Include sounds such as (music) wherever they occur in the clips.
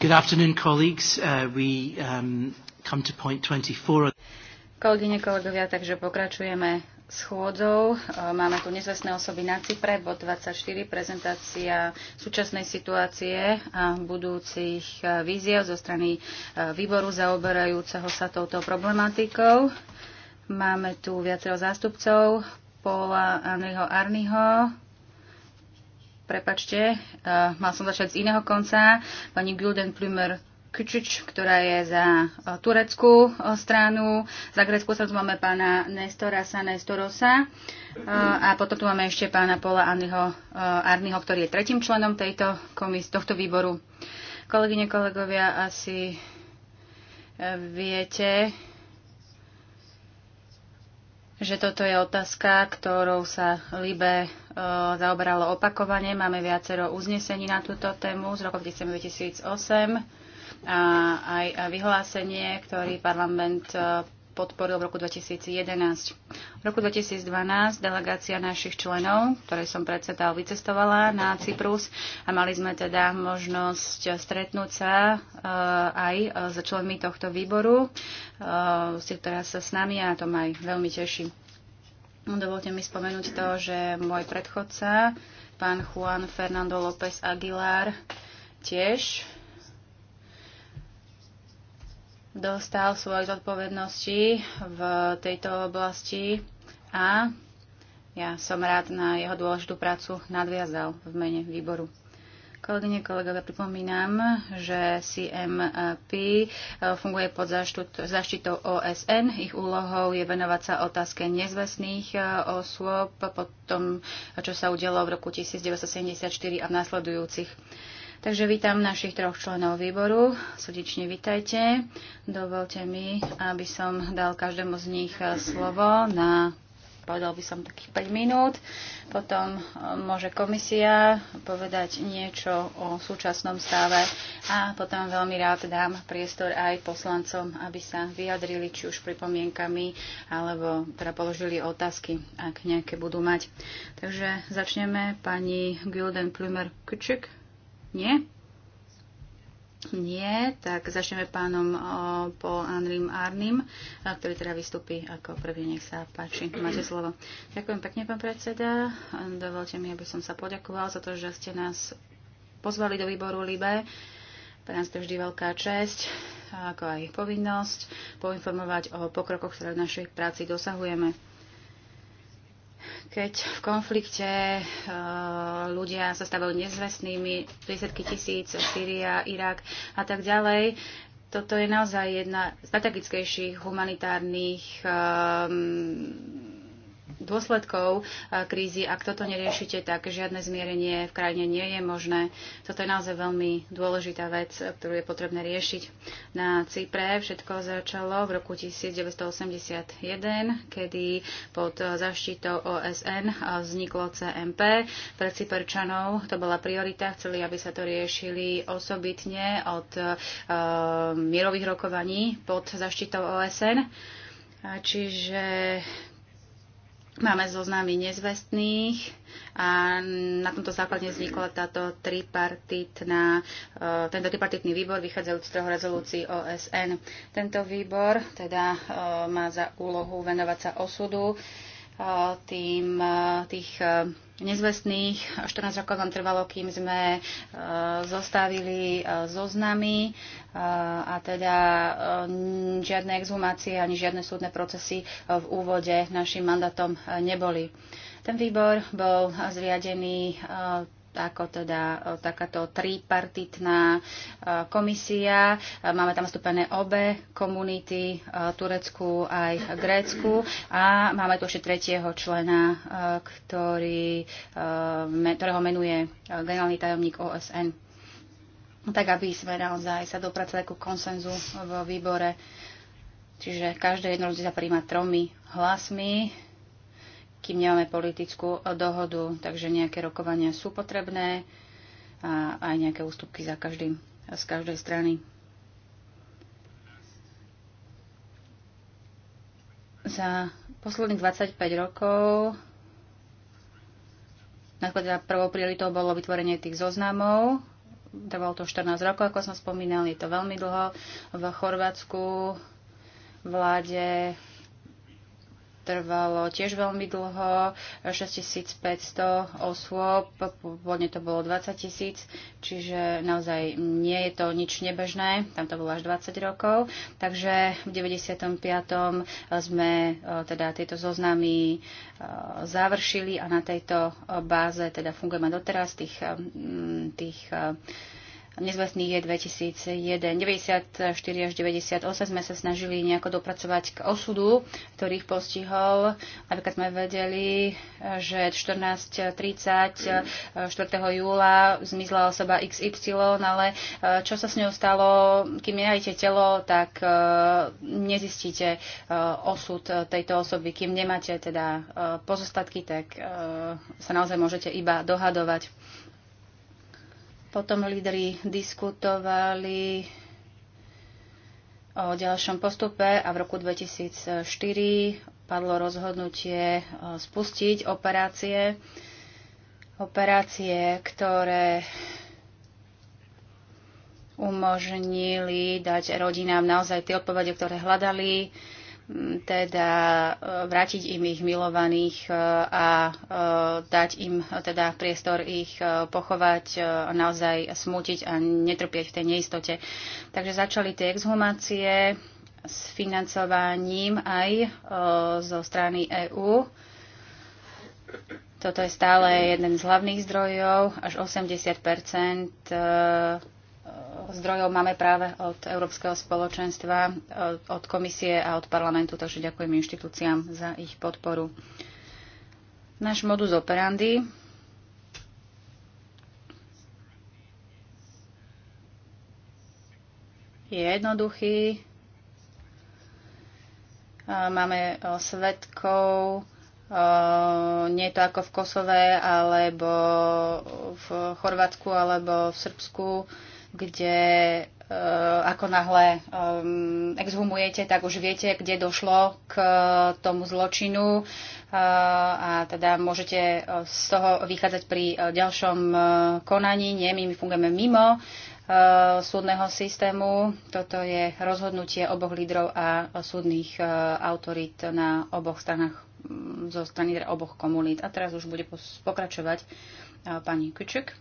Good afternoon, colleagues. Uh, we um, come to point 24. Kolegyne, kolegovia, takže pokračujeme schôdzou. Uh, máme tu nezvestné osoby na Cypre, bod 24, prezentácia súčasnej situácie a budúcich uh, víziev zo strany uh, výboru zaoberajúceho sa touto problematikou. Máme tu viacero zástupcov, Paula Anriho Arniho, prepačte, uh, mal som začať z iného konca, pani Gulden Plümer Kučič, ktorá je za uh, tureckú uh, stranu. Za greckú stranu máme pána Nestorasa Nestorosa uh, a potom tu máme ešte pána Pola Arnyho, uh, Arnyho ktorý je tretím členom tejto komis- tohto výboru. Kolegyne, kolegovia, asi uh, viete, že toto je otázka, ktorou sa Libe E, zaoberalo opakovane. Máme viacero uznesení na túto tému z roku 2008 a aj vyhlásenie, ktorý parlament e, podporil v roku 2011. V roku 2012 delegácia našich členov, ktorej som predsedal, vycestovala na Cyprus a mali sme teda možnosť stretnúť sa e, aj s členmi tohto výboru. ktorá sa s nami a to ma aj veľmi teší. Dovolte mi spomenúť to, že môj predchodca, pán Juan Fernando López Aguilar, tiež dostal svoje zodpovednosti v tejto oblasti a ja som rád na jeho dôležitú prácu nadviazal v mene výboru. Kolegyne, kolegovia, pripomínam, že CMP e, funguje pod zaštitou OSN. Ich úlohou je venovať sa otázke nezvestných e, osôb po tom, čo sa udialo v roku 1974 a v následujúcich. Takže vítam našich troch členov výboru. Srdečne vítajte. Dovolte mi, aby som dal každému z nich e, slovo na povedal by som takých 5 minút. Potom e, môže komisia povedať niečo o súčasnom stave a potom veľmi rád dám priestor aj poslancom, aby sa vyjadrili či už pripomienkami alebo teda položili otázky, ak nejaké budú mať. Takže začneme pani Gilden Plumer Kučik. Nie? Nie, tak začneme pánom Paul Anrim Arnim, ktorý teda vystúpi ako prvý. Nech sa páči, máte slovo. Ďakujem pekne, pán predseda. Dovolte mi, aby som sa poďakoval za to, že ste nás pozvali do výboru LIBE. Pre nás to je vždy veľká česť, ako aj povinnosť, poinformovať o pokrokoch, ktoré v našej práci dosahujeme keď v konflikte e, ľudia sa stávajú nezvestnými, desiatky tisíc, Syria, Irak a tak ďalej. Toto je naozaj jedna z strategickejších humanitárnych ehm, dôsledkov eh, krízy. Ak toto neriešite, tak žiadne zmierenie v krajine nie je možné. Toto je naozaj veľmi dôležitá vec, eh, ktorú je potrebné riešiť. Na Cypre všetko začalo v roku 1981, kedy pod eh, zaštitou OSN vzniklo CMP. Pre Cyperčanov to bola priorita. Chceli, aby sa to riešili osobitne od mierových rokovaní pod zaštitou OSN. Čiže Máme zoznámy nezvestných a na tomto základe vznikla táto tripartitná, e, tento tripartitný výbor vychádzajúc z troch rezolúcií OSN. Tento výbor teda e, má za úlohu venovať sa osudu tým tých eh, nezvestných. 14 rokov nám trvalo, kým sme eh, zostavili eh, zoznamy a teda žiadne exhumácie ani žiadne súdne procesy v úvode našim mandátom neboli. Ten výbor bol zriadený ako teda e, takáto tripartitná e, komisia. E, máme tam vstúpené obe komunity, Turecku aj Grécku. A máme tu ešte tretieho člena, ktorý, ktorého menuje generálny tajomník OSN. Tak, aby sme naozaj sa dopracovali ku konsenzu v výbore. Čiže každé jedno sa príjma tromi hlasmi kým nemáme politickú dohodu, takže nejaké rokovania sú potrebné a aj nejaké ústupky za každým, z každej strany. Za posledných 25 rokov Nakladá prvou prioritou bolo vytvorenie tých zoznamov. Trvalo to 14 rokov, ako som spomínal, je to veľmi dlho. V Chorvátsku vláde trvalo tiež veľmi dlho, 6500 osôb, pôvodne to bolo 20 tisíc, čiže naozaj nie je to nič nebežné, tam to bolo až 20 rokov, takže v 95. sme e, teda tieto zoznamy e, završili a na tejto báze teda fungujeme doteraz, tých, e, tých nezvestných je 2001. 94 až 98 sme sa snažili nejako dopracovať k osudu, ktorých postihol. Napríklad sme vedeli, že 14.30 4. Eh, júla zmizla osoba XY, ale eh, čo sa s ňou stalo, kým nenájdete telo, tak eh, nezistíte osud tejto osoby. Kým nemáte teda pozostatky, tak sa naozaj môžete iba dohadovať. Potom lídry diskutovali o ďalšom postupe a v roku 2004 padlo rozhodnutie e, spustiť operácie. Operácie, ktoré umožnili dať rodinám naozaj tie odpovede, ktoré hľadali, teda e, vrátiť im ich milovaných e, a e, dať im teda priestor ich pochovať, naozaj smútiť a netrpieť v tej neistote. Takže začali tie exhumácie s financovaním aj zo strany EÚ. Toto je stále jeden z hlavných zdrojov, až 80 zdrojov máme práve od Európskeho spoločenstva, e, od komisie a od parlamentu, takže ďakujem inštitúciám za ich podporu. Náš modus operandi je jednoduchý. E, máme e, svetkov, nie je to ako v Kosove, alebo v Chorvátsku, alebo v Srbsku kde eh, ako náhle eh, exhumujete, tak už viete, kde došlo k eh, tomu zločinu a teda môžete z toho vychádzať pri ďalšom konaní. Nie, my, my fungujeme mimo súdneho systému. Toto je rozhodnutie oboch lídrov a súdnych autorít na oboch stranách mm, zo strany teda oboch komunít. A teraz už bude pokračovať pani Kučuk.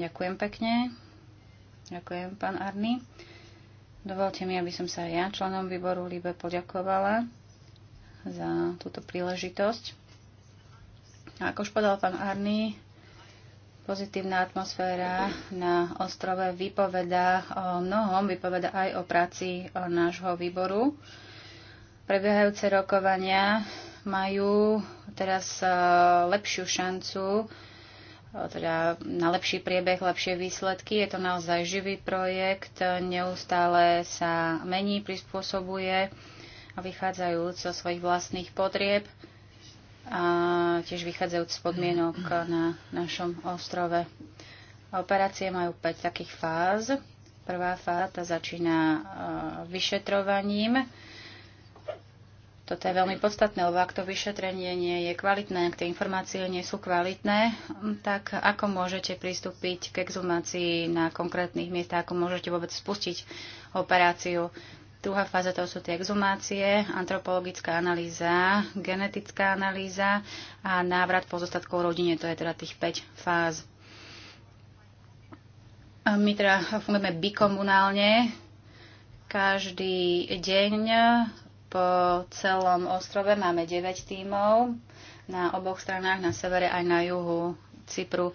Ďakujem pekne. Ďakujem, pán Arny. Dovolte mi, aby som sa ja členom výboru LIBE poďakovala za túto príležitosť. A ako už povedal pán Arny, pozitívna atmosféra na ostrove vypoveda o mnohom, vypoveda aj o práci nášho výboru. Prebiehajúce rokovania majú teraz eh, lepšiu šancu E, teda na lepší priebeh, lepšie výsledky. Je to naozaj živý projekt, neustále sa mení, prispôsobuje a vychádzajúc zo svojich vlastných potrieb a tiež vychádzajúc z podmienok na našom ostrove. Operácie majú 5 takých fáz. Prvá fáza začína e, vyšetrovaním toto je veľmi podstatné, lebo ak to vyšetrenie nie je kvalitné, ak tie informácie nie sú kvalitné, tak ako môžete pristúpiť k exhumácii na konkrétnych miestach, ako môžete vôbec spustiť operáciu. Druhá fáza to sú tie exhumácie, antropologická analýza, genetická analýza a návrat pozostatkov rodine, to je teda tých 5 fáz. My teda fungujeme bikomunálne, každý deň po celom ostrove máme 9 tímov na oboch stranách, na severe aj na juhu Cypru.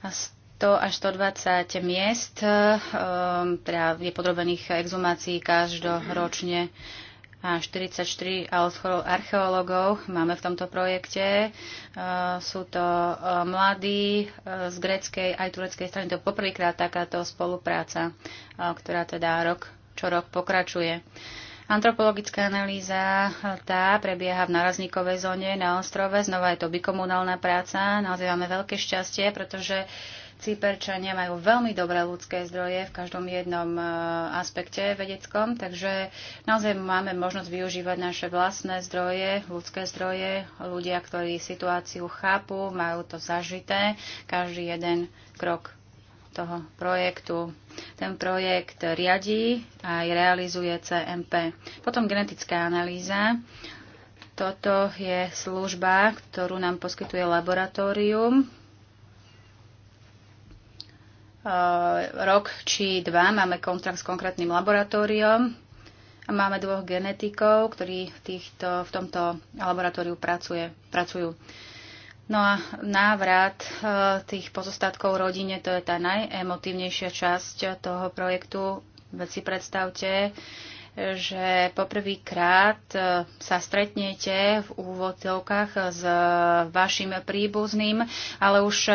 100 až 120 miest, ehm, teda je podrobených exhumácií každoročne a 44 archeológov máme v tomto projekte. Ehm, sú to ehm, mladí z greckej aj tureckej strany. To je poprvýkrát takáto spolupráca, ktorá teda rok čo rok pokračuje. Antropologická analýza eh, tá prebieha v narazníkovej zóne na ostrove. Znova je to bikomunálna práca. Naozaj máme veľké šťastie, pretože Cyperčania majú veľmi dobré ľudské zdroje v každom jednom eh, aspekte vedeckom, takže naozaj máme možnosť využívať naše vlastné zdroje, ľudské zdroje, ľudia, ktorí situáciu chápu, majú to zažité, každý jeden krok toho projektu. Ten projekt riadí a aj realizuje CMP. Potom genetická analýza. Toto je služba, ktorú nám poskytuje laboratórium. Rok či dva máme kontrakt s konkrétnym laboratóriom a máme dvoch genetikov, ktorí v, týchto, v tomto laboratóriu pracuje, pracujú. No a návrat e, tých pozostatkov rodine, to je tá najemotívnejšia časť toho projektu. Veď si predstavte, že poprvýkrát e, sa stretnete v úvodovkách s vašim príbuzným, ale už e,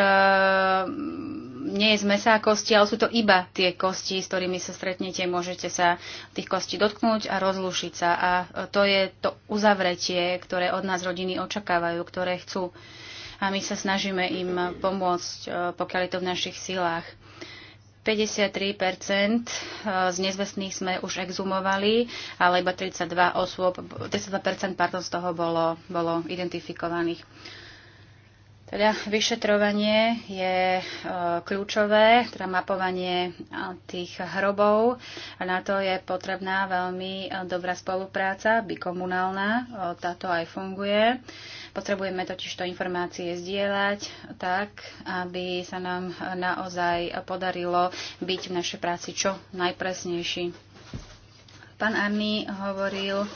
nie je z mesa a kosti, ale sú to iba tie kosti, s ktorými sa stretnete, môžete sa tých kostí dotknúť a rozlušiť sa. A to je to uzavretie, ktoré od nás rodiny očakávajú, ktoré chcú a my sa snažíme im pomôcť, e, pokiaľ je to v našich silách. 53% e, z nezvestných sme už exumovali, ale iba 32 osôb, 32% pardon, z toho bolo, bolo identifikovaných. Teda vyšetrovanie je e, kľúčové, teda mapovanie e, tých hrobov. A na to je potrebná veľmi e, dobrá spolupráca, bikomunálna, e, táto aj funguje. Potrebujeme totiž to informácie zdieľať tak, aby sa nám naozaj podarilo byť v našej práci čo najpresnejší. Pán Arný hovoril,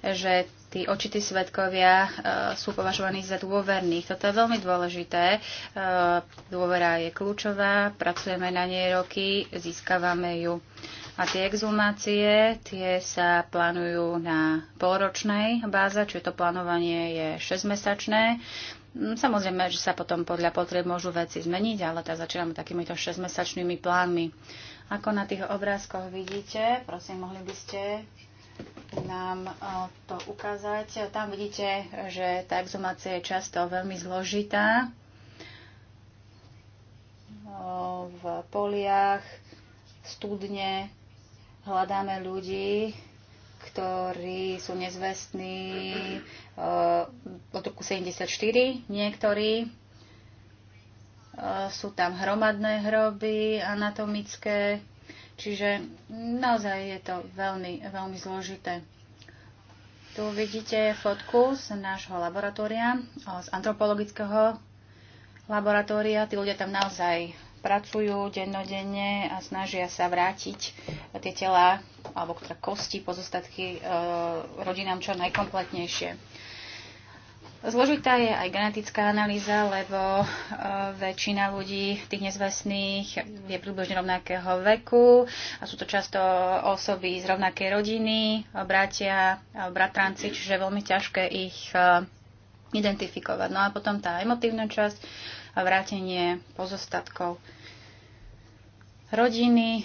že tí očití svetkovia uh, sú považovaní za dôverných. Toto je veľmi dôležité. Uh, dôvera je kľúčová, pracujeme na nej roky, získavame ju. A tie exhumácie, tie sa plánujú na polročnej báze, čiže to plánovanie je 6-mesačné. Mm, samozrejme, že sa potom podľa potrieb môžu veci zmeniť, ale tá začíname takýmito 6-mesačnými plánmi. Ako na tých obrázkoch vidíte, prosím, mohli by ste nám eh, to ukázať. Tam vidíte, že tá exhumácia je často veľmi zložitá eh, v poliach, studne, hľadáme ľudí, ktorí sú nezvestní eh, od roku 74 niektorí. Sú tam hromadné hroby anatomické, Čiže naozaj je to veľmi, veľmi zložité. Tu vidíte fotku z nášho laboratória, z antropologického laboratória. Tí ľudia tam naozaj pracujú dennodenne a snažia sa vrátiť tie tela alebo teda kosti, pozostatky e, rodinám čo najkompletnejšie. Zložitá je aj genetická analýza, lebo e, väčšina ľudí, tých nezvestných, je približne rovnakého veku a sú to často osoby z rovnakej rodiny, bratia, bratranci, čiže je veľmi ťažké ich e, identifikovať. No a potom tá emotívna časť a vrátenie pozostatkov rodiny, e,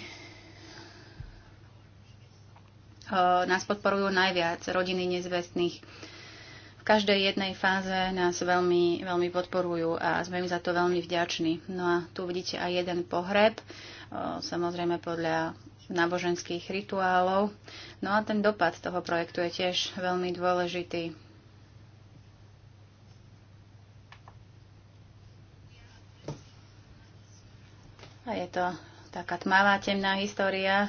nás podporujú najviac rodiny nezvestných každej jednej fáze nás veľmi, veľmi podporujú a sme im za to veľmi vďační. No a tu vidíte aj jeden pohreb, samozrejme podľa náboženských rituálov. No a ten dopad toho projektu je tiež veľmi dôležitý. A je to taká tmavá, temná história e,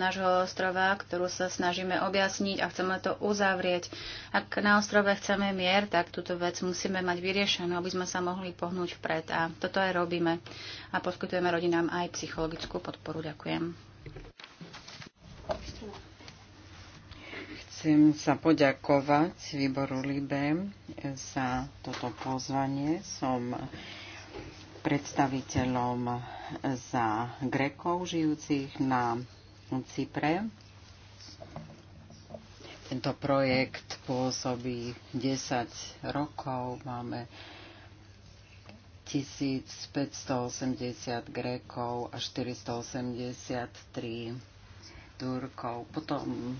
nášho ostrova, ktorú sa snažíme objasniť a chceme to uzavrieť. Ak na ostrove chceme mier, tak túto vec musíme mať vyriešenú, aby sme sa mohli pohnúť vpred. A toto aj robíme. A poskytujeme rodinám aj psychologickú podporu. Ďakujem. Chcem sa poďakovať výboru Libem za toto pozvanie. Som predstaviteľom za Grekov žijúcich na Cypre. Tento projekt pôsobí 10 rokov. Máme 1580 Grékov a 483 Turkov. Potom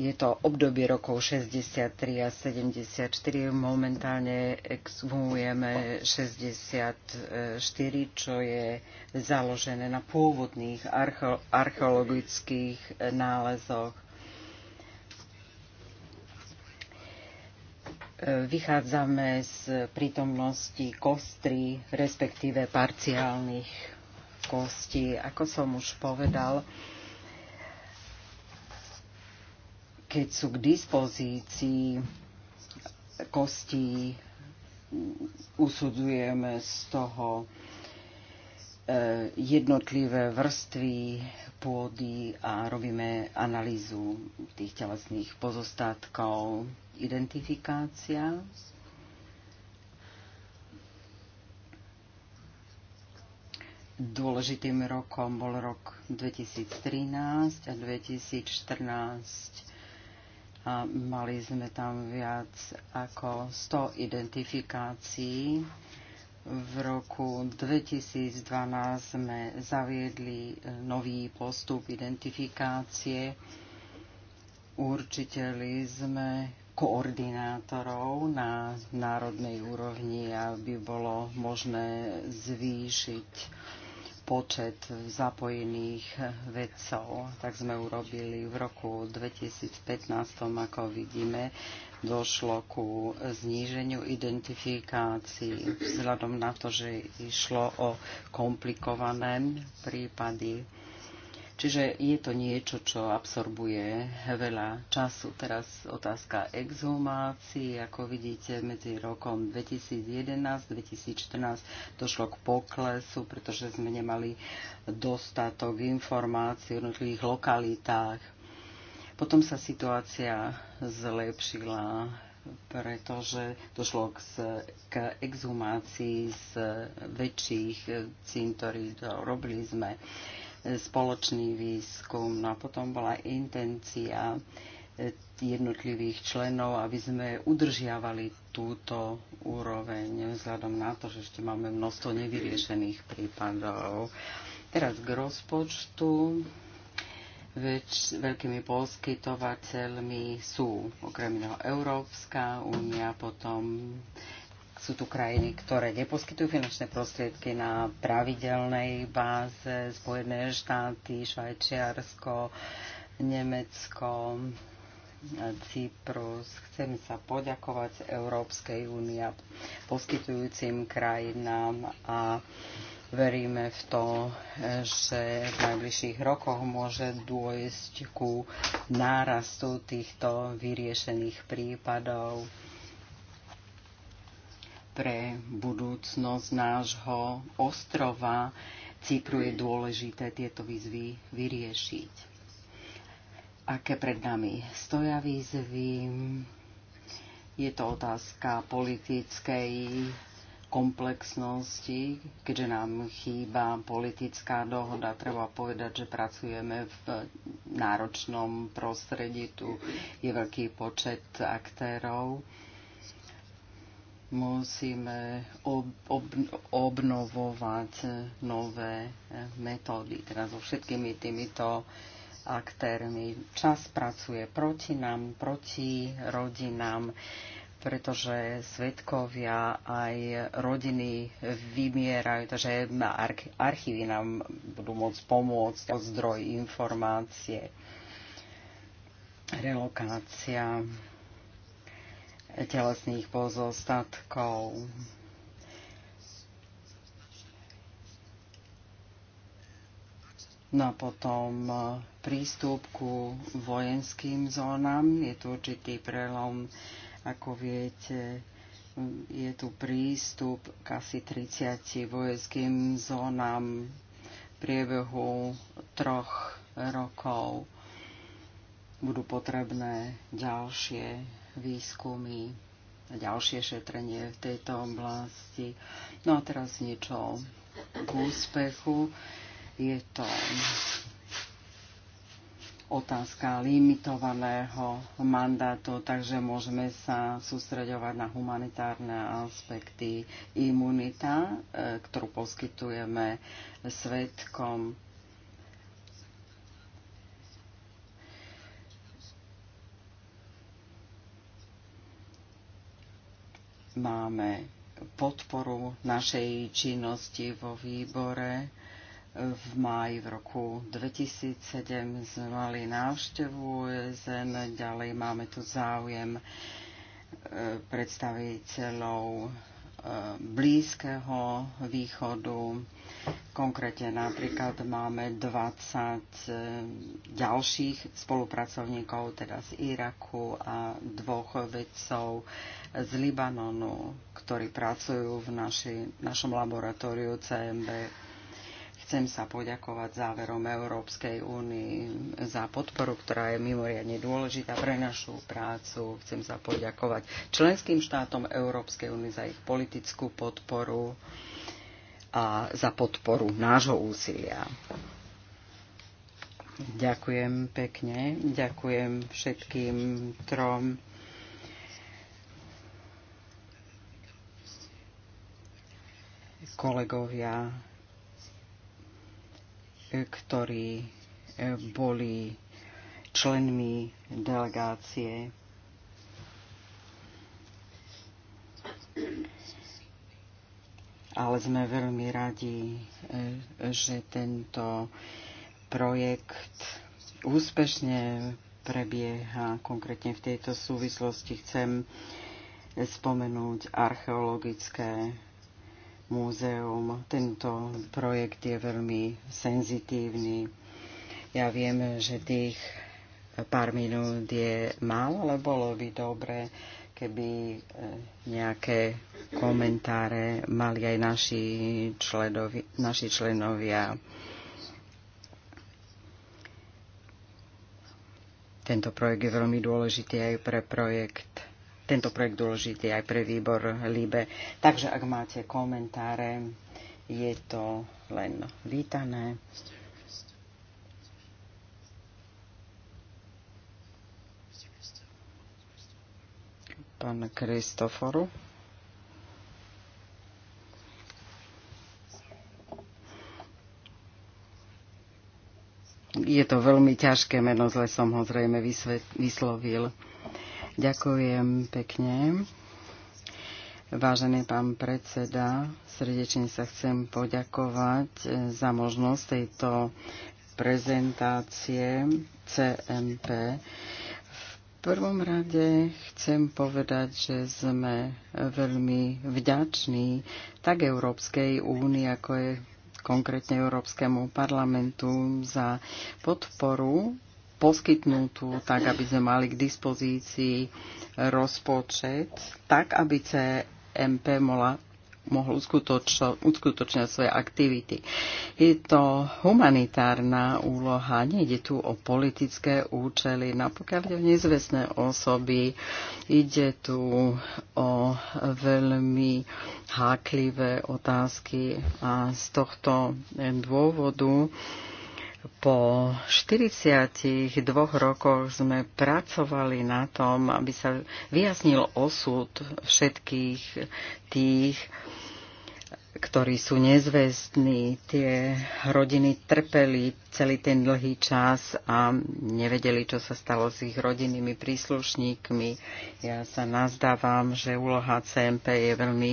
je to obdobie rokov 63 a 74. Momentálne exhumujeme 64, čo je založené na pôvodných archeologických nálezoch. Vychádzame z prítomnosti kostry, respektíve parciálnych kostí. Ako som už povedal, keď sú k dispozícii kostí, usudzujeme z toho e, jednotlivé vrstvy pôdy a robíme analýzu tých telesných pozostatkov, identifikácia. Dôležitým rokom bol rok 2013 a 2014 a mali sme tam viac ako 100 identifikácií. V roku 2012 sme zaviedli e, nový postup identifikácie. Určiteli sme koordinátorov na národnej úrovni, aby bolo možné zvýšiť počet zapojených vedcov. Tak sme urobili v roku 2015, ako vidíme, došlo ku zníženiu identifikácií vzhľadom na to, že išlo o komplikované prípady Čiže je to niečo, čo absorbuje veľa času. Teraz otázka exhumácií. Ako vidíte, medzi rokom 2011-2014 došlo k poklesu, pretože sme nemali dostatok informácií o jednotlivých lokalitách. Potom sa situácia zlepšila pretože došlo k, k exhumácii z väčších cintorí. Robili sme spoločný výskum. No a potom bola intencia eh, jednotlivých členov, aby sme udržiavali túto úroveň, vzhľadom na to, že ešte máme množstvo nevyriešených prípadov. Teraz k rozpočtu. Več, veľkými poskytovateľmi sú okrem iného Európska únia, potom sú tu krajiny, ktoré neposkytujú finančné prostriedky na pravidelnej báze, Spojené štáty, Švajčiarsko, Nemecko, Cyprus. Chcem sa poďakovať Európskej únie poskytujúcim krajinám a veríme v to, že v najbližších rokoch môže dôjsť ku nárastu týchto vyriešených prípadov pre budúcnosť nášho ostrova Cypru je dôležité tieto výzvy vyriešiť. Aké pred nami stoja výzvy? Je to otázka politickej komplexnosti, keďže nám chýba politická dohoda. Treba povedať, že pracujeme v náročnom prostredí. Tu je veľký počet aktérov musíme ob, ob, obnovovať nové metódy, teda so všetkými týmito aktérmi. Čas pracuje proti nám, proti rodinám, pretože svetkovia aj rodiny vymierajú, takže archívy nám budú môcť pomôcť o zdroj informácie, relokácia telesných pozostatkov. No a potom e, prístup ku vojenským zónam. Je tu určitý prelom, ako viete, je tu prístup k asi 30 vojenským zónam v priebehu troch rokov. Budú potrebné ďalšie výskumy a ďalšie šetrenie v tejto oblasti. No a teraz niečo k úspechu. Je to otázka limitovaného mandátu, takže môžeme sa sústreďovať na humanitárne aspekty imunita, e, ktorú poskytujeme svetkom máme podporu našej činnosti vo výbore. V máji v roku 2007 sme mali návštevu OSN, ďalej máme tu záujem e, predstaviteľov e, Blízkeho východu, Konkrétne napríklad máme 20 e, ďalších spolupracovníkov, teda z Iraku a dvoch vedcov z Libanonu, ktorí pracujú v naši, našom laboratóriu CMB chcem sa poďakovať záverom Európskej únii za podporu, ktorá je mimoriadne dôležitá pre našu prácu. Chcem sa poďakovať členským štátom Európskej únie za ich politickú podporu a za podporu nášho úsilia. Ďakujem pekne, ďakujem všetkým trom. kolegovia, ktorí boli členmi delegácie ale sme veľmi radi, e, že tento projekt úspešne prebieha. Konkrétne v tejto súvislosti chcem spomenúť archeologické múzeum. Tento projekt je veľmi senzitívny. Ja viem, že tých pár minút je málo, ale bolo by dobre keby e, nejaké komentáre mali aj naši, členovi, naši členovia. Tento projekt je veľmi dôležitý aj pre projekt tento projekt dôležitý aj pre výbor LIBE. Takže ak máte komentáre, je to len vítané. pána Kristoforu. Je to veľmi ťažké meno, zle som ho zrejme vyslovil. Ďakujem pekne. Vážený pán predseda, srdečne sa chcem poďakovať za možnosť tejto prezentácie CMP prvom rade chcem povedať, že sme veľmi vďační tak Európskej únii, ako je konkrétne Európskemu parlamentu za podporu poskytnutú tak, aby sme mali k dispozícii rozpočet, tak, aby CMP mohla mohol uskutočňovať svoje aktivity. Je to humanitárna úloha, nejde tu o politické účely. Napokiaľ no ide o nezvestné osoby, ide tu o veľmi háklivé otázky a z tohto dôvodu po 42 rokoch sme pracovali na tom, aby sa vyjasnil osud všetkých tých, ktorí sú nezvestní. Tie rodiny trpeli celý ten dlhý čas a nevedeli, čo sa stalo s ich rodinnými príslušníkmi. Ja sa nazdávam, že úloha CMP je veľmi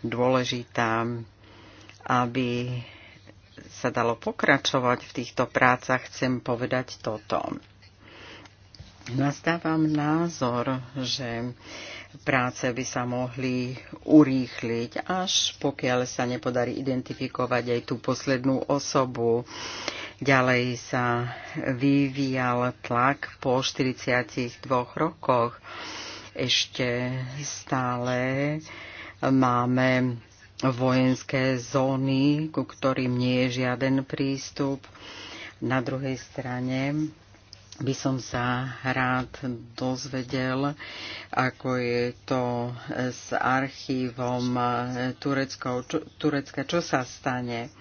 dôležitá, aby sa dalo pokračovať v týchto prácach, chcem povedať toto. Nastávam názor, že práce by sa mohli urýchliť, až pokiaľ sa nepodarí identifikovať aj tú poslednú osobu. Ďalej sa vyvíjal tlak po 42 rokoch. Ešte stále máme vojenské zóny, ku ktorým nie je žiaden prístup. Na druhej strane by som sa rád dozvedel, ako je to s archívom Turecko, čo, Turecka, čo sa stane.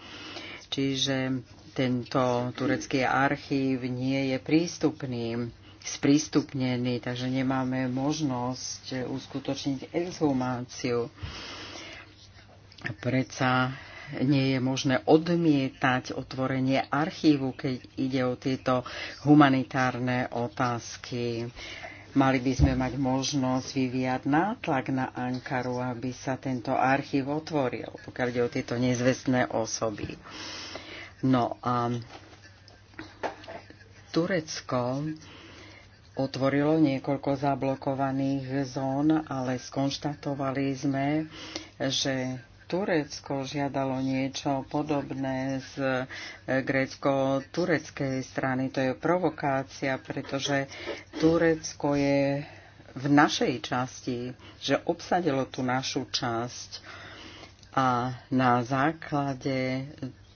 Čiže tento turecký archív nie je prístupný, sprístupnený, takže nemáme možnosť uskutočniť exhumáciu. Predsa nie je možné odmietať otvorenie archívu, keď ide o tieto humanitárne otázky. Mali by sme mať možnosť vyvíjať nátlak na Ankaru, aby sa tento archív otvoril, pokiaľ ide o tieto nezvestné osoby. No a Turecko otvorilo niekoľko zablokovaných zón, ale skonštatovali sme, že Turecko žiadalo niečo podobné z e, grécko-tureckej strany. To je provokácia, pretože Turecko je v našej časti, že obsadilo tú našu časť a na základe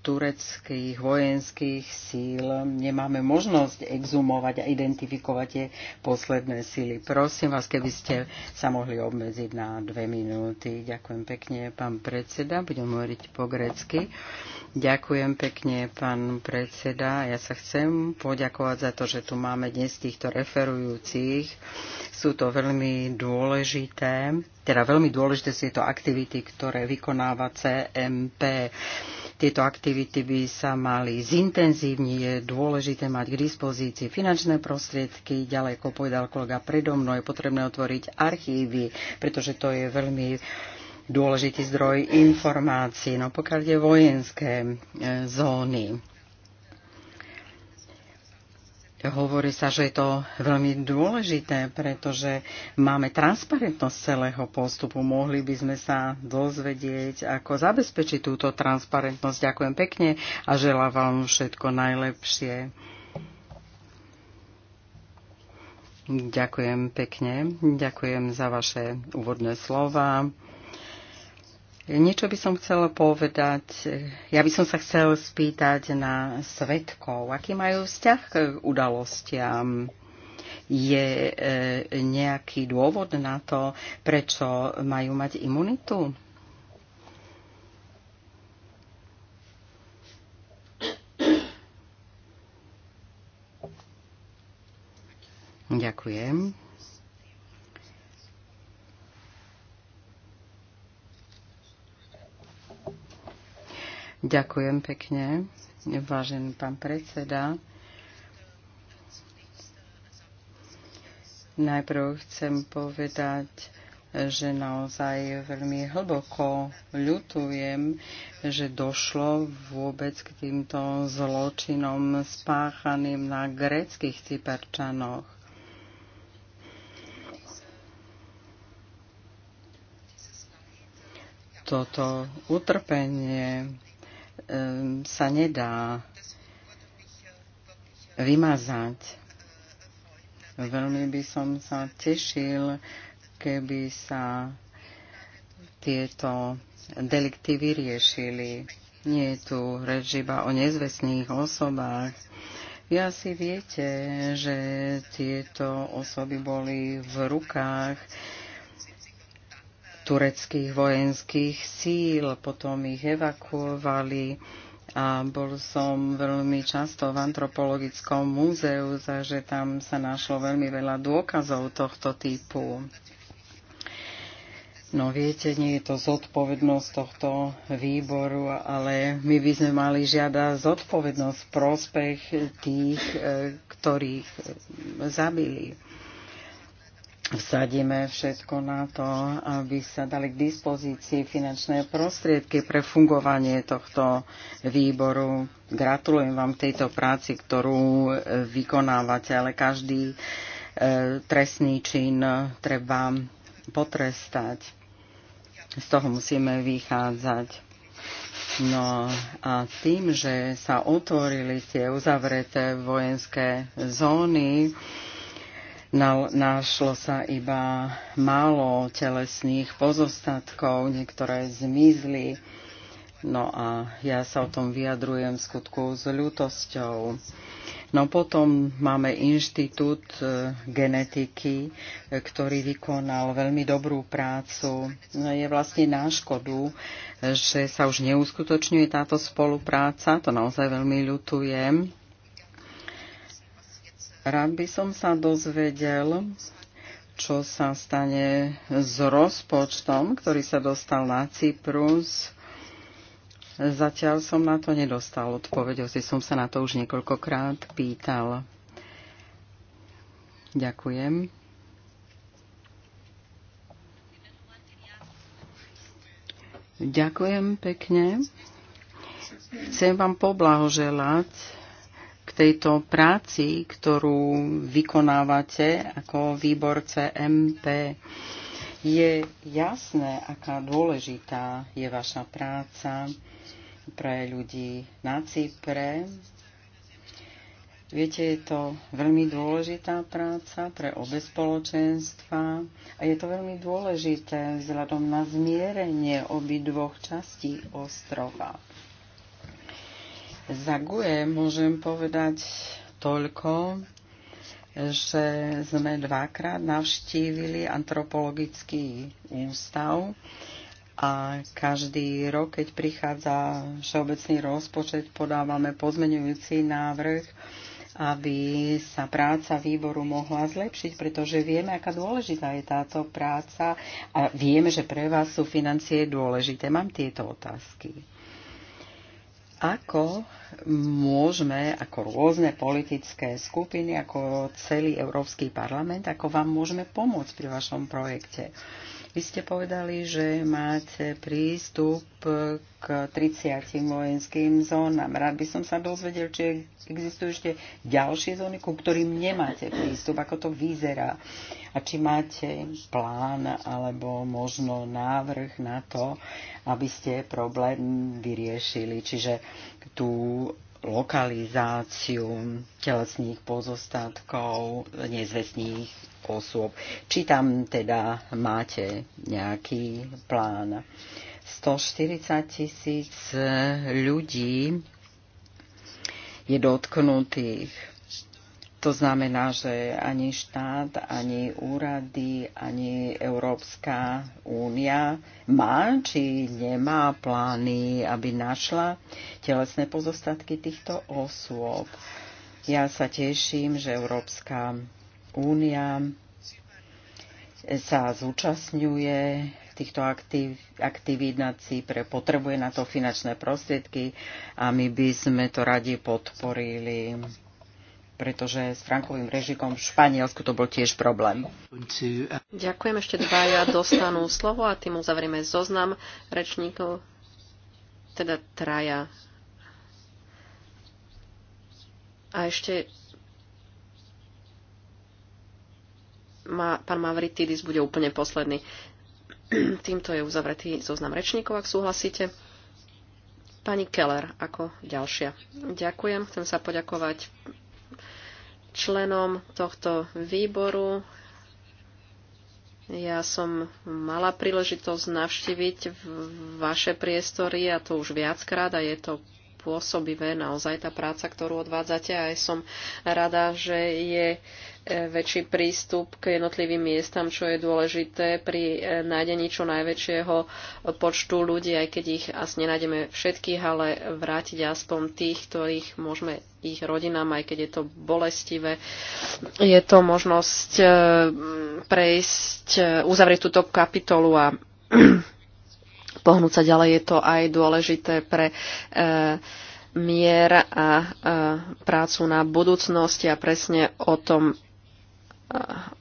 tureckých vojenských síl nemáme možnosť exumovať a identifikovať tie posledné síly. Prosím vás, keby ste sa mohli obmedziť na dve minúty. Ďakujem pekne, pán predseda. Budem hovoriť po grecky. Ďakujem pekne, pán predseda. Ja sa chcem poďakovať za to, že tu máme dnes týchto referujúcich. Sú to veľmi dôležité, teda veľmi dôležité sú to aktivity, ktoré vykonáva CMP. Tieto aktivity by sa mali zintenzívniť. Je dôležité mať k dispozícii finančné prostriedky. Ďalej, ako povedal kolega predo mnou, je potrebné otvoriť archívy, pretože to je veľmi dôležitý zdroj informácií, no pokiaľ je vojenské e, zóny. Hovorí sa, že je to veľmi dôležité, pretože máme transparentnosť celého postupu. Mohli by sme sa dozvedieť, ako zabezpečiť túto transparentnosť. Ďakujem pekne a želám vám všetko najlepšie. Ďakujem pekne. Ďakujem za vaše úvodné slova. Niečo by som chcela povedať, ja by som sa chcel spýtať na svetkov, aký majú vzťah k udalostiam. Je e, nejaký dôvod na to, prečo majú mať imunitu? Ďakujem. Ďakujem pekne, vážený pán predseda. Najprv chcem povedať, že naozaj veľmi hlboko ľutujem, že došlo vôbec k týmto zločinom spáchaným na greckých cyperčanoch. Toto utrpenie Ehm, sa nedá vymazať. Veľmi by som sa tešil, keby sa tieto delikty vyriešili. Nie je tu reč iba o nezvestných osobách. Vy asi viete, že tieto osoby boli v rukách tureckých vojenských síl, potom ich evakuovali a bol som veľmi často v antropologickom múzeu, takže tam sa našlo veľmi veľa dôkazov tohto typu. No viete, nie je to zodpovednosť tohto výboru, ale my by sme mali žiadať zodpovednosť v prospech tých, e, ktorých e, zabili vsadíme všetko na to, aby sa dali k dispozícii finančné prostriedky pre fungovanie tohto výboru. Gratulujem vám tejto práci, ktorú vykonávate, ale každý e, trestný čin treba potrestať. Z toho musíme vychádzať. No a tým, že sa otvorili tie uzavreté vojenské zóny, Našlo sa iba málo telesných pozostatkov, niektoré zmizli. No a ja sa o tom vyjadrujem v skutku s ľutosťou. No potom máme inštitút e, genetiky, e, ktorý vykonal veľmi dobrú prácu. No je vlastne na škodu, e, že sa už neuskutočňuje táto spolupráca, to naozaj veľmi ľutujem Rád by som sa dozvedel, čo sa stane s rozpočtom, ktorý sa dostal na Cyprus. Zatiaľ som na to nedostal odpoveď, asi som sa na to už niekoľkokrát pýtal. Ďakujem. Ďakujem pekne. Chcem vám poblahoželať tejto práci, ktorú vykonávate ako výbor CMP. Je jasné, aká dôležitá je vaša práca pre ľudí na Cypre. Viete, je to veľmi dôležitá práca pre obe spoločenstva a je to veľmi dôležité vzhľadom na zmierenie obidvoch častí ostrova. Za GUE môžem povedať toľko, že sme dvakrát navštívili antropologický ústav a každý rok, keď prichádza všeobecný rozpočet, podávame pozmenujúci návrh, aby sa práca výboru mohla zlepšiť, pretože vieme, aká dôležitá je táto práca a vieme, že pre vás sú financie dôležité. Mám tieto otázky ako môžeme ako rôzne politické skupiny, ako celý Európsky parlament, ako vám môžeme pomôcť pri vašom projekte. Vy ste povedali, že máte prístup k 30 vojenským zónam. Rád by som sa dozvedel, či existujú ešte ďalšie zóny, ku ktorým nemáte prístup, ako to vyzerá a či máte plán alebo možno návrh na to, aby ste problém vyriešili. Čiže tú lokalizáciu telesných pozostatkov nezvestných osôb. Či tam teda máte nejaký plán. 140 tisíc ľudí je dotknutých to znamená, že ani štát, ani úrady, ani Európska únia má či nemá plány, aby našla telesné pozostatky týchto osôb. Ja sa teším, že Európska únia sa zúčastňuje týchto aktiv, aktivít na Cypre, potrebuje na to finančné prostriedky a my by sme to radi podporili pretože s Frankovým režikom v Španielsku to bol tiež problém. Ďakujem, ešte dvaja dostanú slovo a tým uzavrieme zoznam rečníkov, teda traja. A ešte ma, pán Mavritidis bude úplne posledný. Týmto je uzavretý zoznam rečníkov, ak súhlasíte. Pani Keller ako ďalšia. Ďakujem, chcem sa poďakovať členom tohto výboru. Ja som mala príležitosť navštíviť vaše priestory a to už viackrát a je to pôsobivé naozaj tá práca, ktorú odvádzate. A Aj som rada, že je e, väčší prístup k jednotlivým miestam, čo je dôležité pri e, nájdení čo najväčšieho počtu ľudí, aj keď ich asi nenájdeme všetkých, ale vrátiť aspoň tých, ktorých môžeme ich rodinám, aj keď je to bolestivé. Je to možnosť e, prejsť, uzavrieť túto kapitolu a pohnúť sa ďalej. Je to aj dôležité pre e, mier a e, prácu na budúcnosti a presne o tom, e,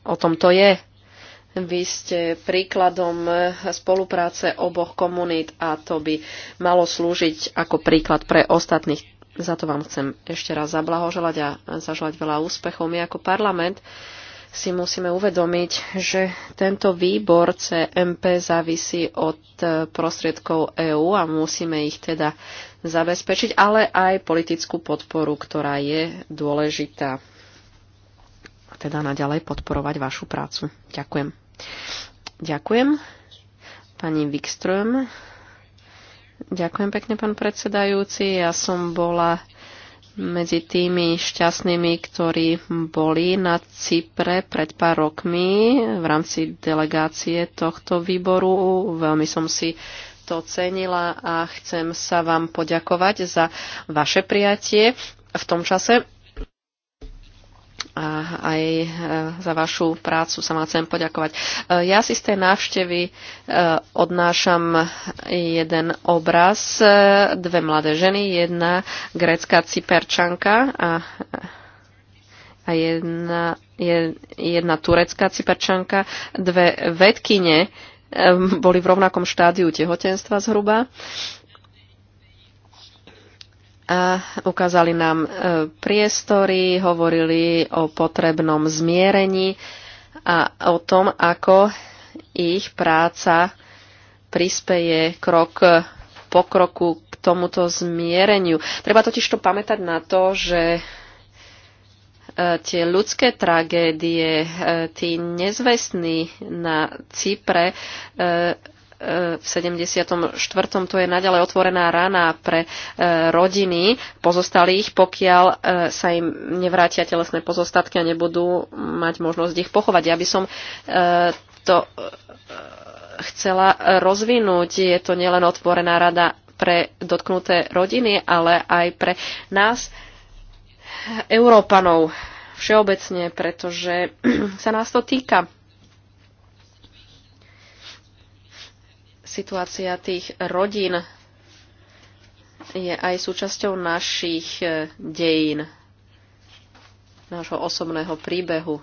o tom to je. Vy ste príkladom spolupráce oboch komunít a to by malo slúžiť ako príklad pre ostatných. Za to vám chcem ešte raz zablahoželať a zaželať veľa úspechov. My ako parlament si musíme uvedomiť, že tento výbor CMP závisí od e, prostriedkov EÚ a musíme ich teda zabezpečiť, ale aj politickú podporu, ktorá je dôležitá. Teda naďalej podporovať vašu prácu. Ďakujem. Ďakujem. Pani Wikström. Ďakujem pekne, pán predsedajúci. Ja som bola medzi tými šťastnými, ktorí boli na Cypre pred pár rokmi v rámci delegácie tohto výboru. Veľmi som si to cenila a chcem sa vám poďakovať za vaše prijatie v tom čase a aj e, za vašu prácu sa vám chcem poďakovať. E, ja si z tej návštevy e, odnášam jeden obraz, dve mladé ženy, jedna grécka cyperčanka a, a jedna, jedna turecká cyperčanka, dve vedkine boli v rovnakom štádiu tehotenstva zhruba a ukázali nám e, priestory, hovorili o potrebnom zmierení a o tom, ako ich práca prispeje krok po kroku k tomuto zmiereniu. Treba totiž to pamätať na to, že e, tie ľudské tragédie, e, tí nezvestní na Cypre v 74. to je naďalej otvorená rana pre e, rodiny pozostalých, pokiaľ e, sa im nevrátia telesné pozostatky a nebudú mať možnosť ich pochovať. Ja by som e, to chcela rozvinúť. Je to nielen otvorená rada pre dotknuté rodiny, ale aj pre nás, Európanov všeobecne, pretože (clears throat) sa nás to týka. Situácia tých rodín je aj súčasťou našich e, dejín, nášho osobného príbehu. E,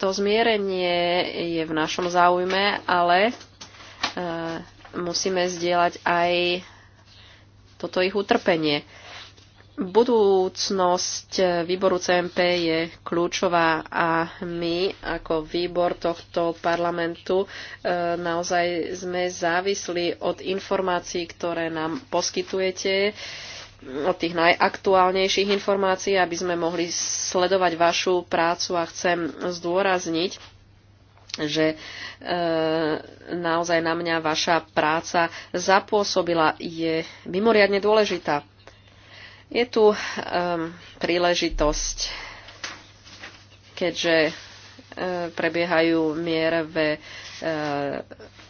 to zmierenie je v našom záujme, ale e, musíme zdieľať aj toto ich utrpenie. Budúcnosť výboru CMP je kľúčová a my ako výbor tohto parlamentu e, naozaj sme závisli od informácií, ktoré nám poskytujete, od tých najaktuálnejších informácií, aby sme mohli sledovať vašu prácu a chcem zdôrazniť, že e, naozaj na mňa vaša práca zapôsobila, je mimoriadne dôležitá je tu um, príležitosť, keďže uh, prebiehajú mierové uh,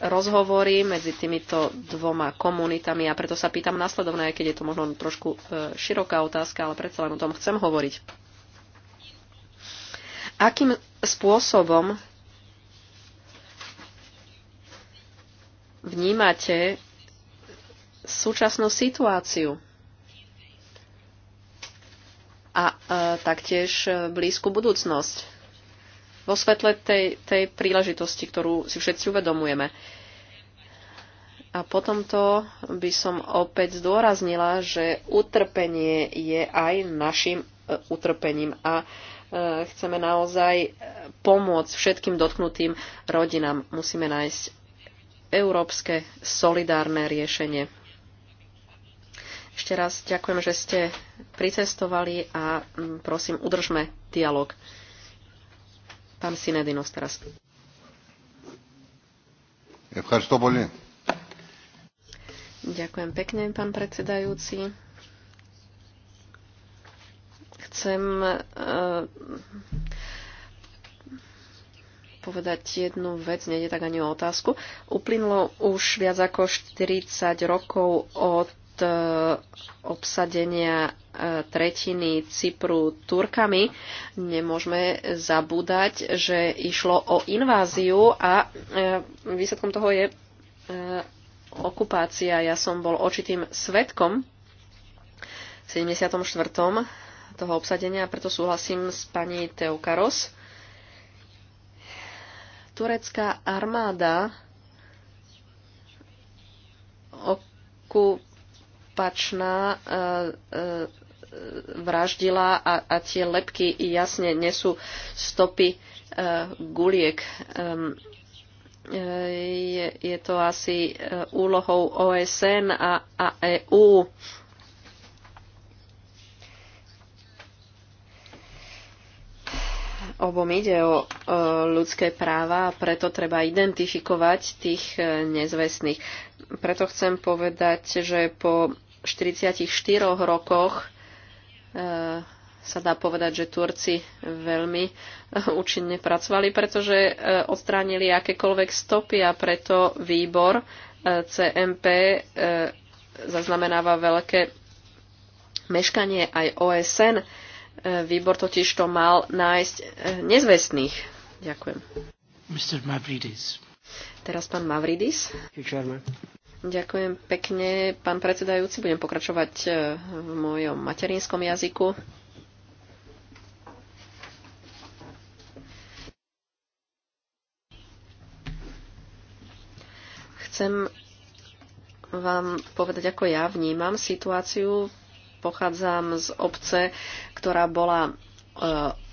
rozhovory medzi týmito dvoma komunitami a preto sa pýtam nasledovne, aj keď je to možno trošku uh, široká otázka, ale predsa len o tom chcem hovoriť. Akým spôsobom vnímate súčasnú situáciu? a e, taktiež e, blízku budúcnosť. Vo svetle tej, tej príležitosti, ktorú si všetci uvedomujeme. A potom to by som opäť zdôraznila, že utrpenie je aj našim e, utrpením a chceme naozaj pomôcť všetkým dotknutým rodinám. Musíme nájsť európske solidárne riešenie. Ešte raz ďakujem, že ste pricestovali a mm, prosím, udržme dialog. Pán Sinedinos teraz. Ďakujem pekne, pán predsedajúci. Chcem uh, povedať jednu vec, nejde tak ani o otázku. Uplynulo už viac ako 40 rokov od E, obsadenia e, tretiny Cypru Turkami, nemôžeme zabúdať, že išlo o inváziu a e, výsledkom toho je okupácia. Ja som bol očitým svetkom v 74. toho obsadenia a preto súhlasím s pani Teukaros. Turecká armáda opačná eh, eh, vraždila a, a tie lepky jasne nesú stopy eh, guliek. Ehm, je, je to asi úlohou OSN a, a EU. obom ide o ľudské práva a preto treba identifikovať tých nezvestných. Preto chcem povedať, že po 44 rokoch e, sa dá povedať, že Turci veľmi e, účinne pracovali, pretože e, odstránili akékoľvek stopy a preto výbor CMP zaznamenáva veľké meškanie aj OSN. Výbor totiž to mal nájsť nezvestných. Ďakujem. Mr. Mavridis. Teraz pán Mavridis. You, Ďakujem pekne, pán predsedajúci. Budem pokračovať e, v mojom materinskom jazyku. Chcem vám povedať, ako ja vnímam situáciu. Pochádzam z obce, ktorá bola e,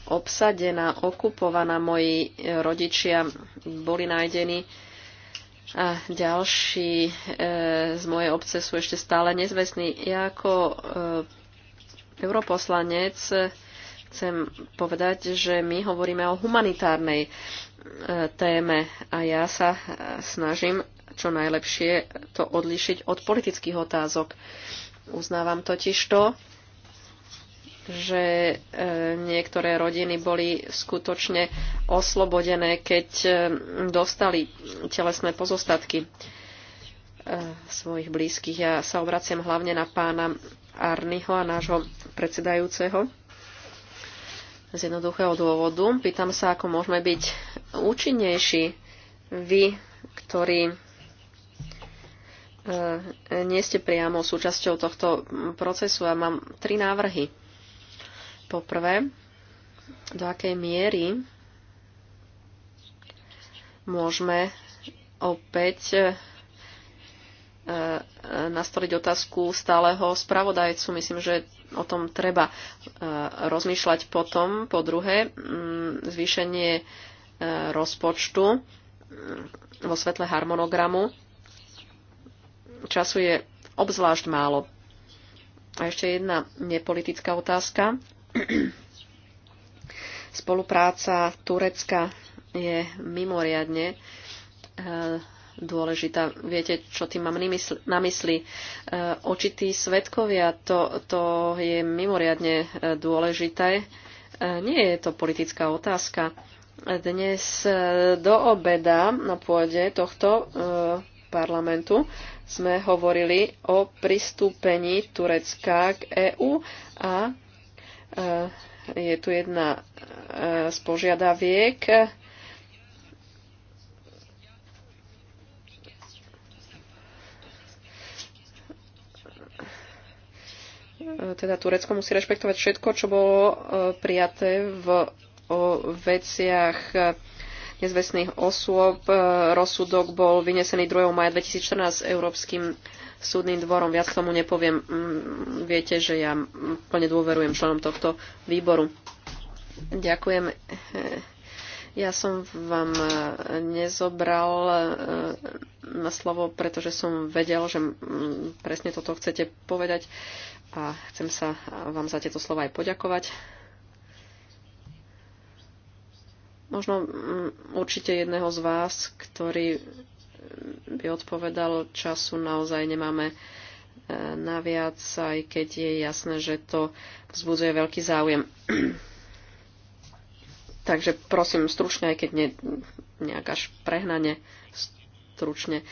obsadená, okupovaná. Moji e, rodičia boli nájdení a ďalší e, z mojej obce sú ešte stále nezvestní. Ja ako e, europoslanec chcem povedať, že my hovoríme o humanitárnej e, téme a ja sa e, snažím čo najlepšie to odlišiť od politických otázok. Uznávam totiž to, že e, niektoré rodiny boli skutočne oslobodené, keď e, dostali telesné pozostatky e, svojich blízkych. Ja sa obraciam hlavne na pána Arnyho a nášho predsedajúceho z jednoduchého dôvodu. Pýtam sa, ako môžeme byť účinnejší vy, ktorí nie ste priamo súčasťou tohto procesu a mám tri návrhy. Poprvé, do akej miery môžeme opäť e, e, nastoliť otázku stáleho spravodajcu. Myslím, že o tom treba e, rozmýšľať potom. Po druhé, zvýšenie rozpočtu vo svetle harmonogramu. Času je obzvlášť málo. A ešte jedna nepolitická otázka. (clears throat) Spolupráca Turecka je mimoriadne eh, dôležitá. Viete, čo tým mám na mysli? Eh, očití svetkovia, to, to je mimoriadne eh, dôležité. Nie je to politická otázka. Dnes do obeda na pôde tohto parlamentu sme hovorili o pristúpení Turecka k EÚ a Eh, je tu jedna eh, z požiadaviek. Eh, teda Turecko musí rešpektovať všetko, čo bolo prijaté v veciach nezvestných osôb. Rozsudok bol vynesený 2. maja 2014 Európskym súdnym dvorom. Viac tomu nepoviem. Mm, viete, že ja plne dôverujem členom tohto výboru. Ďakujem. Ja som vám eh, nezobral eh, na slovo, pretože som vedel, že mm, presne toto chcete povedať a chcem sa vám za tieto slova aj poďakovať. Možno mm, určite jedného z vás, ktorý by odpovedal času, naozaj nemáme e, naviac, aj keď je jasné, že to vzbudzuje veľký záujem. (clears throat) Takže prosím stručne, aj keď ne, nejak až prehnane stručne.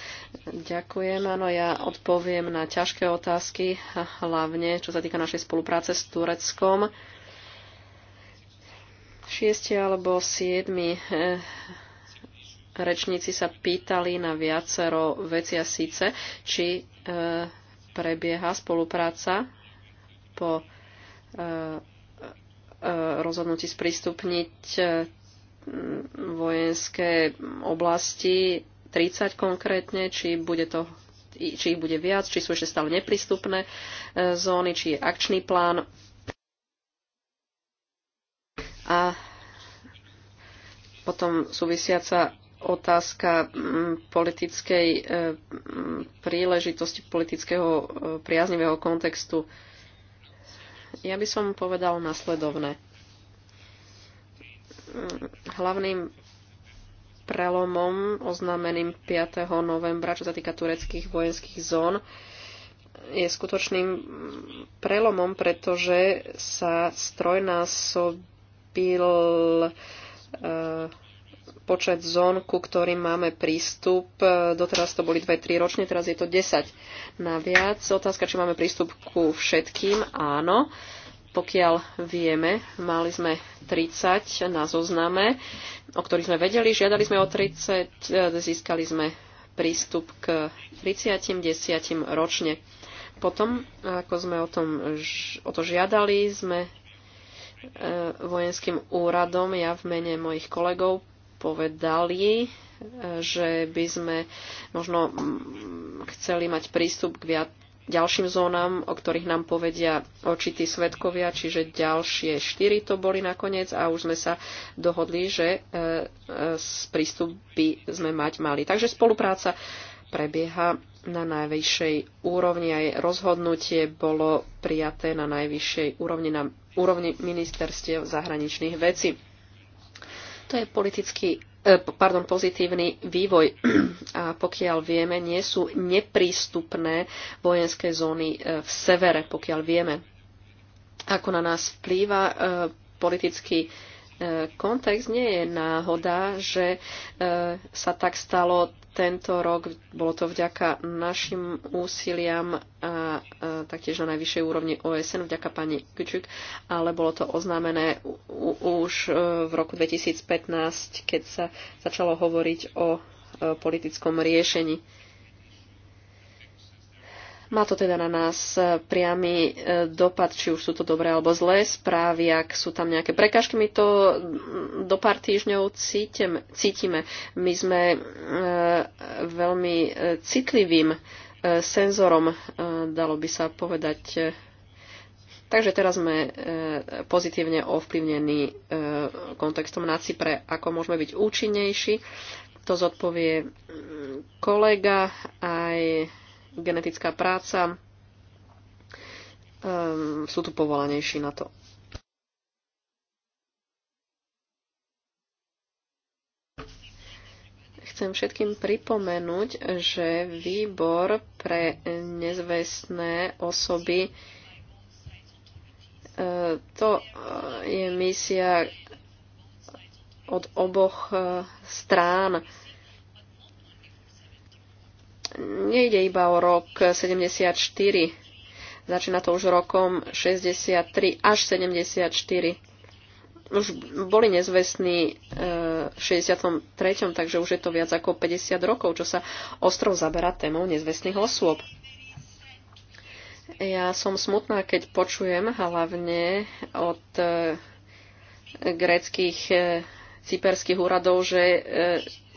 Ďakujem, áno, ja odpoviem na ťažké otázky, hlavne čo sa týka našej spolupráce s Tureckom. 6 alebo 7 rečníci sa pýtali na viacero veci a síce, či e, prebieha spolupráca po e, e, rozhodnutí sprístupniť e, vojenské oblasti 30 konkrétne, či bude to či ich bude viac, či sú ešte stále neprístupné e, zóny, či je akčný plán. A potom súvisiaca otázka mm, politickej e, mm, príležitosti, politického e, priaznivého kontextu. Ja by som povedal nasledovné. Mm, hlavným prelomom oznámeným 5. novembra, čo sa týka tureckých vojenských zón, je skutočným prelomom, pretože sa strojnásobil e, počet zón, ku ktorým máme prístup. E, doteraz to boli 2-3 ročne, teraz je to 10 naviac. Otázka, či máme prístup ku všetkým. Áno, pokiaľ vieme, mali sme 30 na zozname, o ktorých sme vedeli, žiadali sme o 30, e, získali sme prístup k 30, 10 ročne. Potom, ako sme o, tom, o to žiadali, sme e, vojenským úradom, ja v mene mojich kolegov povedali, e, že by sme možno mm, chceli mať prístup k viac ďalším zónam, o ktorých nám povedia očití svetkovia, čiže ďalšie štyri to boli nakoniec a už sme sa dohodli, že e, e, prístup by sme mať mali. Takže spolupráca prebieha na najvyššej úrovni. Aj rozhodnutie bolo prijaté na najvyššej úrovni na úrovni ministerstiev zahraničných vecí. To je politický eh, pardon, pozitívny vývoj. (clears throat) A pokiaľ vieme, nie sú neprístupné vojenské zóny eh, v severe, pokiaľ vieme. Ako na nás vplýva eh, politický kontext nie je náhoda, že e, sa tak stalo tento rok. Bolo to vďaka našim úsiliam a taktiež na najvyššej úrovni OSN, vďaka pani Kučuk, ale bolo to oznámené už e, v roku 2015, keď sa začalo hovoriť o e, politickom riešení. Má to teda na nás e, priamy e, dopad, či už sú to dobré alebo zlé správy, ak sú tam nejaké prekažky, my to mm, do pár týždňov cítime. My sme e, veľmi citlivým senzorom, dalo by sa povedať. Takže teraz sme pozitívne ovplyvnení kontextom na Cypre, ako môžeme byť účinnejší. To zodpovie mm, kolega aj genetická práca. Um, sú tu povolanejší na to. Chcem všetkým pripomenúť, že výbor pre nezvestné osoby ehm, to eh, je misia od oboch eh, strán nejde iba o rok 74. Začína to už rokom 63 až 74. Už boli nezvestní e, v 63. takže už je to viac ako 50 rokov, čo sa ostrov zaberá témou nezvestných osôb. Ja som smutná, keď počujem hlavne od e, gréckých e, cyperských úradov, že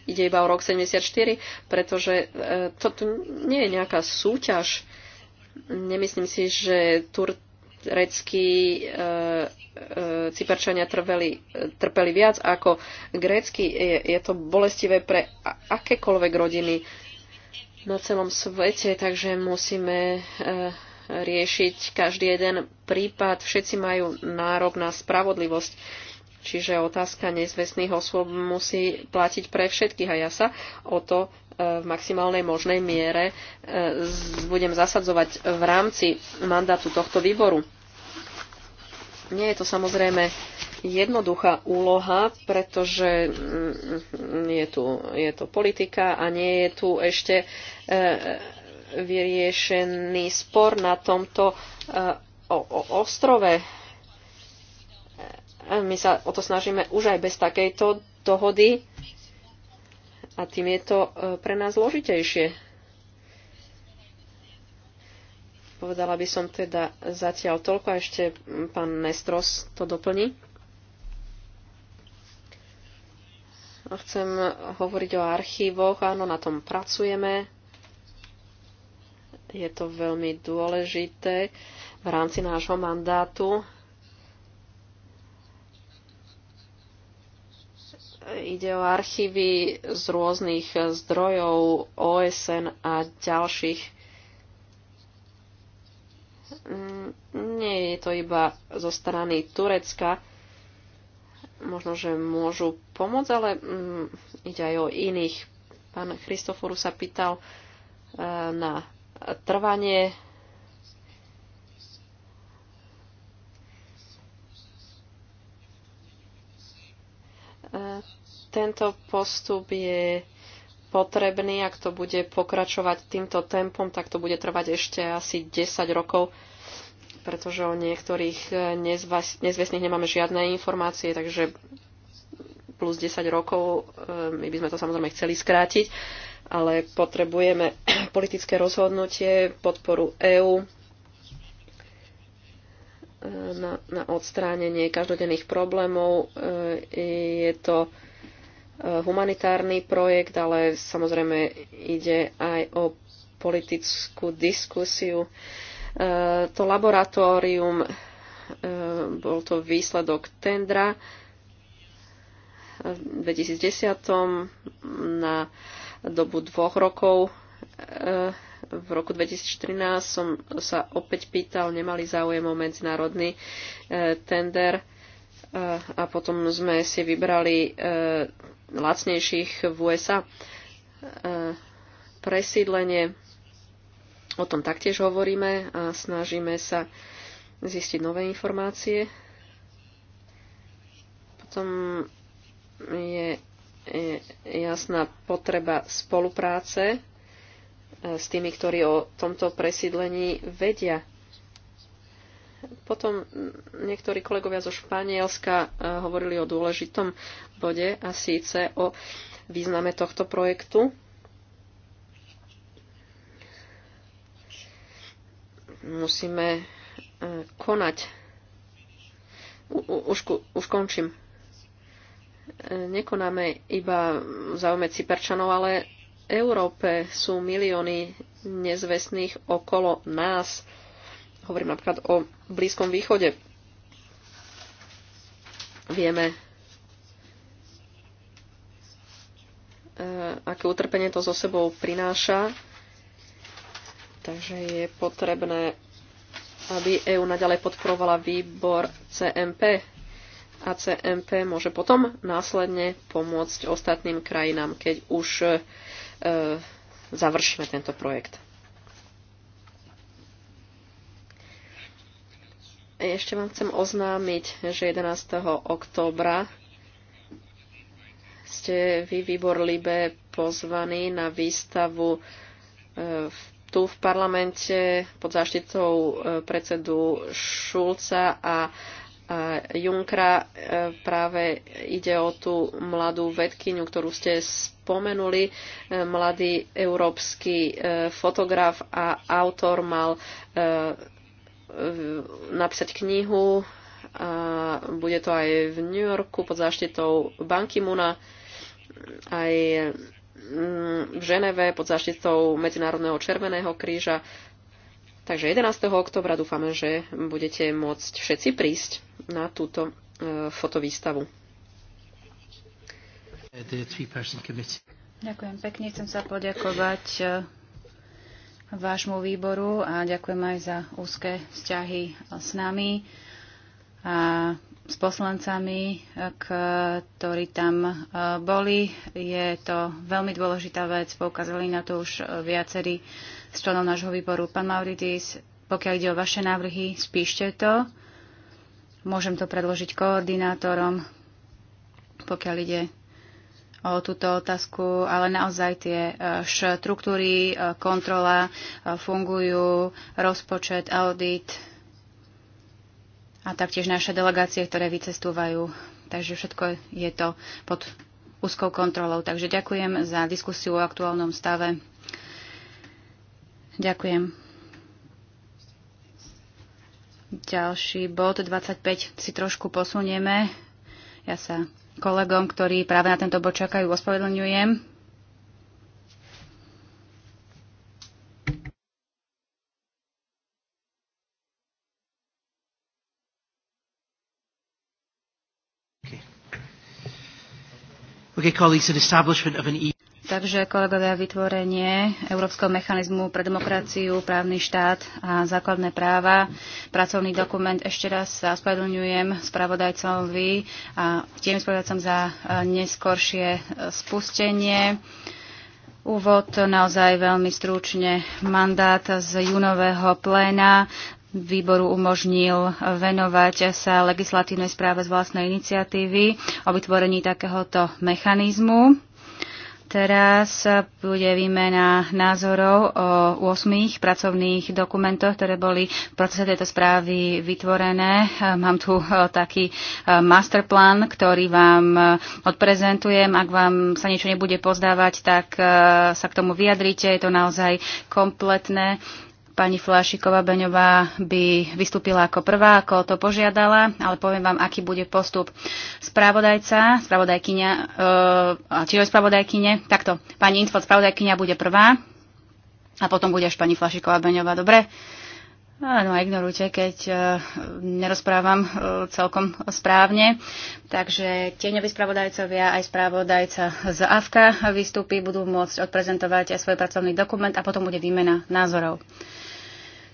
ide iba o rok 74, pretože e, to tu nie je nejaká súťaž. Nemyslím si, že tureckí e, e, cyperčania trveli, trpeli viac ako grécky. Je, je to bolestivé pre akékoľvek rodiny na celom svete, takže musíme e, riešiť každý jeden prípad. Všetci majú nárok na spravodlivosť Čiže otázka nezvestných osôb musí platiť pre všetkých a ja sa o to e, v maximálnej možnej miere e, budem zasadzovať v rámci mandátu tohto výboru. Nie je to samozrejme jednoduchá úloha, pretože mm, je tu, je to politika a nie je tu ešte e, vyriešený spor na tomto ostrove my sa o to snažíme už aj bez takejto dohody a tým je to e, pre nás zložitejšie. Povedala by som teda zatiaľ toľko a ešte pán Nestros to doplní. Chcem hovoriť o archívoch, áno, na tom pracujeme. Je to veľmi dôležité v rámci nášho mandátu Ide o archívy z rôznych zdrojov OSN a ďalších mm, nie je to iba zo strany Turecka. Možno, že môžu pomôcť, ale mm, ide aj o iných. Pán Christoforu sa pýtal e, na trvanie Tento postup je potrebný, ak to bude pokračovať týmto tempom, tak to bude trvať ešte asi 10 rokov, pretože o niektorých eh, nezvestných nemáme žiadne informácie, takže plus 10 rokov, eh, my by sme to samozrejme chceli skrátiť, ale potrebujeme (clears throat) politické rozhodnutie, podporu EÚ, na, na odstránenie každodenných problémov. E, je to e, humanitárny projekt, ale samozrejme ide aj o politickú diskusiu. E, to laboratórium, bol to výsledok tendra v 2010 na dobu dvoch rokov v roku 2014 som sa opäť pýtal, nemali záujem o medzinárodný e, tender e, a potom sme si vybrali e, lacnejších v USA. Presídlenie, o tom taktiež hovoríme a snažíme sa zistiť nové informácie. Potom je jasná potreba spolupráce s tými, ktorí o tomto presídlení vedia. Potom niektorí kolegovia zo Španielska eh, hovorili o dôležitom bode a síce o význame tohto projektu. Musíme eh, konať. už, už končím. Eh, nekonáme iba v záujme Cyperčanov, ale Európe sú milióny nezvestných okolo nás. Hovorím napríklad o Blízkom východe. Vieme, e, aké utrpenie to so sebou prináša. Takže je potrebné, aby EÚ naďalej podporovala výbor CMP. A CMP môže potom následne pomôcť ostatným krajinám, keď už E, završíme tento projekt. Ešte vám chcem oznámiť, že 11. októbra ste vy, výbor Libe, pozvaní na výstavu e, tu v parlamente pod záštitou e, predsedu Šulca a Junkra. E, práve ide o tú mladú vedkyňu, ktorú ste spomenuli. E, mladý európsky e, fotograf a autor mal napísať knihu. A bude to aj v New Yorku pod záštitou Banky Muna. Aj mm, v Ženeve pod záštitou Medzinárodného červeného kríža Takže 11. oktobra dúfame, že budete môcť všetci prísť na túto e, fotovýstavu. Ďakujem pekne, chcem sa poďakovať e, vášmu výboru a ďakujem aj za úzke vzťahy e, s nami a s poslancami, ktorí tam boli. Je to veľmi dôležitá vec, poukázali na to už viacerí s členom nášho výboru. Pán Mauridis, pokiaľ ide o vaše návrhy, spíšte to. Môžem to predložiť koordinátorom, pokiaľ ide o túto otázku, ale naozaj tie e, štruktúry, e, kontrola e, fungujú, rozpočet, audit a taktiež naše delegácie, ktoré vycestúvajú. Takže všetko je to pod úzkou kontrolou. Takže ďakujem za diskusiu o aktuálnom stave Ďakujem. Ďalší bod 25 si trošku posunieme. Ja sa kolegom, ktorí práve na tento bod čakajú, ospravedlňujem. E Takže, kolegovia, vytvorenie Európskeho mechanizmu pre demokraciu, právny štát a základné práva. Pracovný dokument ešte raz sa ospravedlňujem spravodajcovi a tým spravodajcom za e, neskoršie e, spustenie. Úvod naozaj veľmi stručne. Mandát z junového pléna výboru umožnil eh, venovať sa legislatívnej správe z vlastnej iniciatívy o vytvorení takéhoto mechanizmu. Teraz bude výmena názorov o 8 pracovných dokumentoch, ktoré boli v procese tejto správy vytvorené. Eh, mám tu eh, taký masterplan, ktorý vám odprezentujem. Ak vám sa niečo nebude pozdávať, tak sa k tomu vyjadrite. Je to naozaj kompletné Pani Flašiková Beňová by vystúpila ako prvá, ako to požiadala, ale poviem vám, aký bude postup. Spravodajca, spravodajkyňa, e, čiže spravodajkyne, takto, pani Info, spravodajkyňa bude prvá a potom bude až pani Flašiková Beňová, dobre? Áno, ignorujte, keď e, nerozprávam e, celkom správne. Takže tieňoví spravodajcovia aj spravodajca z AFKA vystúpi, budú môcť odprezentovať aj svoj pracovný dokument a potom bude výmena názorov.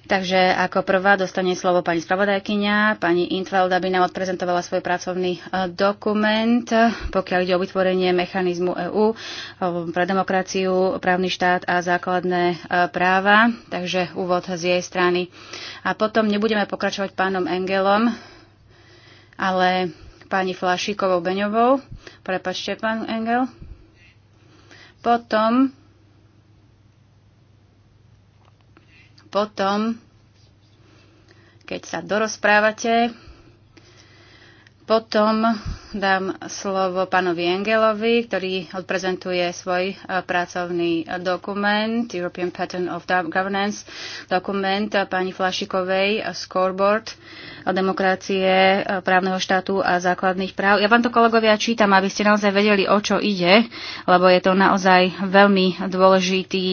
Takže ako prvá dostane slovo pani spravodajkyňa. Pani Intveld, aby nám odprezentovala svoj pracovný e, dokument, pokiaľ ide o vytvorenie mechanizmu EÚ pre demokraciu, právny štát a základné e, práva. Takže úvod z jej strany. A potom nebudeme pokračovať pánom Engelom, ale pani Flašikovou Beňovou. Prepačte, pán Engel. Potom potom, keď sa dorozprávate, potom dám slovo pánovi Engelovi, ktorý odprezentuje svoj e, pracovný e, dokument European Pattern of Governance, dokument pani Flašikovej, e, scoreboard demokracie, právneho štátu a základných práv. Ja vám to, kolegovia, čítam, aby ste naozaj vedeli, o čo ide, lebo je to naozaj veľmi dôležitý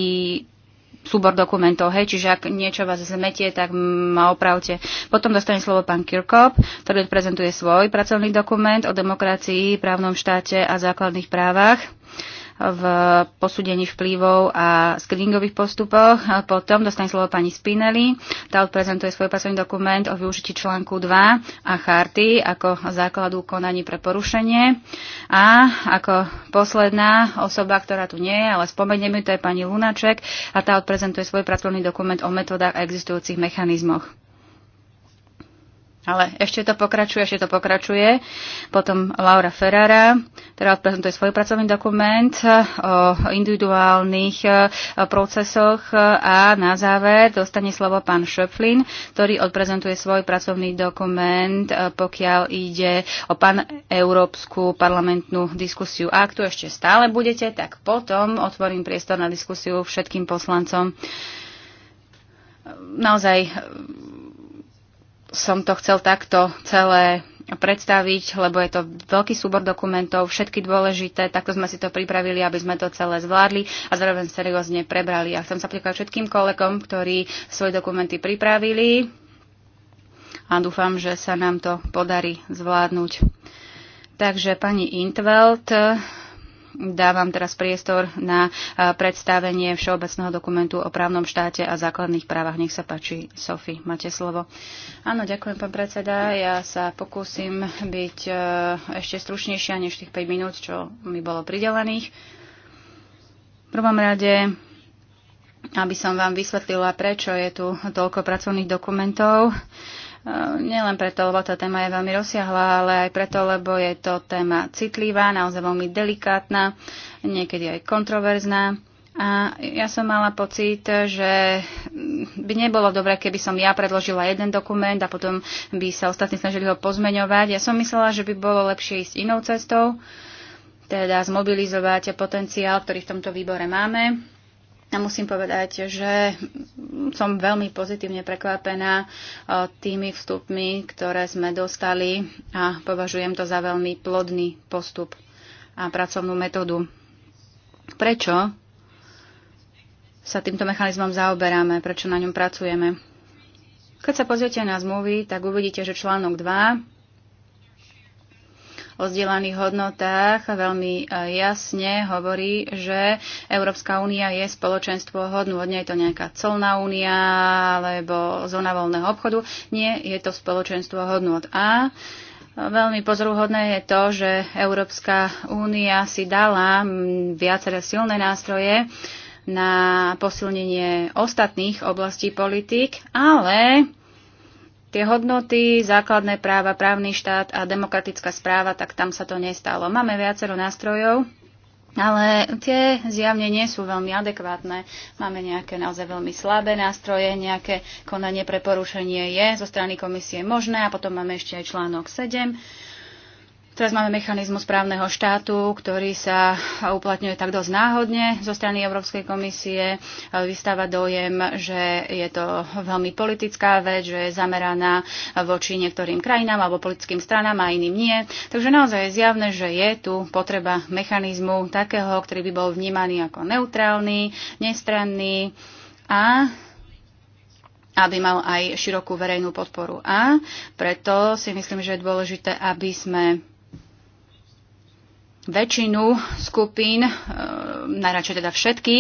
súbor dokumentov, hej, čiže ak niečo vás zmetie, tak ma opravte. Potom dostane slovo pán Kirkop, ktorý prezentuje svoj pracovný dokument o demokracii, právnom štáte a základných právach v posúdení vplyvov a screeningových postupoch. Potom dostane slovo pani Spinelli. Tá odprezentuje svoj pracovný dokument o využití článku 2 a charty ako základu konaní pre porušenie. A ako posledná osoba, ktorá tu nie je, ale ju, to je pani Lunaček a tá odprezentuje svoj pracovný dokument o metodách a existujúcich mechanizmoch. Ale ešte to pokračuje, ešte to pokračuje. Potom Laura Ferrara, ktorá odprezentuje svoj pracovný dokument eh, o individuálnych eh, procesoch a na záver dostane slovo pán Schöpflin, ktorý odprezentuje svoj pracovný dokument, eh, pokiaľ ide o pan európsku parlamentnú diskusiu. A ak tu ešte stále budete, tak potom otvorím priestor na diskusiu všetkým poslancom. Naozaj som to chcel takto celé predstaviť, lebo je to veľký súbor dokumentov, všetky dôležité, takto sme si to pripravili, aby sme to celé zvládli a zároveň seriózne prebrali. A chcem sa poďakovať všetkým kolegom, ktorí svoje dokumenty pripravili a dúfam, že sa nám to podarí zvládnuť. Takže pani Intveld, dávam teraz priestor na predstavenie Všeobecného dokumentu o právnom štáte a základných právach. Nech sa páči, Sofi, máte slovo. Áno, ďakujem, pán predseda. Ja sa pokúsim byť e, ešte stručnejšia než tých 5 minút, čo mi bolo pridelených. V prvom rade aby som vám vysvetlila, prečo je tu toľko pracovných dokumentov. Uh, Nielen preto, lebo tá téma je veľmi rozsiahla, ale aj preto, lebo je to téma citlivá, naozaj veľmi delikátna, niekedy aj kontroverzná. A ja som mala pocit, že by nebolo dobré, keby som ja predložila jeden dokument a potom by sa ostatní snažili ho pozmeňovať. Ja som myslela, že by bolo lepšie ísť inou cestou, teda zmobilizovať potenciál, ktorý v tomto výbore máme a musím povedať, že som veľmi pozitívne prekvapená e, tými vstupmi, ktoré sme dostali a považujem to za veľmi plodný postup a pracovnú metódu. Prečo sa týmto mechanizmom zaoberáme, prečo na ňom pracujeme? Keď sa pozriete na zmluvy, tak uvidíte, že článok 2 o zdieľaných hodnotách veľmi e, jasne hovorí, že Európska únia je spoločenstvo hodnú. Od nej je to nejaká colná únia alebo zóna voľného obchodu. Nie, je to spoločenstvo hodnot. A Veľmi pozoruhodné je to, že Európska únia si dala viaceré silné nástroje na posilnenie ostatných oblastí politik, ale tie hodnoty, základné práva, právny štát a demokratická správa, tak tam sa to nestalo. Máme viacero nástrojov, ale tie zjavne nie sú veľmi adekvátne. Máme nejaké naozaj veľmi slabé nástroje, nejaké konanie pre porušenie je zo strany komisie možné a potom máme ešte aj článok 7 Teraz máme mechanizmus právneho štátu, ktorý sa uplatňuje tak dosť náhodne zo strany Európskej komisie. Vystáva dojem, že je to veľmi politická vec, že je zameraná voči niektorým krajinám alebo politickým stranám a iným nie. Takže naozaj je zjavné, že je tu potreba mechanizmu takého, ktorý by bol vnímaný ako neutrálny, nestranný a aby mal aj širokú verejnú podporu. A preto si myslím, že je dôležité, aby sme väčšinu skupín, e, najradšej teda všetky,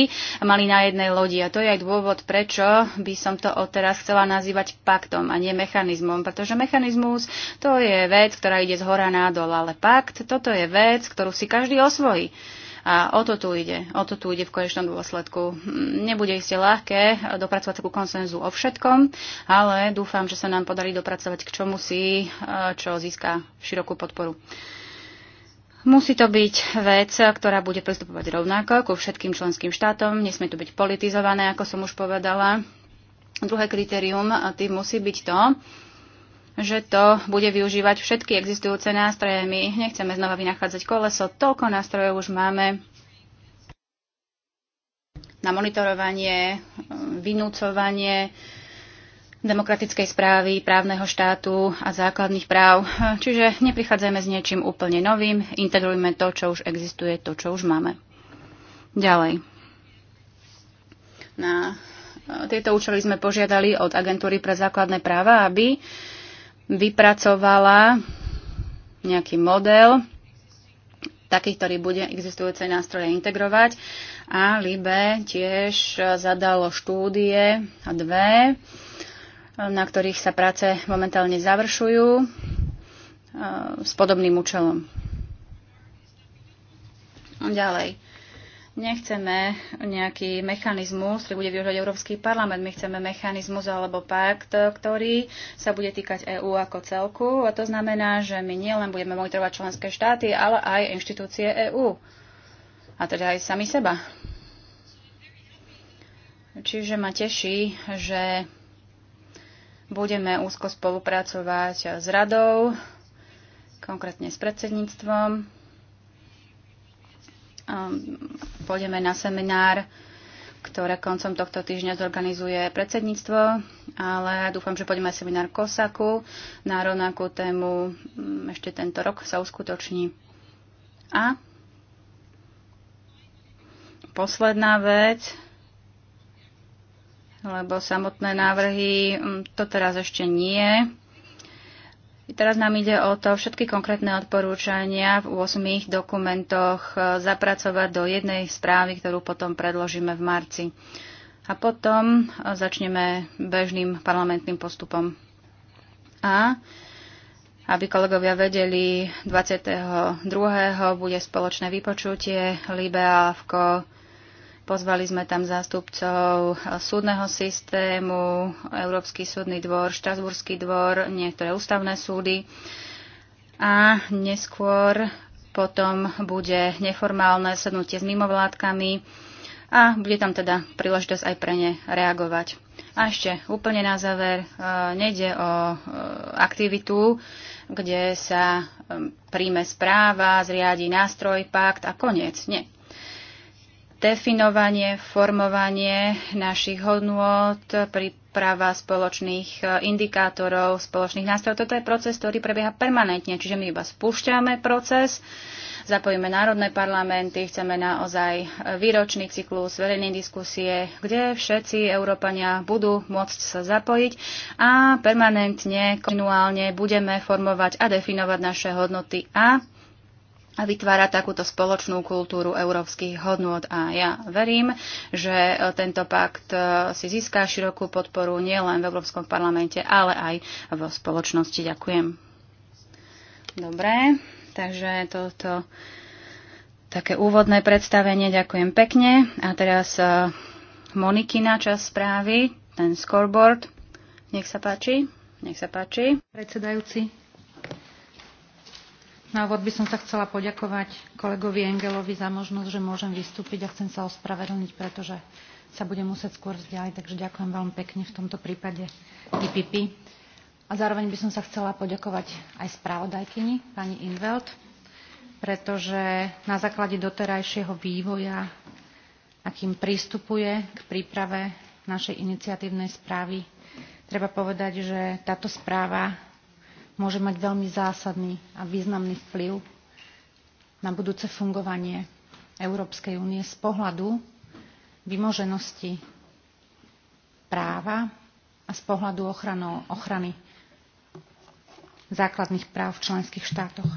mali na jednej lodi. A to je aj dôvod, prečo by som to odteraz chcela nazývať paktom a nie mechanizmom. Pretože mechanizmus to je vec, ktorá ide z hora nadol, ale pakt toto je vec, ktorú si každý osvojí. A o to tu ide, o to tu ide v konečnom dôsledku. Nebude iste ľahké dopracovať sa ku konsenzu o všetkom, ale dúfam, že sa nám podarí dopracovať k čomu si, e, čo získa širokú podporu. Musí to byť vec, ktorá bude pristupovať rovnako ku všetkým členským štátom. Nesmie to byť politizované, ako som už povedala. Druhé kritérium tým musí byť to, že to bude využívať všetky existujúce nástroje. My nechceme znova vynachádzať koleso. Toľko nástrojov už máme na monitorovanie, vynúcovanie, demokratickej správy, právneho štátu a základných práv. Čiže neprichádzajme s niečím úplne novým, integrujme to, čo už existuje, to, čo už máme. Ďalej. Na eh, tieto účely sme požiadali od Agentúry pre základné práva, aby vypracovala nejaký model, taký, ktorý bude existujúce nástroje integrovať. A Libe tiež eh, zadalo štúdie a dve na ktorých sa práce momentálne završujú e, s podobným účelom. Ďalej. Nechceme nejaký mechanizmus, ktorý bude využiť Európsky parlament. My chceme mechanizmus alebo pakt, ktorý sa bude týkať EÚ ako celku. A to znamená, že my nielen budeme monitorovať členské štáty, ale aj inštitúcie EÚ. A teda aj sami seba. Čiže ma teší, že Budeme úzko spolupracovať s radou, konkrétne s predsedníctvom. Ehm, pôjdeme na seminár, ktoré koncom tohto týždňa zorganizuje predsedníctvo, ale dúfam, že pôjdeme na seminár Kosaku na rovnakú tému mm, ešte tento rok sa uskutoční. A posledná vec, lebo samotné návrhy mm, to teraz ešte nie. Teraz nám ide o to všetky konkrétne odporúčania v 8 dokumentoch e, zapracovať do jednej správy, ktorú potom predložíme v marci. A potom e, začneme bežným parlamentným postupom. A aby kolegovia vedeli, 22. bude spoločné vypočutie libeávko. Pozvali sme tam zástupcov súdneho systému, Európsky súdny dvor, Štrasburský dvor, niektoré ústavné súdy. A neskôr potom bude neformálne sednutie s mimovládkami a bude tam teda príležitosť aj pre ne reagovať. A ešte úplne na záver, e, nejde o e, aktivitu, kde sa e, príjme správa, zriadi nástroj, pakt a koniec. Nie, definovanie, formovanie našich hodnôt, príprava spoločných e, indikátorov, spoločných nástrojov. Toto je proces, ktorý prebieha permanentne, čiže my iba spúšťame proces, zapojíme národné parlamenty, chceme naozaj e, výročný cyklus verejnej diskusie, kde všetci Európania budú môcť sa zapojiť a permanentne, kontinuálne budeme formovať a definovať naše hodnoty a a vytvára takúto spoločnú kultúru európskych hodnôt. A ja verím, že e, tento pakt e, si získá širokú podporu nielen v Európskom parlamente, ale aj v spoločnosti. Ďakujem. Dobre, takže toto také úvodné predstavenie. Ďakujem pekne. A teraz e, Moniky na čas správy, ten scoreboard. Nech sa páči. Nech sa páči. Predsedajúci, na úvod by som sa chcela poďakovať kolegovi Engelovi za možnosť, že môžem vystúpiť a chcem sa ospravedlniť, pretože sa budem musieť skôr vzdialiť, takže ďakujem veľmi pekne v tomto prípade IPP. A zároveň by som sa chcela poďakovať aj spravodajkyni, pani Inveld, pretože na základe doterajšieho vývoja, akým prístupuje k príprave našej iniciatívnej správy, treba povedať, že táto správa môže mať veľmi zásadný a významný vplyv na budúce fungovanie Európskej únie z pohľadu vymoženosti práva a z pohľadu ochranu, ochrany základných práv v členských štátoch.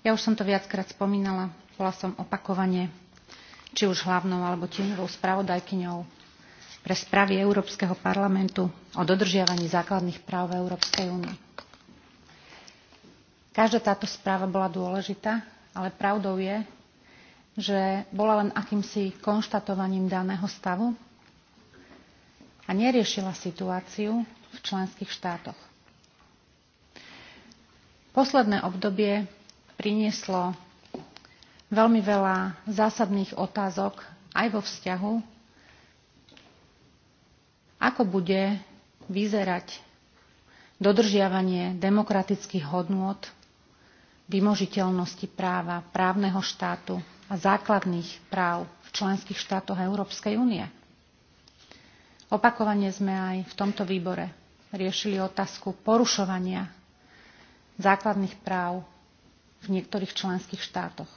Ja už som to viackrát spomínala, bola som opakovane či už hlavnou alebo tieňovou spravodajkyňou pre správy Európskeho parlamentu o dodržiavaní základných práv v Európskej únii. Každá táto správa bola dôležitá, ale pravdou je, že bola len akýmsi konštatovaním daného stavu a neriešila situáciu v členských štátoch. Posledné obdobie prinieslo veľmi veľa zásadných otázok aj vo vzťahu ako bude vyzerať dodržiavanie demokratických hodnôt, vymožiteľnosti práva, právneho štátu a základných práv v členských štátoch Európskej únie. Opakovane sme aj v tomto výbore riešili otázku porušovania základných práv v niektorých členských štátoch.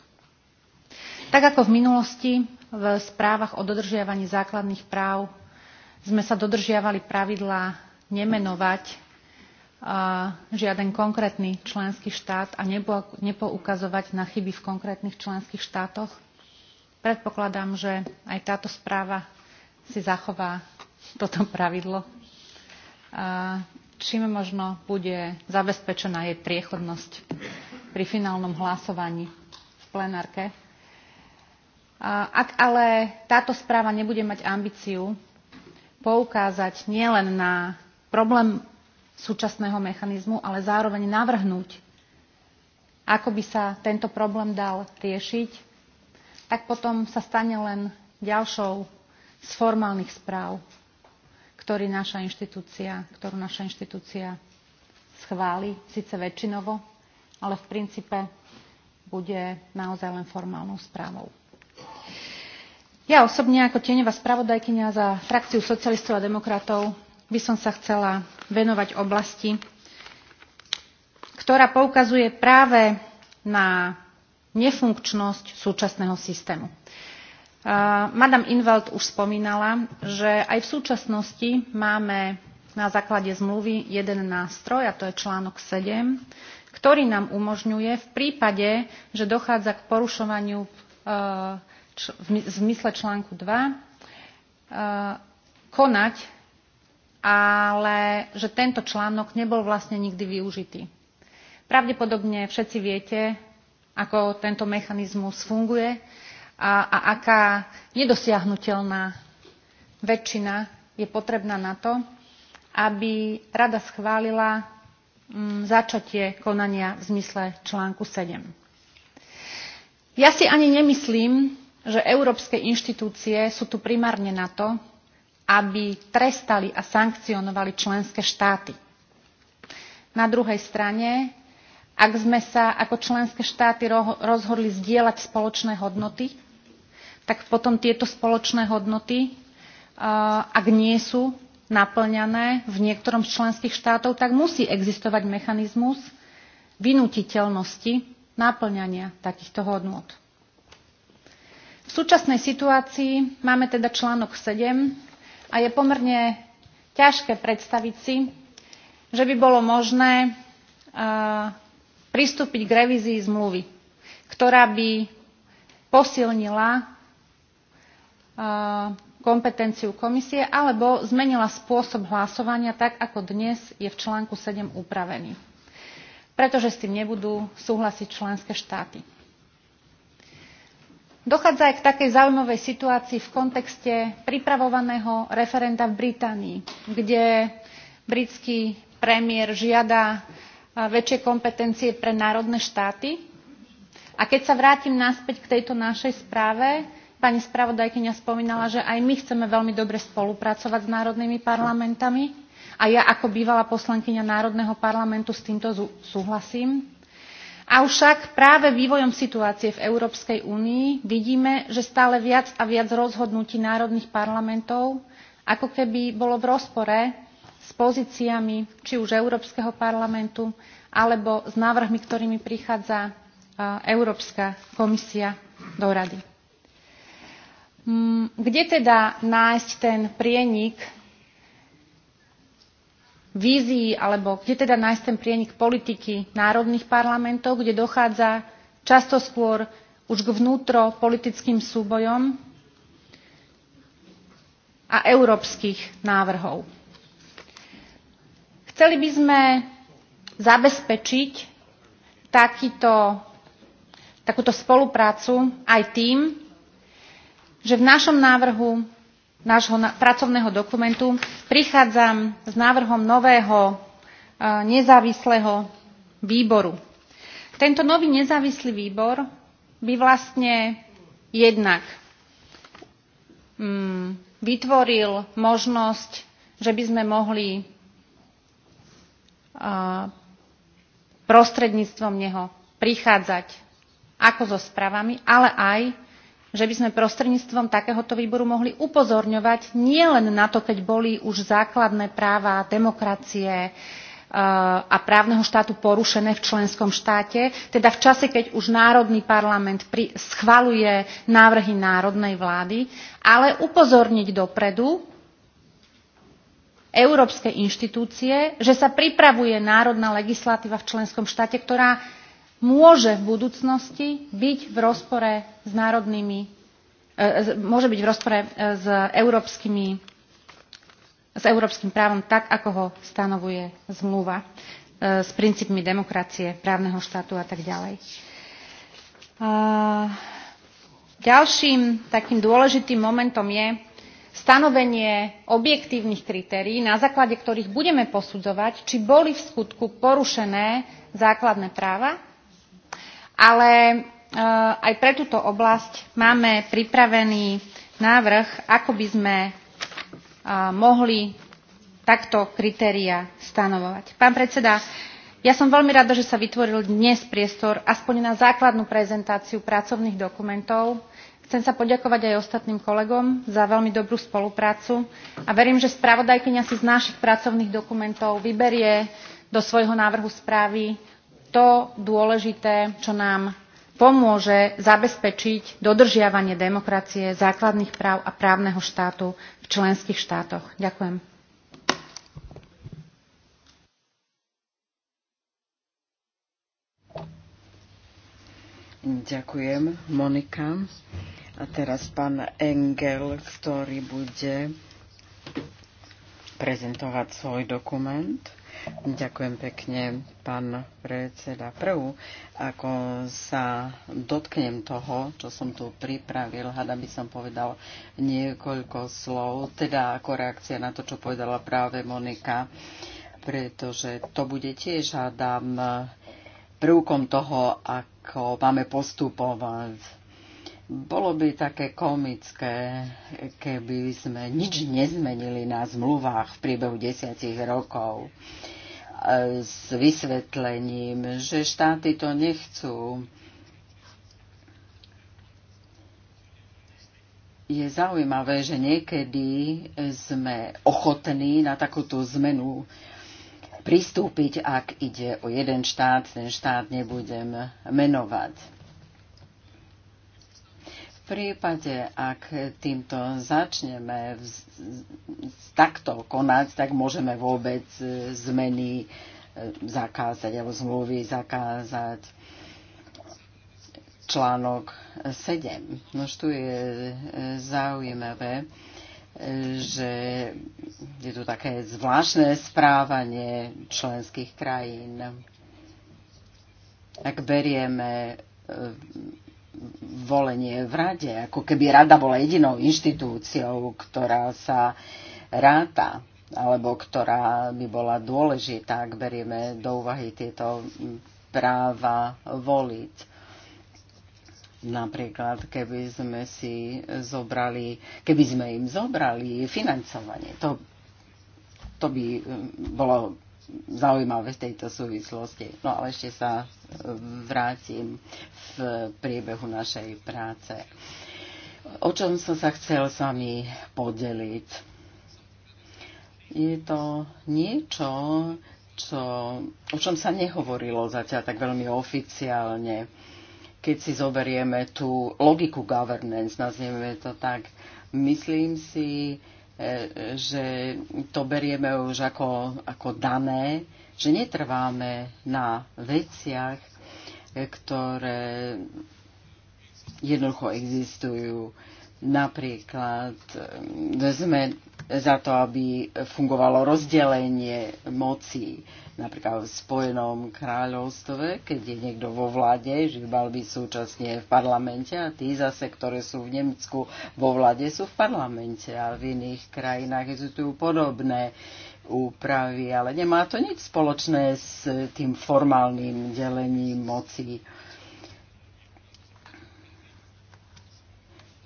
Tak ako v minulosti v správach o dodržiavaní základných práv sme sa dodržiavali pravidlá nemenovať žiaden konkrétny členský štát a nepoukazovať na chyby v konkrétnych členských štátoch. Predpokladám, že aj táto správa si zachová toto pravidlo, čím možno bude zabezpečená jej priechodnosť pri finálnom hlasovaní v plenárke. Ak ale táto správa nebude mať ambíciu poukázať nielen na problém súčasného mechanizmu, ale zároveň navrhnúť, ako by sa tento problém dal riešiť, tak potom sa stane len ďalšou z formálnych správ, ktorý naša inštitúcia, ktorú naša inštitúcia schváli, síce väčšinovo, ale v princípe bude naozaj len formálnou správou. Ja osobne ako tieňová spravodajkyňa za frakciu socialistov a demokratov by som sa chcela venovať oblasti, ktorá poukazuje práve na nefunkčnosť súčasného systému. Madame Invald už spomínala, že aj v súčasnosti máme na základe zmluvy jeden nástroj, a to je článok 7, ktorý nám umožňuje v prípade, že dochádza k porušovaniu e, v zmysle článku 2 e, konať, ale že tento článok nebol vlastne nikdy využitý. Pravdepodobne všetci viete, ako tento mechanizmus funguje a, a aká nedosiahnutelná väčšina je potrebná na to, aby Rada schválila mm, začatie konania v zmysle článku 7. Ja si ani nemyslím, že európske inštitúcie sú tu primárne na to, aby trestali a sankcionovali členské štáty. Na druhej strane, ak sme sa ako členské štáty rozhodli zdieľať spoločné hodnoty, tak potom tieto spoločné hodnoty, uh, ak nie sú naplňané v niektorom z členských štátov, tak musí existovať mechanizmus vynutiteľnosti naplňania takýchto hodnot. V súčasnej situácii máme teda článok 7 a je pomerne ťažké predstaviť si, že by bolo možné e, pristúpiť k revízii zmluvy, ktorá by posilnila e, kompetenciu komisie alebo zmenila spôsob hlasovania tak, ako dnes je v článku 7 upravený. Pretože s tým nebudú súhlasiť členské štáty. Dochádza aj k takej zaujímavej situácii v kontexte pripravovaného referenda v Británii, kde britský premiér žiada väčšie kompetencie pre národné štáty. A keď sa vrátim naspäť k tejto našej správe, pani spravodajkyňa spomínala, že aj my chceme veľmi dobre spolupracovať s národnými parlamentami a ja ako bývalá poslankyňa Národného parlamentu s týmto súhlasím Avšak práve vývojom situácie v Európskej únii vidíme, že stále viac a viac rozhodnutí národných parlamentov ako keby bolo v rozpore s pozíciami či už Európskeho parlamentu alebo s návrhmi, ktorými prichádza Európska komisia do Rady. Mm, kde teda nájsť ten prienik vízii alebo kde teda nájsť ten prienik politiky národných parlamentov, kde dochádza často skôr už k vnútropolitickým súbojom a európskych návrhov. Chceli by sme zabezpečiť takýto, takúto spoluprácu aj tým, že v našom návrhu nášho pracovného dokumentu prichádzam s návrhom nového e, nezávislého výboru. Tento nový nezávislý výbor by vlastne jednak mm, vytvoril možnosť, že by sme mohli e, prostredníctvom neho prichádzať ako so správami, ale aj že by sme prostredníctvom takéhoto výboru mohli upozorňovať nielen na to, keď boli už základné práva demokracie e, a právneho štátu porušené v členskom štáte, teda v čase, keď už Národný parlament schvaluje návrhy národnej vlády, ale upozorniť dopredu európske inštitúcie, že sa pripravuje národná legislatíva v členskom štáte, ktorá môže v budúcnosti byť v rozpore s národnými, e, e, môže byť v rozpore e, s, európskymi, s európskym právom tak, ako ho stanovuje zmluva s princípmi demokracie, právneho štátu a tak ďalej. Ďalším takým dôležitým momentom je stanovenie objektívnych kritérií, na základe ktorých budeme posudzovať, či boli v skutku porušené základné práva ale e, aj pre túto oblasť máme pripravený návrh, ako by sme e, mohli takto kritéria stanovovať. Pán predseda, ja som veľmi rada, že sa vytvoril dnes priestor aspoň na základnú prezentáciu pracovných dokumentov. Chcem sa poďakovať aj ostatným kolegom za veľmi dobrú spoluprácu a verím, že spravodajkyňa si z našich pracovných dokumentov vyberie do svojho návrhu správy to dôležité, čo nám pomôže zabezpečiť dodržiavanie demokracie, základných práv a právneho štátu v členských štátoch. Ďakujem. Ďakujem, Monika. A teraz pán Engel, ktorý bude prezentovať svoj dokument. Ďakujem pekne, pán predseda. Prvú, ako sa dotknem toho, čo som tu pripravil, hada by som povedal niekoľko slov, teda ako reakcia na to, čo povedala práve Monika, pretože to bude tiež, hádam, prvkom toho, ako máme postupovať bolo by také komické, keby sme nič nezmenili na zmluvách v priebehu desiatich rokov s vysvetlením, že štáty to nechcú. Je zaujímavé, že niekedy sme ochotní na takúto zmenu pristúpiť, ak ide o jeden štát, ten štát nebudem menovať prípade, ak týmto začneme takto konať, tak môžeme vôbec e, zmeny e, zakázať alebo zmluvy zakázať článok 7. Nož tu je e, zaujímavé, že je tu také zvláštne správanie členských krajín. Ak berieme volenie v rade, ako keby rada bola jedinou inštitúciou, ktorá sa ráta alebo ktorá by bola dôležitá, ak berieme do úvahy tieto práva voliť. Napríklad, keby sme si zobrali, keby sme im zobrali financovanie, to, to by um, bolo zaujímavé v tejto súvislosti. No ale ešte sa e, vrátim v priebehu našej práce. O čom som sa chcel s vami podeliť? Je to niečo, čo, o čom sa nehovorilo zatiaľ tak veľmi oficiálne. Keď si zoberieme tú logiku governance, nazvieme to tak, myslím si, E, že to berieme už ako, ako dané, že netrváme na veciach, e, ktoré jednoducho existujú. Napríklad e, sme za to, aby fungovalo rozdelenie moci napríklad v Spojenom kráľovstve, keď je niekto vo vláde, že mal byť súčasne v parlamente a tí zase, ktoré sú v Nemecku vo vláde, sú v parlamente a v iných krajinách existujú podobné úpravy, ale nemá to nič spoločné s tým formálnym delením moci.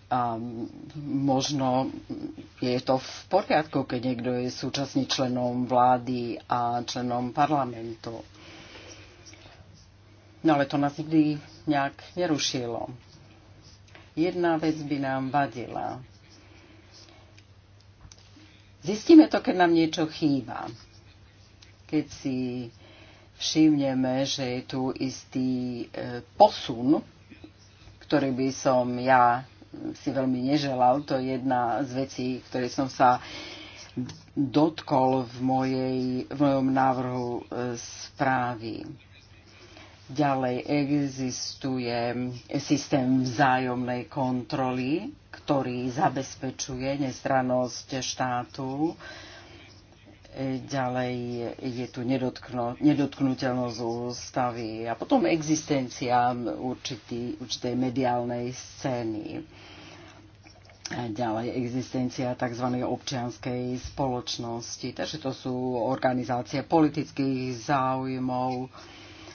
a možno je to v poriadku, keď niekto je súčasný členom vlády a členom parlamentu. No ale to nás nikdy nejak nerušilo. Jedna vec by nám vadila. Zistíme to, keď nám niečo chýba. Keď si všimneme, že je tu istý e, posun, ktorý by som ja si veľmi neželal. To je jedna z vecí, ktorej som sa dotkol v, mojej, v mojom návrhu e, správy. Ďalej existuje systém vzájomnej kontroly, ktorý zabezpečuje nestrannosť štátu ďalej je tu nedotknutelnosť ústavy a potom existencia určitý, určitej mediálnej scény. A ďalej existencia tzv. občianskej spoločnosti. Takže to sú organizácie politických záujmov,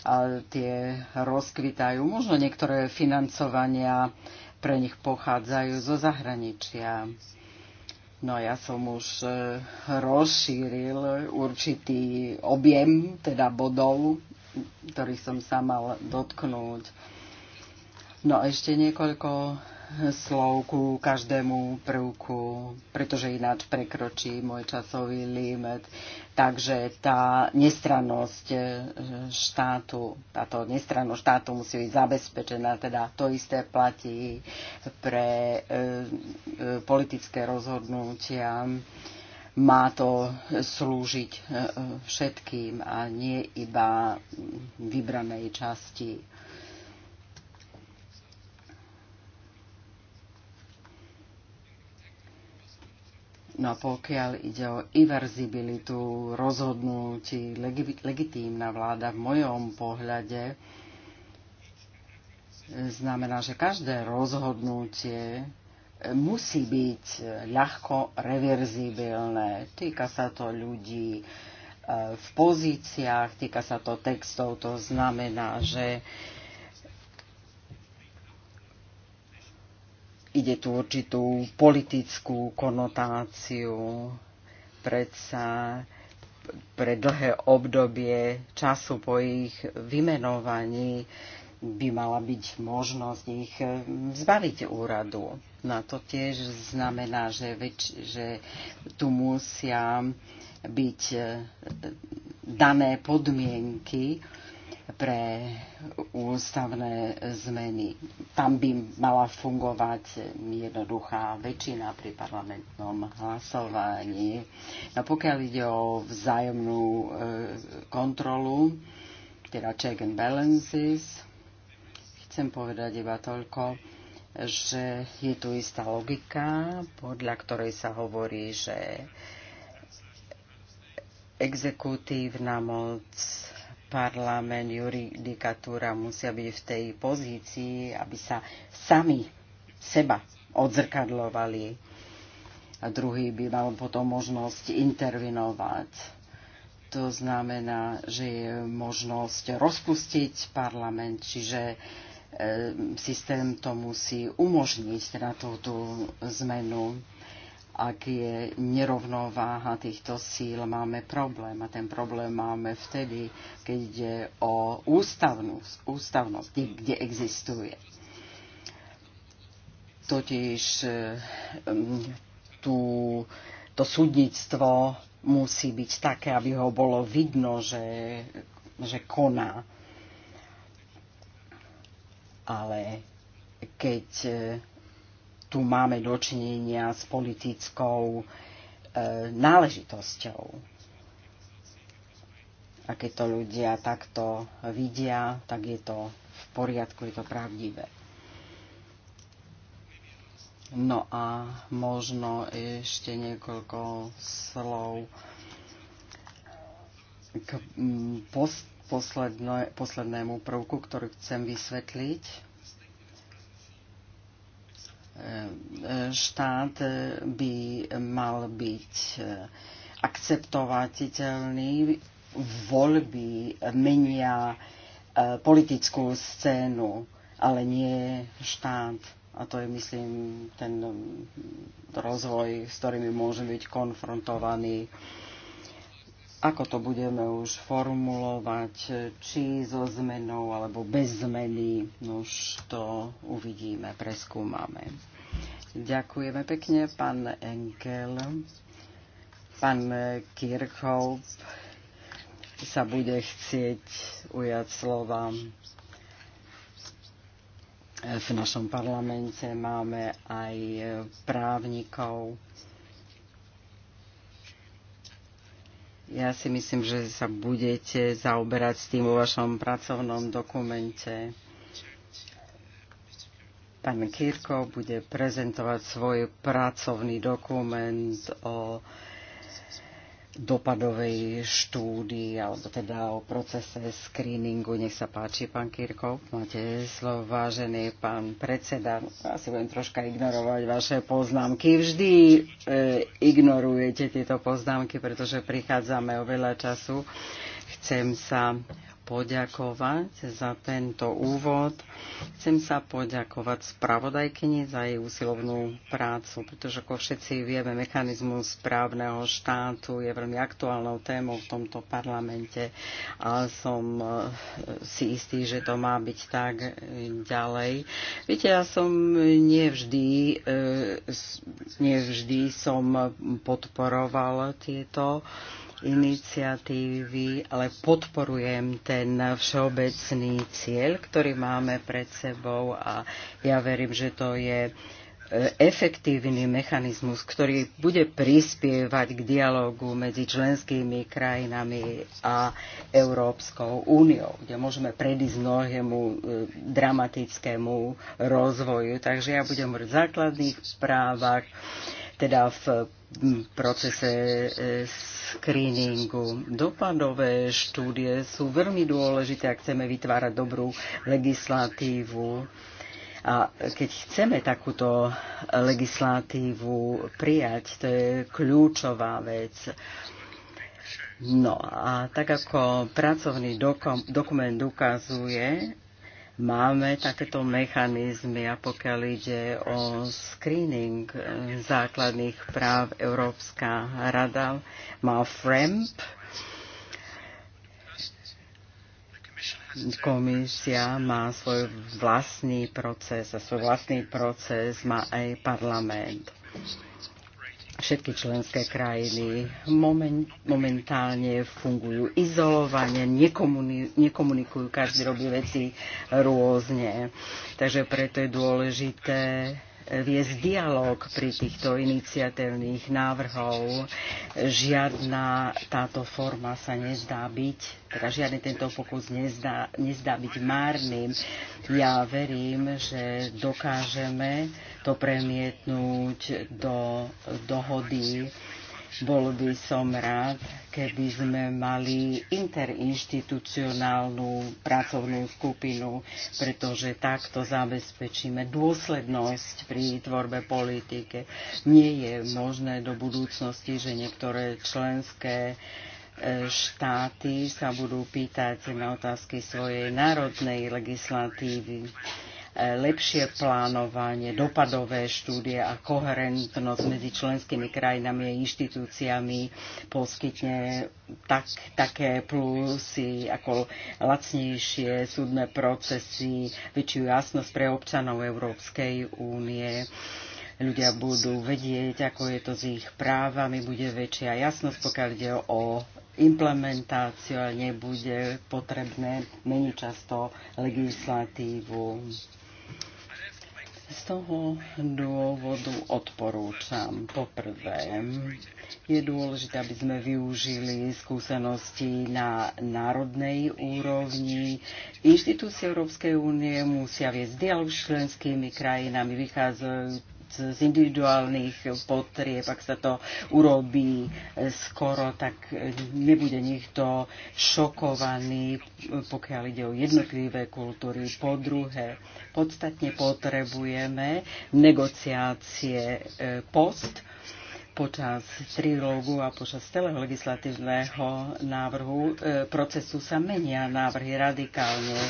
a tie rozkvitajú. Možno niektoré financovania pre nich pochádzajú zo zahraničia. No ja som už e, rozšíril určitý objem, teda bodov, ktorých som sa mal dotknúť. No a ešte niekoľko slov ku každému prvku, pretože ináč prekročí môj časový límet. Takže tá nestrannosť e, štátu, táto nestrannosť štátu musí byť zabezpečená, teda to isté platí pre e, e, politické rozhodnutia. Má to slúžiť všetkým a nie iba vybranej časti No a pokiaľ ide o inverzibilitu rozhodnutí, legi- legitímna vláda v mojom pohľade znamená, že každé rozhodnutie musí byť ľahko reverzibilné. Týka sa to ľudí e, v pozíciách, týka sa to textov, to znamená, že ide tu určitú politickú konotáciu, predsa pre dlhé obdobie času po ich vymenovaní by mala byť možnosť ich eh, zbaviť úradu. No a to tiež znamená, že, väč- že tu musia byť eh, dané podmienky, pre ústavné zmeny. Tam by mala fungovať jednoduchá väčšina pri parlamentnom hlasovaní. No pokiaľ ide o vzájomnú e, kontrolu, teda check and balances, chcem povedať iba toľko, že je tu istá logika, podľa ktorej sa hovorí, že exekutívna moc parlament, juridikatúra musia byť v tej pozícii, aby sa sami seba odzrkadlovali. A druhý by mal potom možnosť intervinovať. To znamená, že je možnosť rozpustiť parlament, čiže e, systém to musí umožniť na teda túto zmenu ak je nerovnováha týchto síl, máme problém. A ten problém máme vtedy, keď ide o ústavnosť, ústavnosť kde, kde existuje. Totiž eh, tú, to súdnictvo musí byť také, aby ho bolo vidno, že, že koná. Ale keď eh, tu máme dočinenia s politickou e, náležitosťou. A keď to ľudia takto vidia, tak je to v poriadku, je to pravdivé. No a možno ešte niekoľko slov k mm, posledné, poslednému prvku, ktorý chcem vysvetliť štát by mal byť eh, akceptovateľný. Voľby menia eh, politickú scénu, ale nie štát. A to je, myslím, ten rozvoj, s ktorými môžeme byť konfrontovaní ako to budeme už formulovať, či so zmenou alebo bez zmeny, no už to uvidíme, preskúmame. Ďakujeme pekne, pán Enkel, Pán Kirchhoff sa bude chcieť ujať slova. V našom parlamente máme aj právnikov. Ja si myslím, že sa budete zaoberať s tým vo vašom pracovnom dokumente Pán Kirko bude prezentovať svoj pracovný dokument o dopadovej štúdii, alebo teda o procese screeningu. Nech sa páči, pán Kirkov, máte slovo, vážený pán predseda. Asi budem troška ignorovať vaše poznámky. Vždy e, ignorujete tieto poznámky, pretože prichádzame o veľa času. Chcem sa poďakovať za tento úvod. Chcem sa poďakovať spravodajkyni za jej úsilovnú prácu, pretože ako všetci vieme, mechanizmus správneho štátu je veľmi aktuálnou témou v tomto parlamente a som eh, si istý, že to má byť tak ďalej. Viete, ja som nevždy, eh, nevždy som podporoval tieto iniciatívy, ale podporujem ten všeobecný cieľ, ktorý máme pred sebou a ja verím, že to je e, efektívny mechanizmus, ktorý bude prispievať k dialogu medzi členskými krajinami a Európskou úniou, kde môžeme predísť mnohému e, dramatickému rozvoju. Takže ja budem hovoriť v základných správach teda v procese e, screeningu. Dopadové štúdie sú veľmi dôležité, ak chceme vytvárať dobrú legislatívu. A keď chceme takúto legislatívu prijať, to je kľúčová vec. No a tak ako pracovný dokum, dokument ukazuje, máme takéto mechanizmy a pokiaľ ide o screening eh, základných práv Európska rada má FREMP, komisia má svoj vlastný proces a svoj vlastný proces má aj parlament všetky členské krajiny moment, momentálne fungujú izolovane, nekomuni, nekomunikujú, každý robí veci rôzne. Takže preto je dôležité viesť dialog pri týchto iniciatívnych návrhov. Žiadna táto forma sa nezdá byť, teda žiadny tento pokus nezdá, nezdá byť márnym. Ja verím, že dokážeme to premietnúť do dohody. Bol by som rád, keby sme mali interinstitucionálnu pracovnú skupinu, pretože takto zabezpečíme dôslednosť pri tvorbe politike. Nie je možné do budúcnosti, že niektoré členské e, štáty sa budú pýtať na otázky svojej národnej legislatívy lepšie plánovanie, dopadové štúdie a koherentnosť medzi členskými krajinami a inštitúciami poskytne tak, také plusy ako lacnejšie súdne procesy, väčšiu jasnosť pre občanov Európskej únie ľudia budú vedieť, ako je to s ich právami, bude väčšia jasnosť, pokiaľ ide o implementáciu a nebude potrebné meniť často legislatívu. Z toho dôvodu odporúčam poprvé, je dôležité, aby sme využili skúsenosti na národnej úrovni. Inštitúcie Európskej únie musia viesť dialog s členskými krajinami, vychádzajú z individuálnych potrieb, ak sa to urobí skoro, tak nebude nikto šokovaný, pokiaľ ide o jednotlivé kultúry. Po druhé, podstatne potrebujeme negociácie eh, post počas trilógu a počas celého legislatívneho návrhu e, procesu sa menia návrhy radikálne.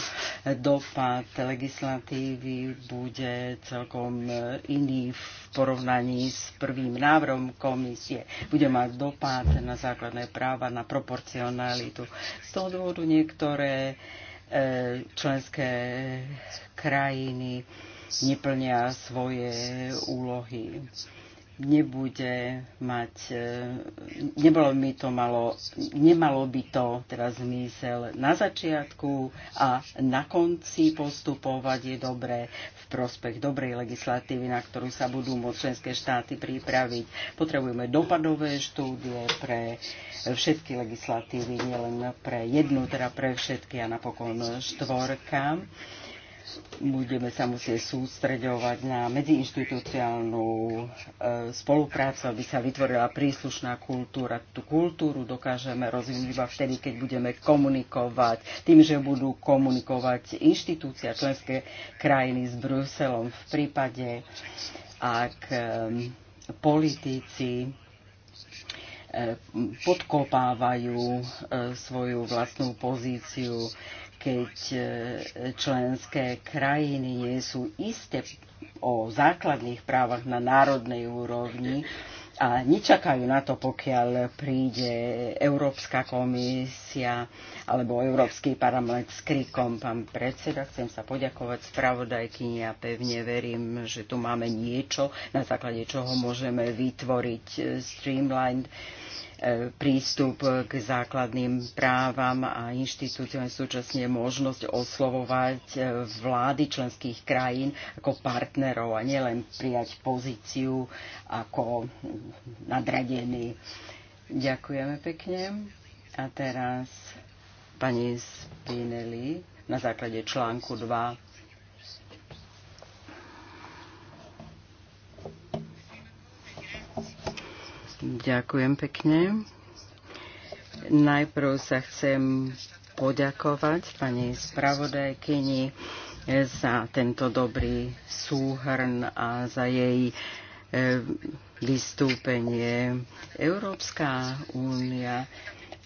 Dopad legislatívy bude celkom e, iný v porovnaní s prvým návrhom komisie. Bude mať dopad na základné práva, na proporcionalitu. Z toho dôvodu niektoré e, členské krajiny neplnia svoje úlohy nebude mať, e, nebolo by to malo, nemalo by to teraz zmysel na začiatku a na konci postupovať je dobré v prospech dobrej legislatívy, na ktorú sa budú môcť členské štáty pripraviť. Potrebujeme dopadové štúdie pre všetky legislatívy, nielen pre jednu, teda pre všetky a napokon štvorka budeme sa musieť sústreďovať na medziinstitúciálnu e, spoluprácu, aby sa vytvorila príslušná kultúra. Tú kultúru dokážeme rozvinúť iba vtedy, keď budeme komunikovať. Tým, že budú komunikovať inštitúcia členské krajiny s Bruselom v prípade, ak e, politici e, podkopávajú svoju vlastnú pozíciu keď e, členské krajiny nie sú isté o základných právach na národnej úrovni a nečakajú na to, pokiaľ príde Európska komisia alebo Európsky parlament s krikom. Pán predseda, chcem sa poďakovať spravodajkyni a pevne verím, že tu máme niečo, na základe čoho môžeme vytvoriť e, streamlined prístup k základným právam a inštitúciám, súčasne možnosť oslovovať e, vlády členských krajín ako partnerov a nielen prijať pozíciu ako nadradený. Ďakujeme pekne. A teraz pani Spinelli na základe článku 2 Ďakujem pekne. Najprv sa chcem poďakovať pani spravodajkyni za tento dobrý súhrn a za jej e, vystúpenie. Európska únia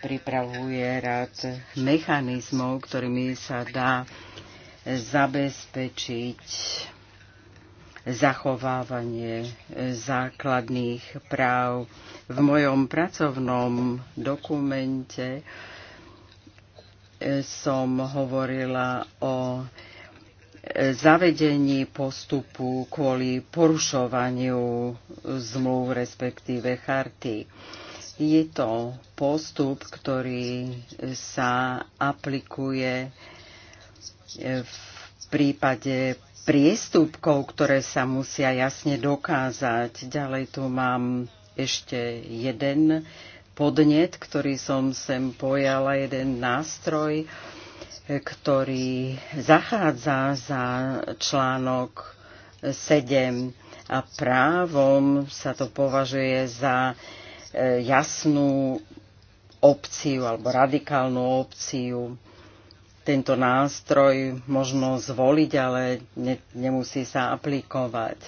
pripravuje rad mechanizmov, ktorými sa dá zabezpečiť zachovávanie základných práv. V mojom pracovnom dokumente eh, som hovorila o eh, zavedení postupu kvôli porušovaniu zmluv, respektíve charty. Je to postup, ktorý sa aplikuje eh, v prípade priestupkov, ktoré sa musia jasne dokázať. Ďalej tu mám ešte jeden podnet, ktorý som sem pojala, jeden nástroj, ktorý zachádza za článok 7 a právom sa to považuje za e, jasnú opciu alebo radikálnu opciu tento nástroj možno zvoliť, ale ne, nemusí sa aplikovať.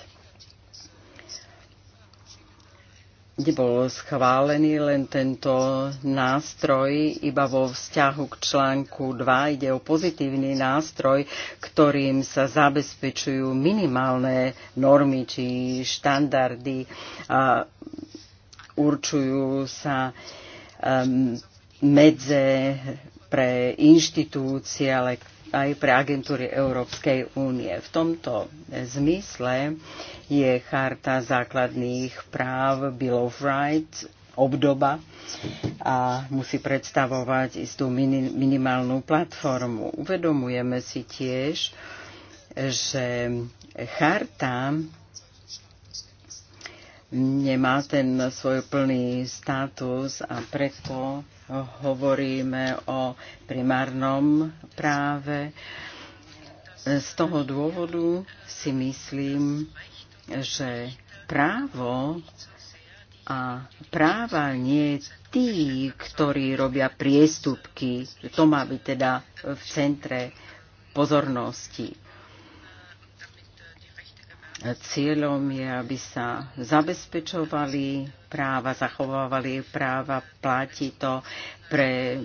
Nebol schválený len tento nástroj iba vo vzťahu k článku 2. Ide o pozitívny nástroj, ktorým sa zabezpečujú minimálne normy či štandardy a určujú sa um, medze pre inštitúcie, ale aj pre agentúry Európskej únie. V tomto zmysle je charta základných práv Bill of Rights obdoba a musí predstavovať istú minimálnu platformu. Uvedomujeme si tiež, že charta nemá ten svoj plný status a preto hovoríme o primárnom práve. Z toho dôvodu si myslím, že právo a práva nie tí, ktorí robia priestupky. To má byť teda v centre pozornosti. Cieľom je, aby sa zabezpečovali práva, zachovávali práva, platí to pre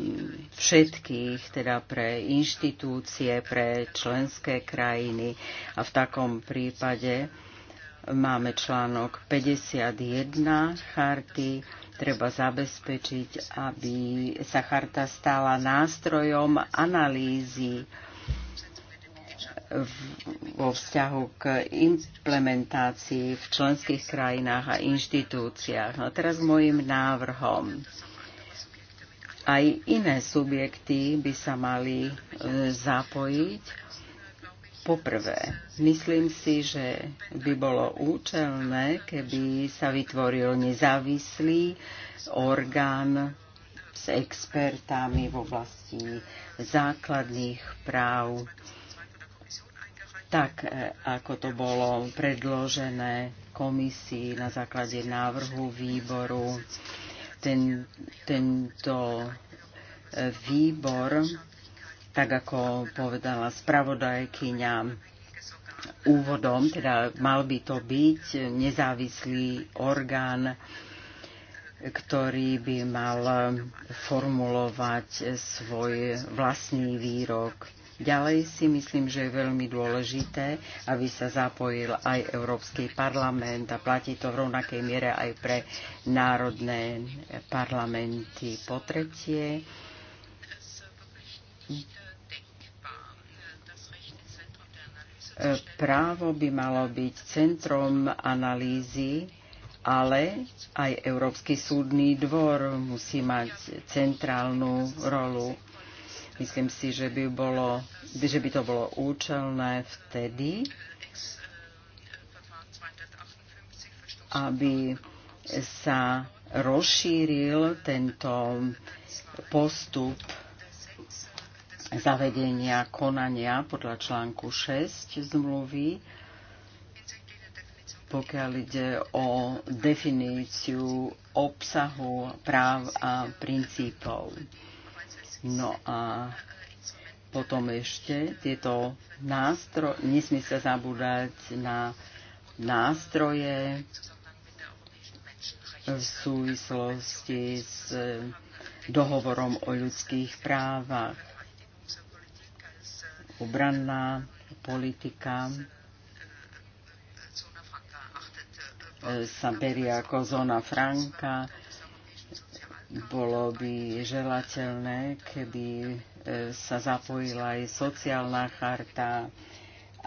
všetkých, teda pre inštitúcie, pre členské krajiny a v takom prípade máme článok 51 charty, treba zabezpečiť, aby sa charta stala nástrojom analýzy vo vzťahu k implementácii v členských krajinách a inštitúciách. No teraz môjim návrhom. Aj iné subjekty by sa mali e, zapojiť. Poprvé, myslím si, že by bolo účelné, keby sa vytvoril nezávislý orgán s expertami v oblasti základných práv tak, e, ako to bolo predložené komisii na základe návrhu výboru. Ten, tento e, výbor, tak ako povedala spravodajkyňa, úvodom, teda mal by to byť nezávislý orgán, ktorý by mal formulovať svoj vlastný výrok. Ďalej si myslím, že je veľmi dôležité, aby sa zapojil aj Európsky parlament a platí to v rovnakej miere aj pre národné parlamenty. Po tretie, právo by malo byť centrom analýzy, ale aj Európsky súdny dvor musí mať centrálnu rolu Myslím si, že by, bolo, že by to bolo účelné vtedy, aby sa rozšíril tento postup zavedenia konania podľa článku 6 zmluvy, pokiaľ ide o definíciu obsahu práv a princípov. No a potom ešte tieto nástroje, nesmí sa zabúdať na nástroje v súvislosti s eh, dohovorom o ľudských právach. Obranná politika eh, sa berie ako zóna franka bolo by želateľné, keby e, sa zapojila aj sociálna charta,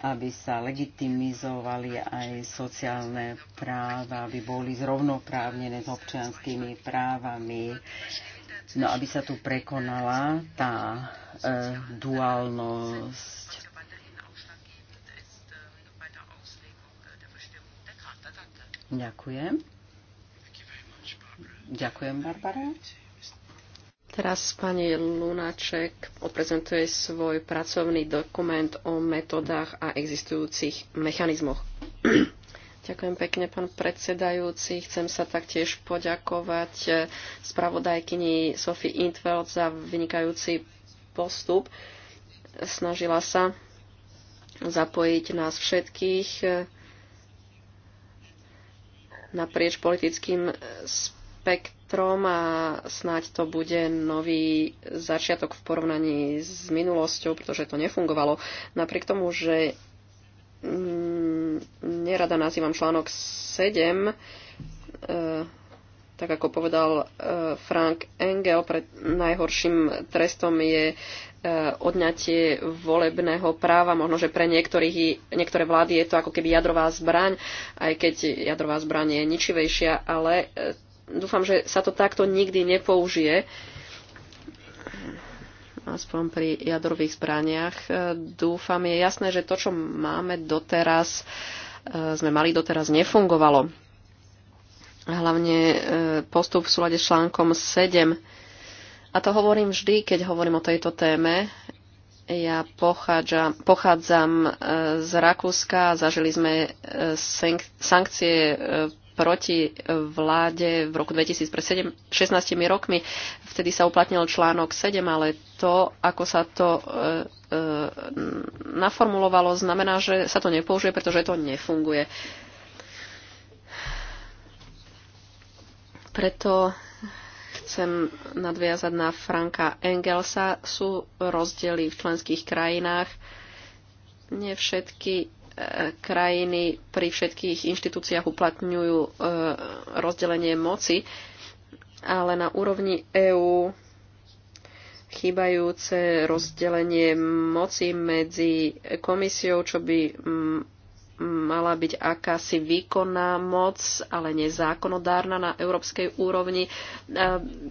aby sa legitimizovali aj sociálne práva, aby boli zrovnoprávnené s občianskými právami, no aby sa tu prekonala tá e, duálnosť. Ďakujem. Ďakujem, Barbara. Teraz pani Lunaček oprezentuje svoj pracovný dokument o metodách a existujúcich mechanizmoch. (clears throat) Ďakujem pekne, pán predsedajúci. Chcem sa taktiež poďakovať spravodajkyni Sophie Intveld za vynikajúci postup. Snažila sa zapojiť nás všetkých naprieč politickým spektrum spektrom a snáď to bude nový začiatok v porovnaní s minulosťou, pretože to nefungovalo. Napriek tomu, že mm, nerada nazývam článok 7, e, tak ako povedal e, Frank Engel, pred najhorším trestom je e, odňatie volebného práva. Možno, že pre niektorých, niektoré vlády je to ako keby jadrová zbraň, aj keď jadrová zbraň je ničivejšia, ale dúfam, že sa to takto nikdy nepoužije. Aspoň pri jadrových zbraniach. E, dúfam, je jasné, že to, čo máme doteraz, e, sme mali doteraz, nefungovalo. Hlavne e, postup v súlade s článkom 7. A to hovorím vždy, keď hovorím o tejto téme. Ja pochádzam, pochádzam z Rakúska, zažili sme sankcie proti e, vláde v roku 2000 pred 16 rokmi. Vtedy sa uplatnil článok 7, ale to, ako sa to e, e, naformulovalo, znamená, že sa to nepoužije, pretože to nefunguje. Preto chcem nadviazať na Franka Engelsa. Sú rozdiely v členských krajinách. Nie všetky krajiny pri všetkých inštitúciách uplatňujú e, rozdelenie moci, ale na úrovni EÚ chýbajúce rozdelenie moci medzi komisiou, čo by mala byť akási výkonná moc, ale nezákonodárna na európskej úrovni. E,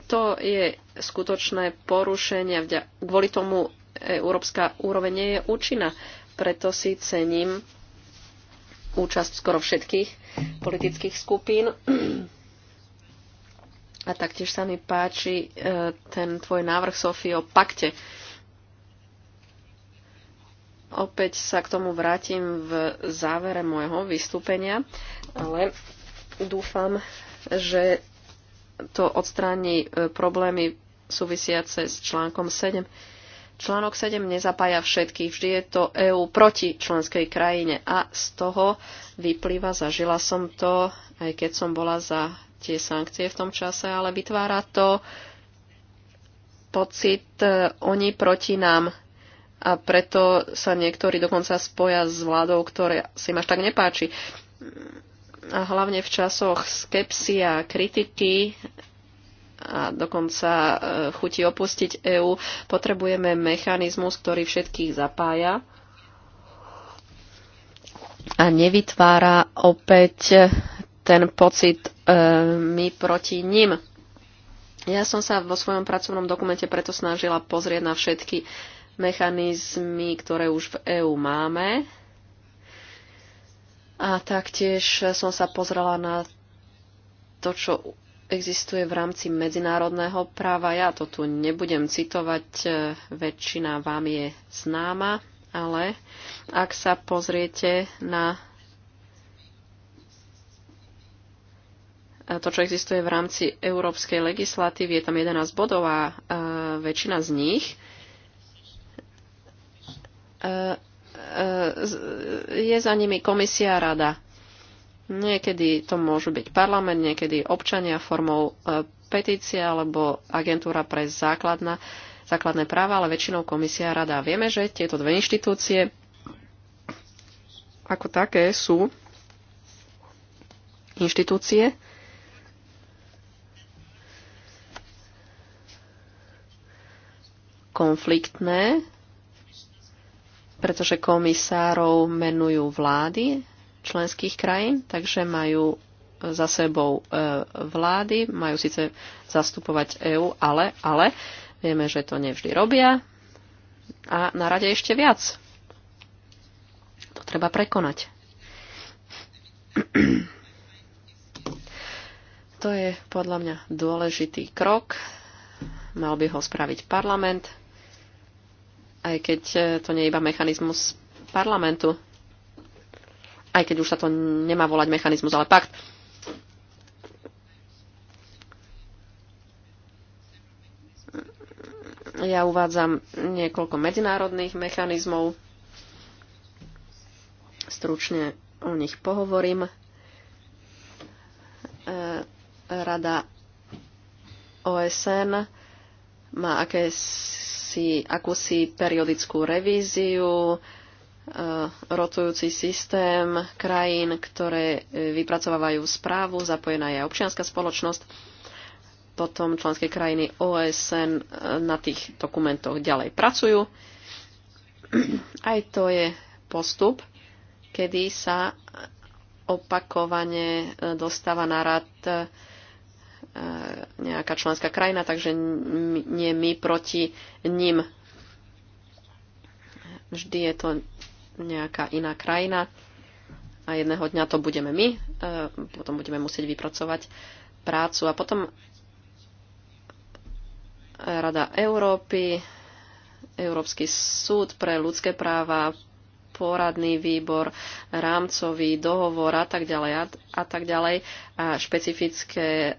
to je skutočné porušenie. Kvôli tomu e, európska úroveň nie je účinná. Preto si cením účasť skoro všetkých politických skupín. A taktiež sa mi páči e, ten tvoj návrh, Sofie, o pakte. Opäť sa k tomu vrátim v závere môjho vystúpenia, ale dúfam, že to odstráni e, problémy súvisiace s článkom 7 Článok 7 nezapája všetkých, vždy je to EÚ proti členskej krajine a z toho vyplýva, zažila som to, aj keď som bola za tie sankcie v tom čase, ale vytvára to pocit e, oni proti nám a preto sa niektorí dokonca spoja s vládou, ktoré si im až tak nepáči. A hlavne v časoch skepsia a kritiky a dokonca e, chutí opustiť EÚ, potrebujeme mechanizmus, ktorý všetkých zapája a nevytvára opäť ten pocit e, my proti ním. Ja som sa vo svojom pracovnom dokumente preto snažila pozrieť na všetky mechanizmy, ktoré už v EÚ máme. A taktiež som sa pozrela na to, čo existuje v rámci medzinárodného práva. Ja to tu nebudem citovať, e, väčšina vám je známa, ale ak sa pozriete na to, čo existuje v rámci európskej legislatívy, je tam 11 bodov a e, väčšina z nich e, je za nimi komisia rada. Niekedy to môžu byť parlament, niekedy občania formou e, petícia alebo agentúra pre základná, základné práva, ale väčšinou komisia a rada. Vieme, že tieto dve inštitúcie ako také sú inštitúcie, konfliktné, pretože komisárov menujú vlády členských krajín, takže majú e, za sebou e, vlády, majú síce zastupovať EÚ, ale, ale vieme, že to nevždy robia a na rade ešte viac. To treba prekonať. (clears throat) To je podľa mňa dôležitý krok. Mal by ho spraviť parlament, aj keď e, to nie je iba mechanizmus parlamentu aj keď už sa to nemá volať mechanizmus, ale pakt. Ja uvádzam niekoľko medzinárodných mechanizmov. Stručne o nich pohovorím. E, Rada OSN má akési, akúsi periodickú revíziu, Eh, rotujúci systém krajín, ktoré eh, vypracovávajú správu, zapojená je občianská spoločnosť, potom členské krajiny OSN eh, na tých dokumentoch ďalej pracujú. (clears throat) Aj to je postup, kedy sa opakovane dostáva na rad nejaká členská krajina, takže nie my proti ním Vždy je to nejaká iná krajina a jedného dňa to budeme my, e, potom budeme musieť vypracovať prácu a potom Rada Európy, Európsky súd pre ľudské práva, poradný výbor, rámcový dohovor a tak ďalej a, a tak ďalej a špecifické e,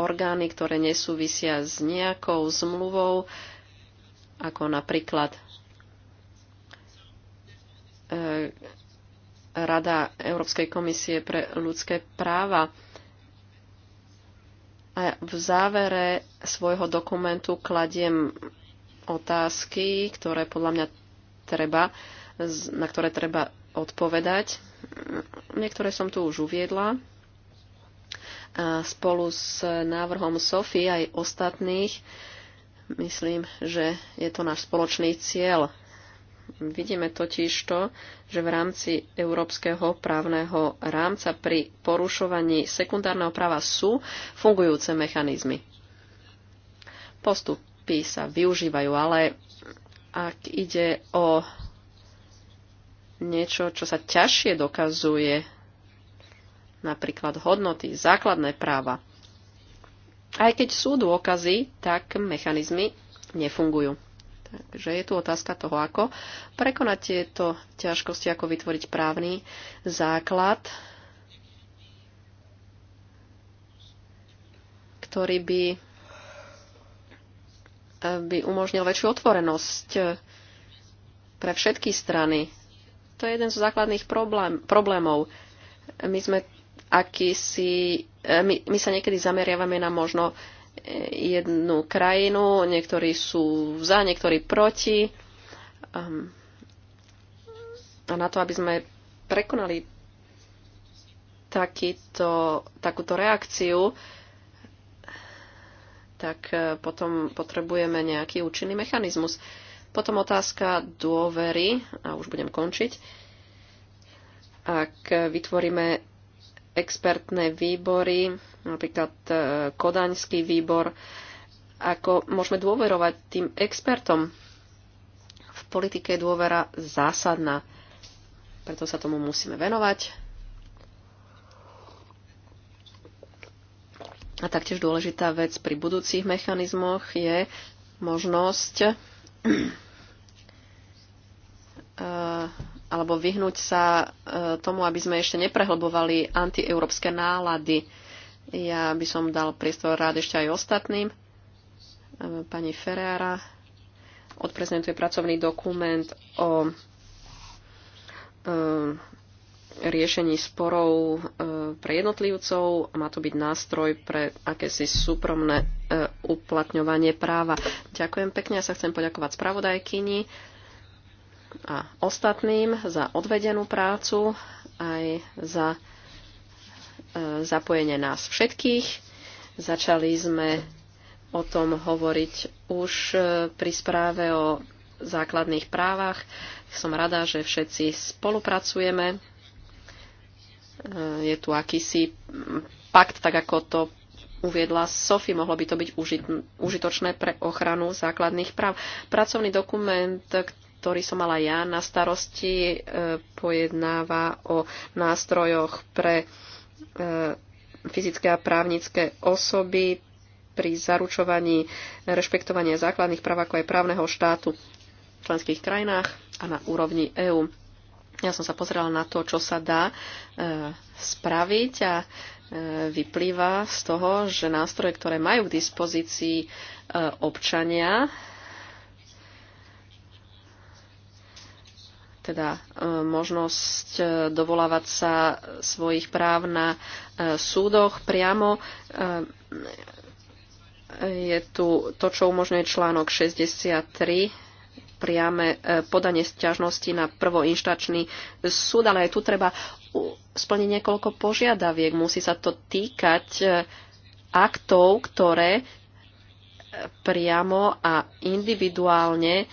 orgány, ktoré nesúvisia s nejakou zmluvou, ako napríklad E, Rada Európskej komisie pre ľudské práva. A v závere svojho dokumentu kladiem otázky, ktoré podľa mňa treba, na ktoré treba odpovedať. Niektoré som tu už uviedla. A spolu s návrhom Sofie aj ostatných myslím, že je to náš spoločný cieľ Vidíme totiž to, že v rámci európskeho právneho rámca pri porušovaní sekundárneho práva sú fungujúce mechanizmy. Postupy sa využívajú, ale ak ide o niečo, čo sa ťažšie dokazuje, napríklad hodnoty, základné práva, aj keď sú dôkazy, tak mechanizmy nefungujú. Takže je tu otázka toho, ako prekonať tieto ťažkosti, ako vytvoriť právny základ, ktorý by, e, by umožnil väčšiu otvorenosť e, pre všetky strany. To je jeden z základných problém, problémov. My sme akýsi, e, my, my sa niekedy zameriavame na možno jednu krajinu, niektorí sú za, niektorí proti. Ehm, a na to, aby sme prekonali takýto, takúto reakciu, tak e, potom potrebujeme nejaký účinný mechanizmus. Potom otázka dôvery, a už budem končiť. Ak vytvoríme expertné výbory, napríklad e, Kodaňský výbor, ako môžeme dôverovať tým expertom. V politike je dôvera zásadná, preto sa tomu musíme venovať. A taktiež dôležitá vec pri budúcich mechanizmoch je možnosť (clears throat) e, alebo vyhnúť sa e, tomu, aby sme ešte neprehlbovali antieurópske nálady. Ja by som dal priestor rád ešte aj ostatným. E, pani Ferrara odprezentuje pracovný dokument o e, riešení sporov pre jednotlivcov a má to byť nástroj pre akési súkromné uplatňovanie práva. Ďakujem pekne a ja sa chcem poďakovať spravodajkyni a ostatným za odvedenú prácu, aj za e, zapojenie nás všetkých. Začali sme o tom hovoriť už e, pri správe o základných právach. Som rada, že všetci spolupracujeme. E, je tu akýsi pakt, tak ako to uviedla Sofi, mohlo by to byť užitočné pre ochranu základných práv. Pracovný dokument, ktorý som mala ja na starosti, e, pojednáva o nástrojoch pre e, fyzické a právnické osoby pri zaručovaní rešpektovania základných práv ako aj právneho štátu v členských krajinách a na úrovni EÚ. Ja som sa pozerala na to, čo sa dá e, spraviť a e, vyplýva z toho, že nástroje, ktoré majú k dispozícii e, občania, teda e, možnosť e, dovolávať sa svojich práv na e, súdoch priamo. Je tu to, čo umožňuje článok 63 priame podanie sťažnosti na prvoinštačný súd, ale aj tu treba splniť niekoľko požiadaviek. Musí sa to týkať aktov, ktoré priamo a individuálne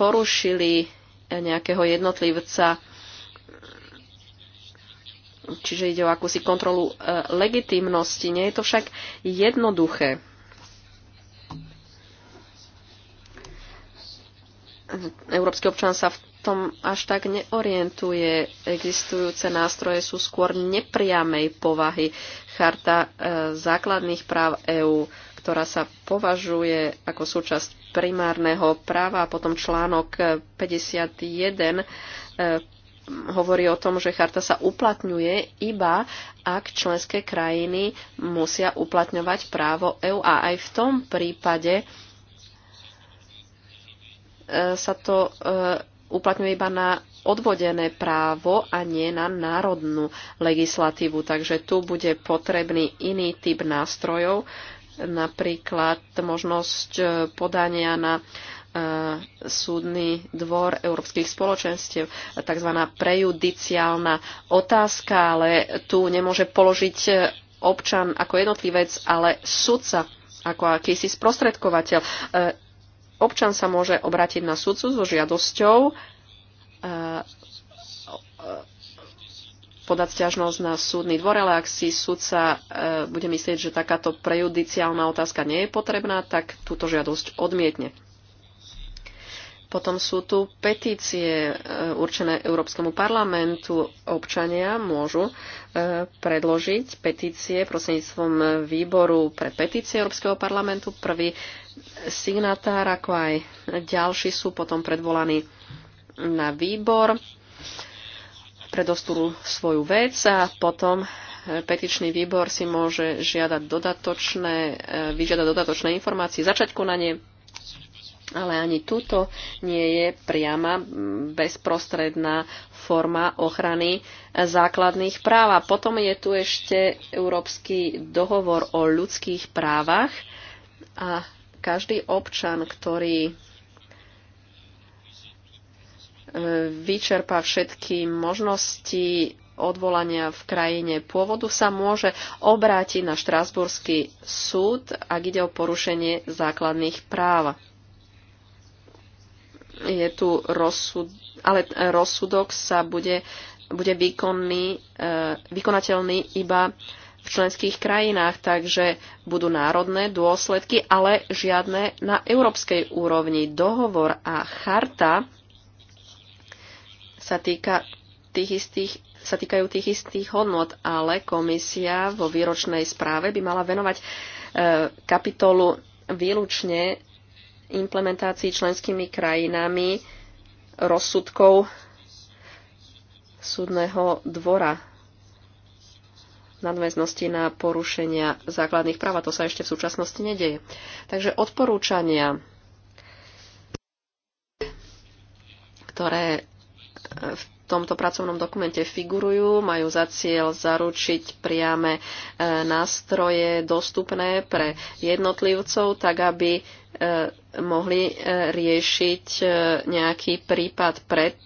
porušili nejakého jednotlivca. Čiže ide o akúsi kontrolu e, legitimnosti. Nie je to však jednoduché. Európsky občan sa v tom až tak neorientuje. Existujúce nástroje sú skôr nepriamej povahy. Charta e, základných práv EÚ, ktorá sa považuje ako súčasť primárneho práva a potom článok 51 e, hovorí o tom, že charta sa uplatňuje iba, ak členské krajiny musia uplatňovať právo EÚ. A aj v tom prípade e, sa to e, uplatňuje iba na odvodené právo a nie na národnú legislatívu. Takže tu bude potrebný iný typ nástrojov, napríklad možnosť e, podania na e, súdny dvor európskych spoločenstiev, tzv. prejudiciálna otázka, ale tu nemôže položiť e, občan ako jednotlivec, ale sudca ako akýsi sprostredkovateľ. Občan sa môže obrátiť na sudcu so žiadosťou podať stiažnosť na súdny dvor, ale ak si súdca e, bude myslieť, že takáto prejudiciálna otázka nie je potrebná, tak túto žiadosť odmietne. Potom sú tu petície e, určené Európskemu parlamentu. Občania môžu e, predložiť petície prostredníctvom výboru pre petície Európskeho parlamentu. Prvý signatár, ako aj ďalší sú potom predvolaní na výbor predostúru svoju vec a potom e, petičný výbor si môže žiadať dodatočné, e, vyžiadať dodatočné informácie, začať konanie, ale ani túto nie je priama bezprostredná forma ochrany e, základných práv. A potom je tu ešte Európsky dohovor o ľudských právach a každý občan, ktorý vyčerpa všetky možnosti odvolania v krajine pôvodu sa môže obrátiť na Štrásburský súd, ak ide o porušenie základných práv. Je tu rozsud, ale rozsudok sa bude, bude výkonný, e, vykonateľný iba v členských krajinách, takže budú národné dôsledky, ale žiadne na európskej úrovni. Dohovor a charta sa, týka tých istých, sa týkajú tých istých hodnot, ale komisia vo výročnej správe by mala venovať e, kapitolu výlučne implementácii členskými krajinami rozsudkov súdneho dvora nadväznosti na porušenia základných práv. A to sa ešte v súčasnosti nedeje. Takže odporúčania, ktoré v tomto pracovnom dokumente figurujú, majú za cieľ zaručiť priame e, nástroje dostupné pre jednotlivcov, tak aby e, mohli e, riešiť nejaký prípad pred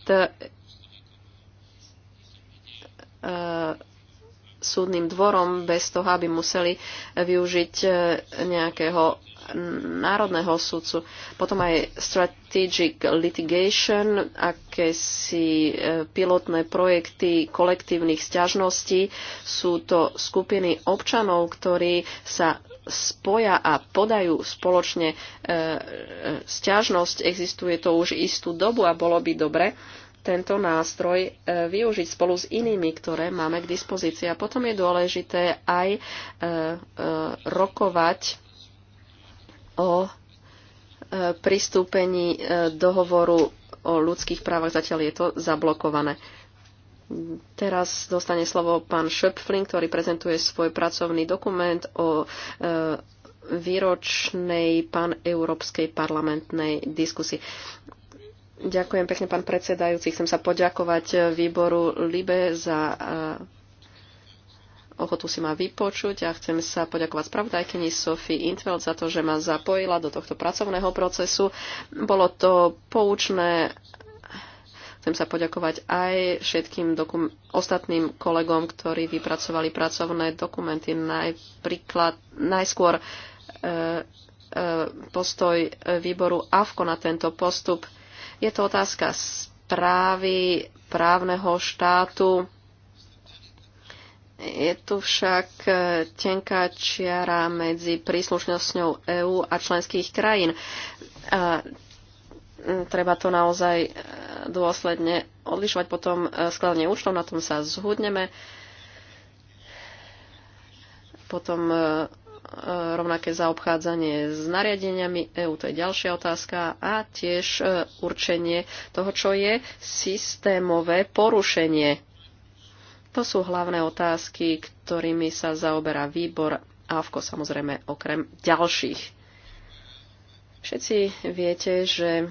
súdnym dvorom bez toho, aby museli využiť nejakého národného sudcu. Potom aj strategic litigation, akési e, pilotné projekty kolektívnych sťažností. Sú to skupiny občanov, ktorí sa spoja a podajú spoločne e, e, sťažnosť. Existuje to už istú dobu a bolo by dobre tento nástroj e, využiť spolu s inými, ktoré máme k dispozícii. A potom je dôležité aj e, e, rokovať o e, pristúpení e, dohovoru o ľudských právach. Zatiaľ je to zablokované. Teraz dostane slovo pán Schöpfling, ktorý prezentuje svoj pracovný dokument o e, výročnej paneurópskej parlamentnej diskusii. Ďakujem pekne, pán predsedajúci. Chcem sa poďakovať výboru LIBE za ochotu si ma vypočuť a chcem sa poďakovať spravodajkyni Sofii Intveld za to, že ma zapojila do tohto pracovného procesu. Bolo to poučné. Chcem sa poďakovať aj všetkým ostatným kolegom, ktorí vypracovali pracovné dokumenty. Najpríklad, najskôr e, e, postoj výboru AFKO na tento postup. Je to otázka správy právneho štátu je tu však e, tenká čiara medzi príslušnosťou EÚ a členských krajín. A e, treba to naozaj e, dôsledne odlišovať. Potom skladanie účtov, na tom sa zhudneme. Potom rovnaké zaobchádzanie s nariadeniami EÚ, to je ďalšia otázka, a tiež určenie toho, čo je systémové porušenie to sú hlavné otázky, ktorými sa zaoberá výbor AVKO samozrejme okrem ďalších. Všetci viete, že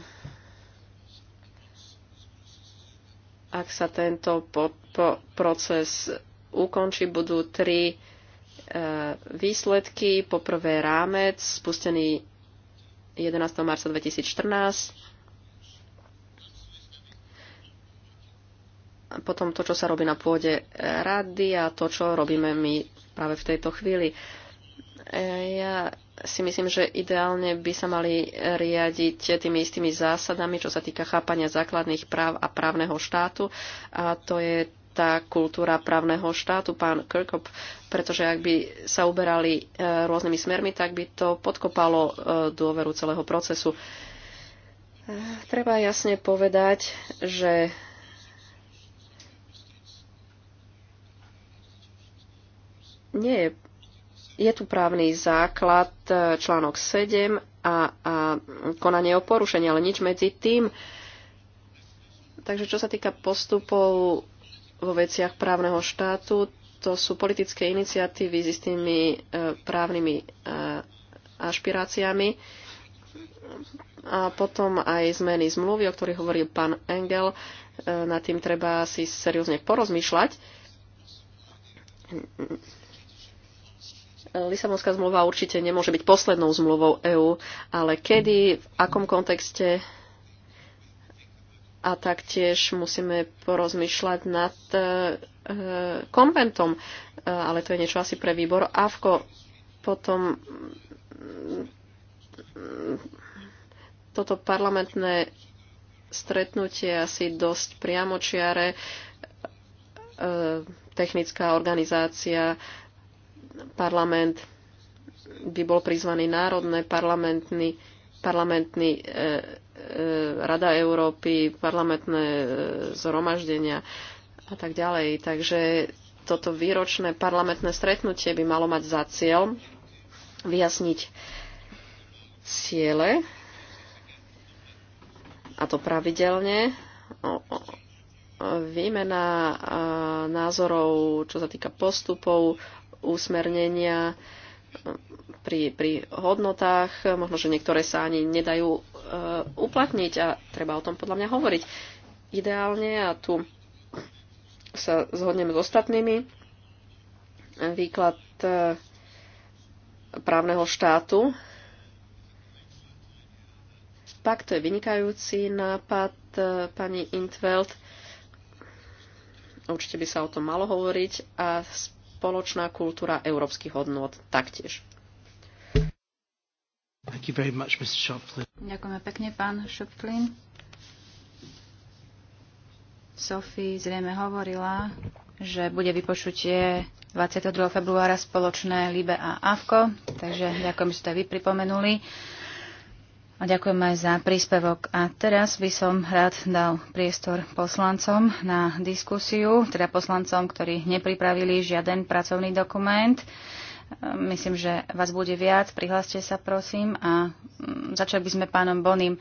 ak sa tento po, po, proces ukončí, budú tri e, výsledky. Poprvé rámec, spustený 11. marca 2014 potom to, čo sa robí na pôde e, rady a to, čo robíme my práve v tejto chvíli. E, ja si myslím, že ideálne by sa mali riadiť tými istými zásadami, čo sa týka chápania základných práv a právneho štátu. A to je tá kultúra právneho štátu, pán Kirkop, pretože ak by sa uberali e, rôznymi smermi, tak by to podkopalo dôveru celého procesu. Treba jasne povedať, že nie je, je tu právny základ e, článok 7 a, a konanie o porušenie, ale nič medzi tým. Takže čo sa týka postupov vo veciach právneho štátu, to sú politické iniciatívy s istými e, právnymi e, ašpiráciami a potom aj zmeny zmluvy, o ktorých hovoril pán Engel. E, nad tým treba si seriózne porozmýšľať Lisabonská zmluva určite nemôže byť poslednou zmluvou EÚ, ale kedy, v akom kontexte a taktiež musíme porozmýšľať nad e, konventom, e, ale to je niečo asi pre výbor. AVKO potom toto parlamentné stretnutie asi dosť priamočiare, e, technická organizácia, parlament by bol prizvaný národné parlamentný, parlamentný e, e, Rada Európy, parlamentné e, zhromaždenia a tak ďalej. Takže toto výročné parlamentné stretnutie by malo mať za cieľ vyjasniť ciele a to pravidelne. O, o, výmena názorov, čo sa týka postupov, úsmernenia pri, pri hodnotách, možno, že niektoré sa ani nedajú e, uplatniť a treba o tom podľa mňa hovoriť. Ideálne, a tu sa zhodneme s ostatnými, výklad e, právneho štátu. Pak to je vynikajúci nápad e, pani Intveld. Určite by sa o tom malo hovoriť a spoločná kultúra európskych hodnôt taktiež. Thank you very much, Mr. Ďakujeme pekne, pán Šoplin. Sophie zrejme hovorila, že bude vypočutie 22. februára spoločné Libe a AVKO, takže ďakujem, že ste aj vy pripomenuli. A ďakujem aj za príspevok. A teraz by som rád dal priestor poslancom na diskusiu, teda poslancom, ktorí nepripravili žiaden pracovný dokument. Ehm, myslím, že vás bude viac. Prihláste sa, prosím. A mm, začali by sme pánom Bonim.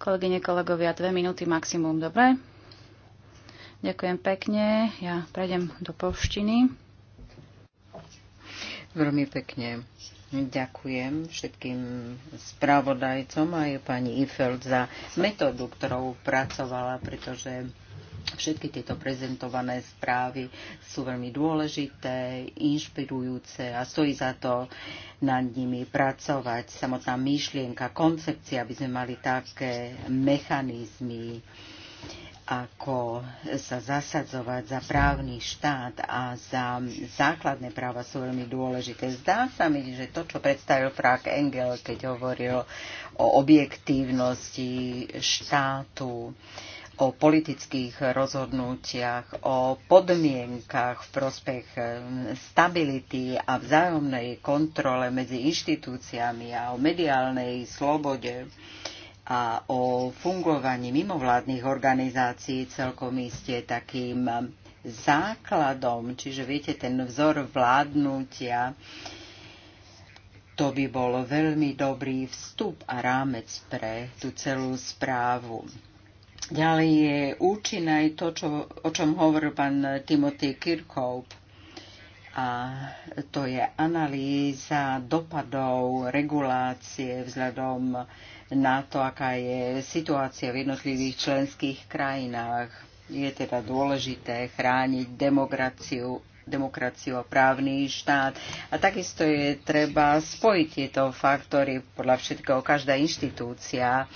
Kolegyne, kolegovia, dve minúty maximum, dobre? Ďakujem pekne. Ja prejdem do polštiny. Veľmi pekne. Ďakujem všetkým spravodajcom aj pani Ifeld za metódu, ktorou pracovala, pretože všetky tieto prezentované správy sú veľmi dôležité, inšpirujúce a stojí za to nad nimi pracovať. Samotná myšlienka, koncepcia, aby sme mali také mechanizmy, ako sa zasadzovať za právny štát a za základné práva sú veľmi dôležité. Zdá sa mi, že to, čo predstavil Frank Engel, keď hovoril o objektívnosti štátu, o politických rozhodnutiach, o podmienkach v prospech eh, stability a vzájomnej kontrole medzi inštitúciami a o mediálnej slobode, a o fungovaní mimovládnych organizácií celkom iste takým základom, čiže viete, ten vzor vládnutia, to by bol veľmi dobrý vstup a rámec pre tú celú správu. Ďalej je účinné aj to, čo, o čom hovoril pán Timothy Kirchhoff, a to je analýza dopadov regulácie vzhľadom na to, aká je situácia v jednotlivých členských krajinách. Je teda dôležité chrániť demokraciu demokraciu a právny štát. A takisto je treba spojiť tieto faktory. Podľa všetkého každá inštitúcia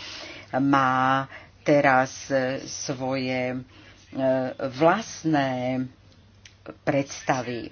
má teraz svoje e, vlastné predstavy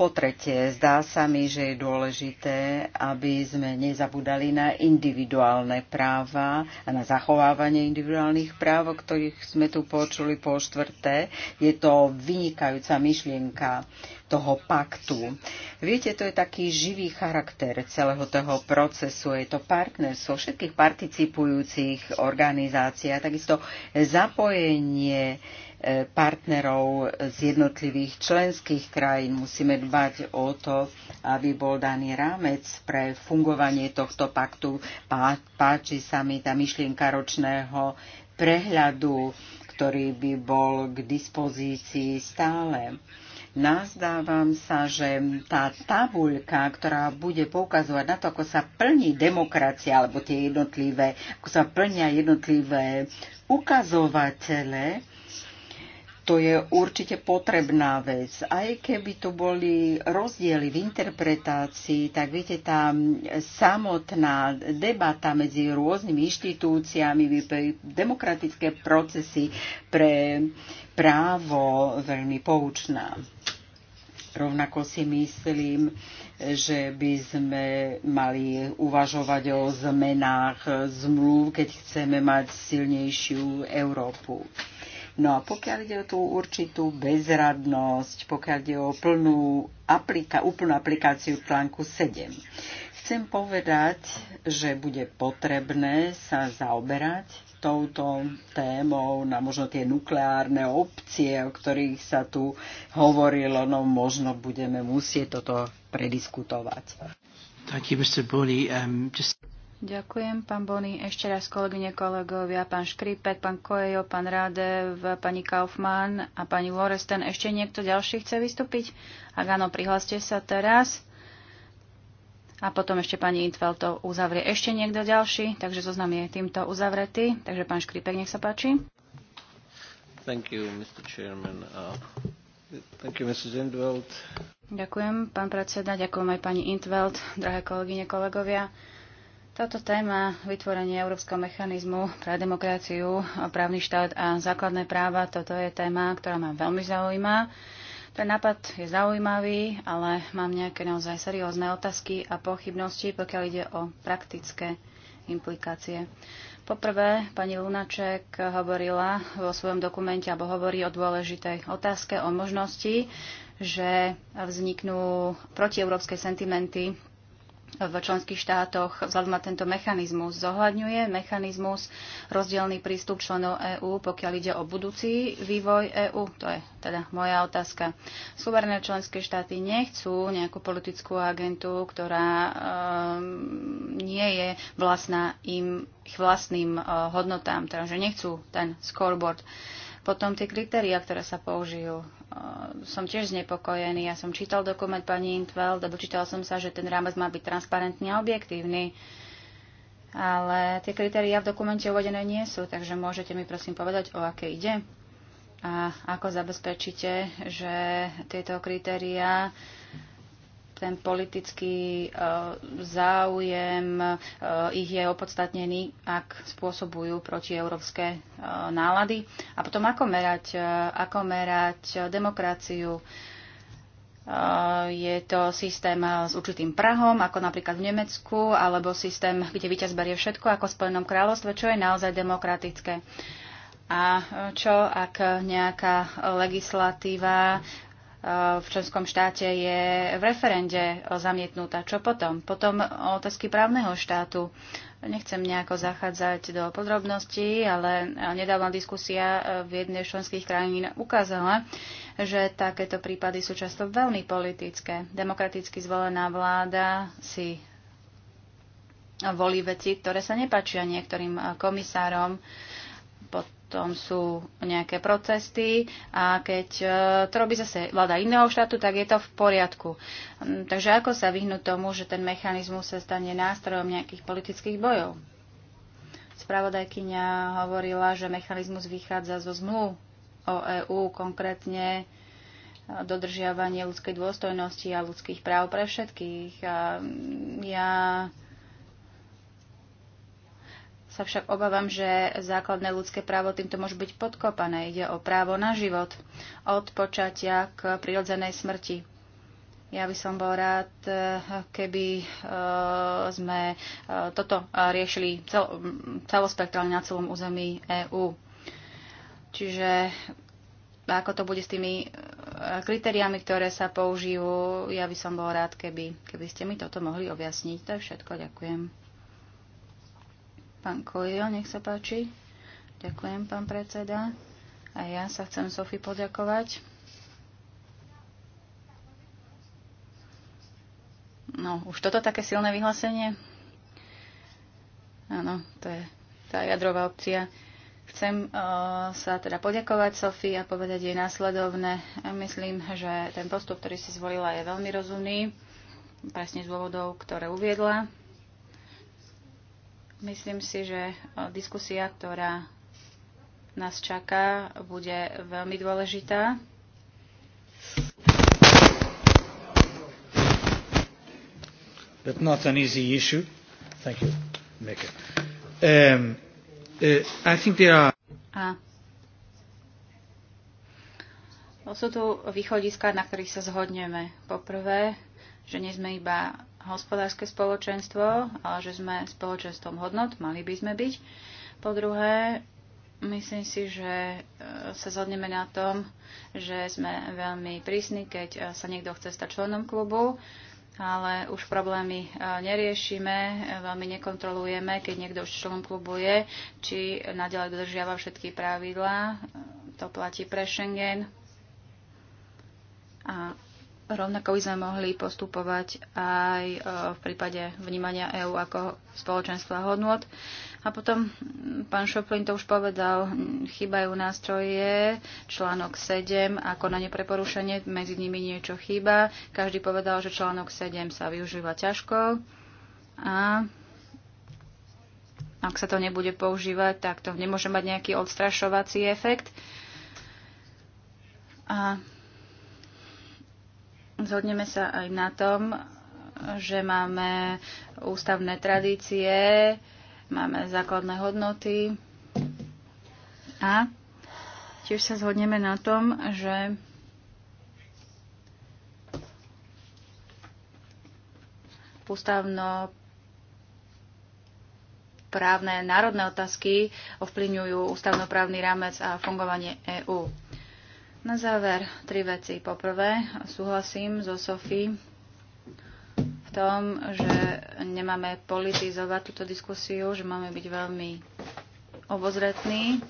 po tretie, zdá sa mi, že je dôležité, aby sme nezabudali na individuálne práva a na zachovávanie individuálnych práv, o ktorých sme tu počuli po štvrté. Je to vynikajúca myšlienka toho paktu. Viete, to je taký živý charakter celého toho procesu. Je to partnerstvo všetkých participujúcich organizácií a takisto zapojenie E, partnerov z jednotlivých členských krajín. Musíme dbať o to, aby bol daný rámec pre fungovanie tohto paktu. Páči sa mi tá myšlienka ročného prehľadu, ktorý by bol k dispozícii stále. Nazdávam sa, že tá tabuľka, ktorá bude poukazovať na to, ako sa plní demokracia, alebo tie jednotlivé, ako sa plnia jednotlivé ukazovatele, to je určite potrebná vec. Aj keby tu boli rozdiely v interpretácii, tak viete, tá samotná debata medzi rôznymi inštitúciami, demokratické procesy pre právo veľmi poučná. Rovnako si myslím, že by sme mali uvažovať o zmenách zmluv, keď chceme mať silnejšiu Európu. No a pokiaľ ide o tú určitú bezradnosť, pokiaľ ide o plnú aplika- úplnú aplikáciu článku 7, chcem povedať, že bude potrebné sa zaoberať touto témou na možno tie nukleárne opcie, o ktorých sa tu hovorilo, no možno budeme musieť toto prediskutovať. Thank you, Mr. Bully. Um, just... Ďakujem, pán Bony. Ešte raz, kolegyne, kolegovia, pán Škripek, pán Kojejo, pán Rádev, pani Kaufmann a pani Loresten. Ešte niekto ďalší chce vystúpiť? Ak áno, prihláste sa teraz. A potom ešte pani Intvel to uzavrie. Ešte niekto ďalší, takže zoznam je týmto uzavretý. Takže pán Škripek, nech sa páči. Thank you, Mr. Chairman. Uh, thank you, Mrs. Intveld. Ďakujem, pán predseda, ďakujem aj pani Intveld, drahé kolegyne, kolegovia. Táto téma vytvorenie Európskeho mechanizmu pre demokraciu, právny štát a základné práva, toto je téma, ktorá ma veľmi zaujíma. Ten nápad je zaujímavý, ale mám nejaké naozaj seriózne otázky a pochybnosti, pokiaľ ide o praktické implikácie. Poprvé, pani Lunaček hovorila vo svojom dokumente, alebo hovorí o dôležitej otázke, o možnosti, že vzniknú protieurópske sentimenty v členských štátoch vzhľadom na tento mechanizmus zohľadňuje mechanizmus rozdielný prístup členov EÚ, pokiaľ ide o budúci vývoj EÚ? To je teda moja otázka. Suverené členské štáty nechcú nejakú politickú agentu, ktorá e, nie je vlastná im ich vlastným e, hodnotám, teda že nechcú ten scoreboard. Potom tie kritéria, ktoré sa použijú, Eh, som tiež znepokojený. Ja som čítal dokument pani Intveld a dočítal som sa, že ten rámec má byť transparentný a objektívny. Ale tie kritériá v dokumente uvedené nie sú, takže môžete mi prosím povedať, o aké ide a ako zabezpečíte, že tieto kritériá ten politický e, záujem e, ich je opodstatnený, ak spôsobujú protieurópske e, nálady. A potom ako merať, ako merať demokraciu. Je to systém s určitým prahom, ako napríklad v Nemecku, alebo systém, kde víťaz berie všetko, ako v Spojenom kráľovstve, čo je naozaj demokratické. A čo, ak nejaká legislatíva v členskom štáte je v referende zamietnutá. Čo potom? Potom otázky právneho štátu. Nechcem nejako zachádzať do podrobností, ale nedávna diskusia v jednej z členských krajín ukázala, že takéto prípady sú často veľmi politické. Demokraticky zvolená vláda si volí veci, ktoré sa nepačia niektorým komisárom, potom sú nejaké procesy a keď e, to robí zase vláda iného štátu, tak je to v poriadku. Mm, takže ako sa vyhnúť tomu, že ten mechanizmus sa stane nástrojom nejakých politických bojov? Spravodajkyňa hovorila, že mechanizmus vychádza zo zmluv o EÚ, konkrétne e, dodržiavanie ľudskej dôstojnosti a ľudských práv pre všetkých. A mm, ja sa však obávam, že základné ľudské právo týmto môže byť podkopané. Ide o právo na život od počatia k prirodzenej smrti. Ja by som bol rád, eh, keby eh, sme eh, toto riešili cel, celospektrálne na celom území EÚ. Čiže ako to bude s tými kritériami, ktoré sa použijú, ja by som bol rád, keby, keby ste mi toto mohli objasniť. To je všetko. Ďakujem. Pán Kojo, nech sa páči. Ďakujem, pán predseda. A ja sa chcem Sofi poďakovať. No, už toto také silné vyhlásenie? Áno, to je tá jadrová opcia. Chcem uh, sa teda poďakovať Sofii a povedať jej následovné. Myslím, že ten postup, ktorý si zvolila, je veľmi rozumný, presne z dôvodov, ktoré uviedla. Myslím si, že eh, diskusia, ktorá nás čaká, bude veľmi dôležitá. But not an easy issue. Thank you, Um, uh, I think there are... A. Sú tu východiska, na ktorých sa zhodneme. Poprvé, že nie sme iba hospodárske spoločenstvo, ale že sme spoločenstvom hodnot, mali by sme byť. Po druhé, myslím si, že e, sa zhodneme na tom, že sme veľmi prísni, keď e, sa niekto chce stať členom klubu, ale už problémy e, neriešime, veľmi nekontrolujeme, keď niekto už členom klubu je, či naďalej dodržiava všetky pravidlá. To platí pre Schengen. A Rovnako by sme mohli postupovať aj e, v prípade vnímania EÚ ako spoločenstva hodnot. A potom, mm, pán Šoplin to už povedal, mm, chýbajú nástroje, článok 7 a konanie pre porušenie, medzi nimi niečo chýba. Každý povedal, že článok 7 sa využíva ťažko a ak sa to nebude používať, tak to nemôže mať nejaký odstrašovací efekt. A Zhodneme sa aj na tom, že máme ústavné tradície, máme základné hodnoty a tiež sa zhodneme na tom, že ústavno právne národné otázky ovplyvňujú ústavnoprávny rámec a fungovanie EÚ. Na záver tri veci. Poprvé, súhlasím so Sofí v tom, že nemáme politizovať túto diskusiu, že máme byť veľmi obozretní.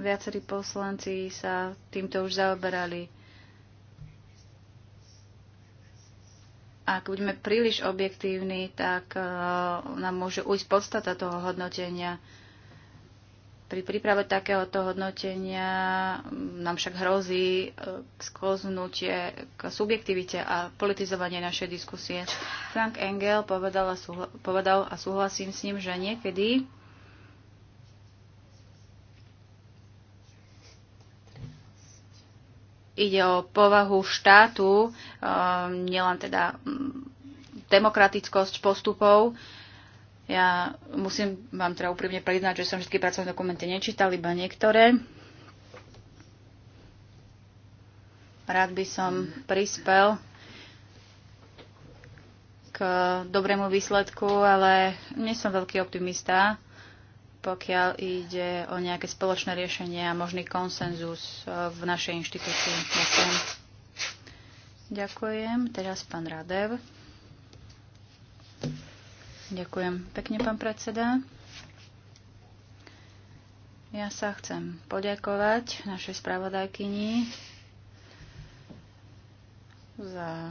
Viacerí poslanci sa týmto už zaoberali ak budeme príliš objektívni, tak e, nám môže ujsť podstata toho hodnotenia. Pri príprave takéhoto hodnotenia mm, nám však hrozí e, skloznutie k subjektivite a politizovanie našej diskusie. Frank Engel povedal a, súhla- povedal a súhlasím s ním, že niekedy ide o povahu štátu, um, nielen teda mm, demokratickosť postupov. Ja musím vám teda úprimne priznať, že som všetky pracovné dokumenty nečítal, iba niektoré. Rád by som prispel k dobrému výsledku, ale nie som veľký optimista pokiaľ ide o nejaké spoločné riešenie a možný konsenzus e, v našej inštitúcii. Ďakujem. Ďakujem. Teraz pán Radev. Ďakujem pekne, pán predseda. Ja sa chcem poďakovať našej spravodajkyni za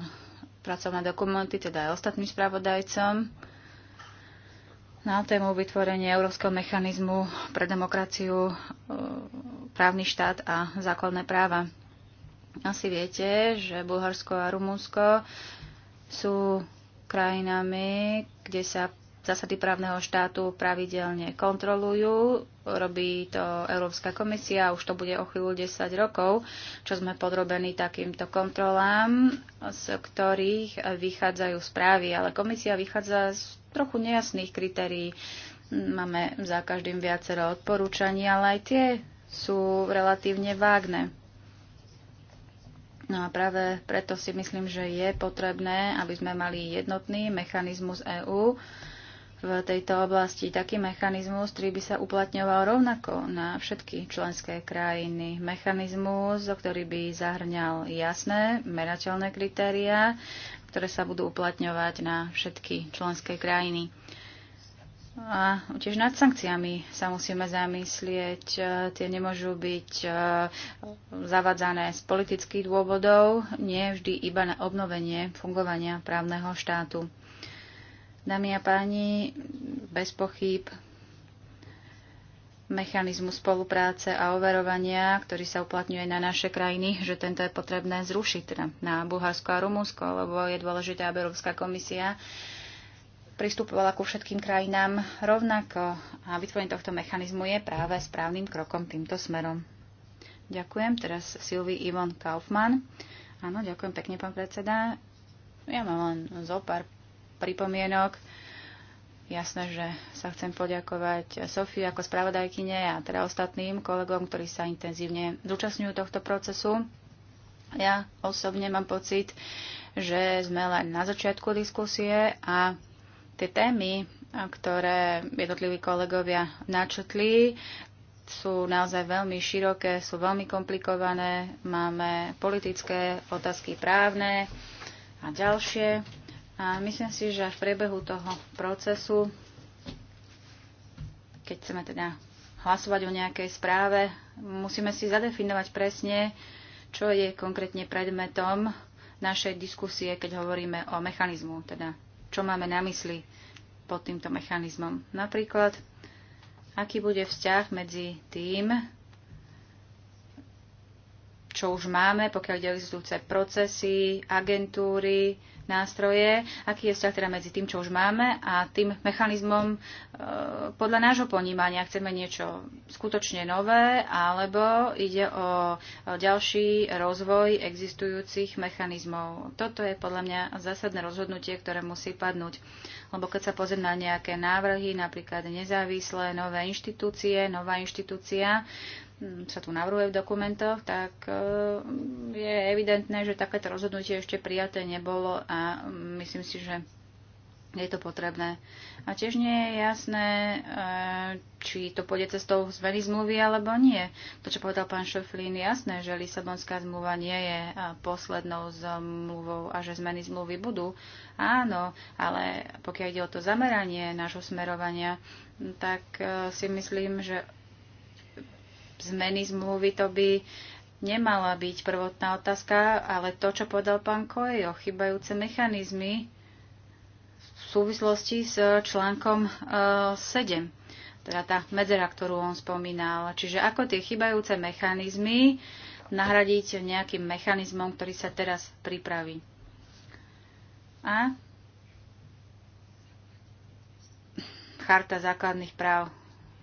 pracovné dokumenty, teda aj ostatným spravodajcom na tému vytvorenie Európskeho mechanizmu pre demokraciu, e, právny štát a základné práva. Asi viete, že Bulharsko a Rumunsko sú krajinami, kde sa zásady právneho štátu pravidelne kontrolujú. Robí to Európska komisia, už to bude o chvíľu 10 rokov, čo sme podrobení takýmto kontrolám, z ktorých vychádzajú správy. Ale komisia vychádza z trochu nejasných kritérií. Máme za každým viacero odporúčaní, ale aj tie sú relatívne vágne. No a práve preto si myslím, že je potrebné, aby sme mali jednotný mechanizmus EÚ, v tejto oblasti taký mechanizmus, ktorý by sa uplatňoval rovnako na všetky členské krajiny. Mechanizmus, ktorý by zahrňal jasné, merateľné kritériá, ktoré sa budú uplatňovať na všetky členské krajiny. A tiež nad sankciami sa musíme zamyslieť. E, tie nemôžu byť e, zavadzané z politických dôvodov, nie vždy iba na obnovenie fungovania právneho štátu. Dámy a páni, bez pochyb mechanizmu spolupráce a overovania, ktorý sa uplatňuje na naše krajiny, že tento je potrebné zrušiť teda na Bulharsko a Rumúnsko, lebo je dôležité, aby Európska komisia pristupovala ku všetkým krajinám rovnako a vytvorenie tohto mechanizmu je práve správnym krokom týmto smerom. Ďakujem. Teraz Silvi Ivon Kaufmann. Áno, ďakujem pekne, pán predseda. Ja mám len zo pár pripomienok. Jasné, že sa chcem poďakovať Sofii ako spravodajkyne a teda ostatným kolegom, ktorí sa intenzívne zúčastňujú tohto procesu. Ja osobne mám pocit, že sme len na začiatku diskusie a tie témy, ktoré jednotliví kolegovia načetli, sú naozaj veľmi široké, sú veľmi komplikované. Máme politické otázky právne a ďalšie. A myslím si, že v priebehu toho procesu, keď chceme teda hlasovať o nejakej správe, musíme si zadefinovať presne, čo je konkrétne predmetom našej diskusie, keď hovoríme o mechanizmu, teda čo máme na mysli pod týmto mechanizmom. Napríklad, aký bude vzťah medzi tým, čo už máme, pokiaľ ide existujúce procesy, agentúry, nástroje, aký je vzťah teda medzi tým, čo už máme a tým mechanizmom e, podľa nášho ponímania chceme niečo skutočne nové, alebo ide o, o ďalší rozvoj existujúcich mechanizmov. Toto je podľa mňa zásadné rozhodnutie, ktoré musí padnúť. Lebo keď sa pozriem na nejaké návrhy, napríklad nezávislé nové inštitúcie, nová inštitúcia, Hm, sa tu navrhuje v dokumentoch, tak e, je evidentné, že takéto rozhodnutie ešte prijaté nebolo a hm, myslím si, že je to potrebné. A tiež nie je jasné, e, či to pôjde cestou zmeny zmluvy alebo nie. To, čo povedal pán Šoflín, je jasné, že Lisabonská zmluva nie je e, poslednou zmluvou a že zmeny zmluvy budú. Áno, ale pokiaľ ide o to zameranie nášho smerovania, hm, tak si myslím, že zmeny zmluvy, to by nemala byť prvotná otázka, ale to, čo povedal pán o chybajúce mechanizmy v súvislosti s článkom 7, e, teda tá medzera, ktorú on spomínal. Čiže ako tie chybajúce mechanizmy nahradiť nejakým mechanizmom, ktorý sa teraz pripraví. A Charta základných práv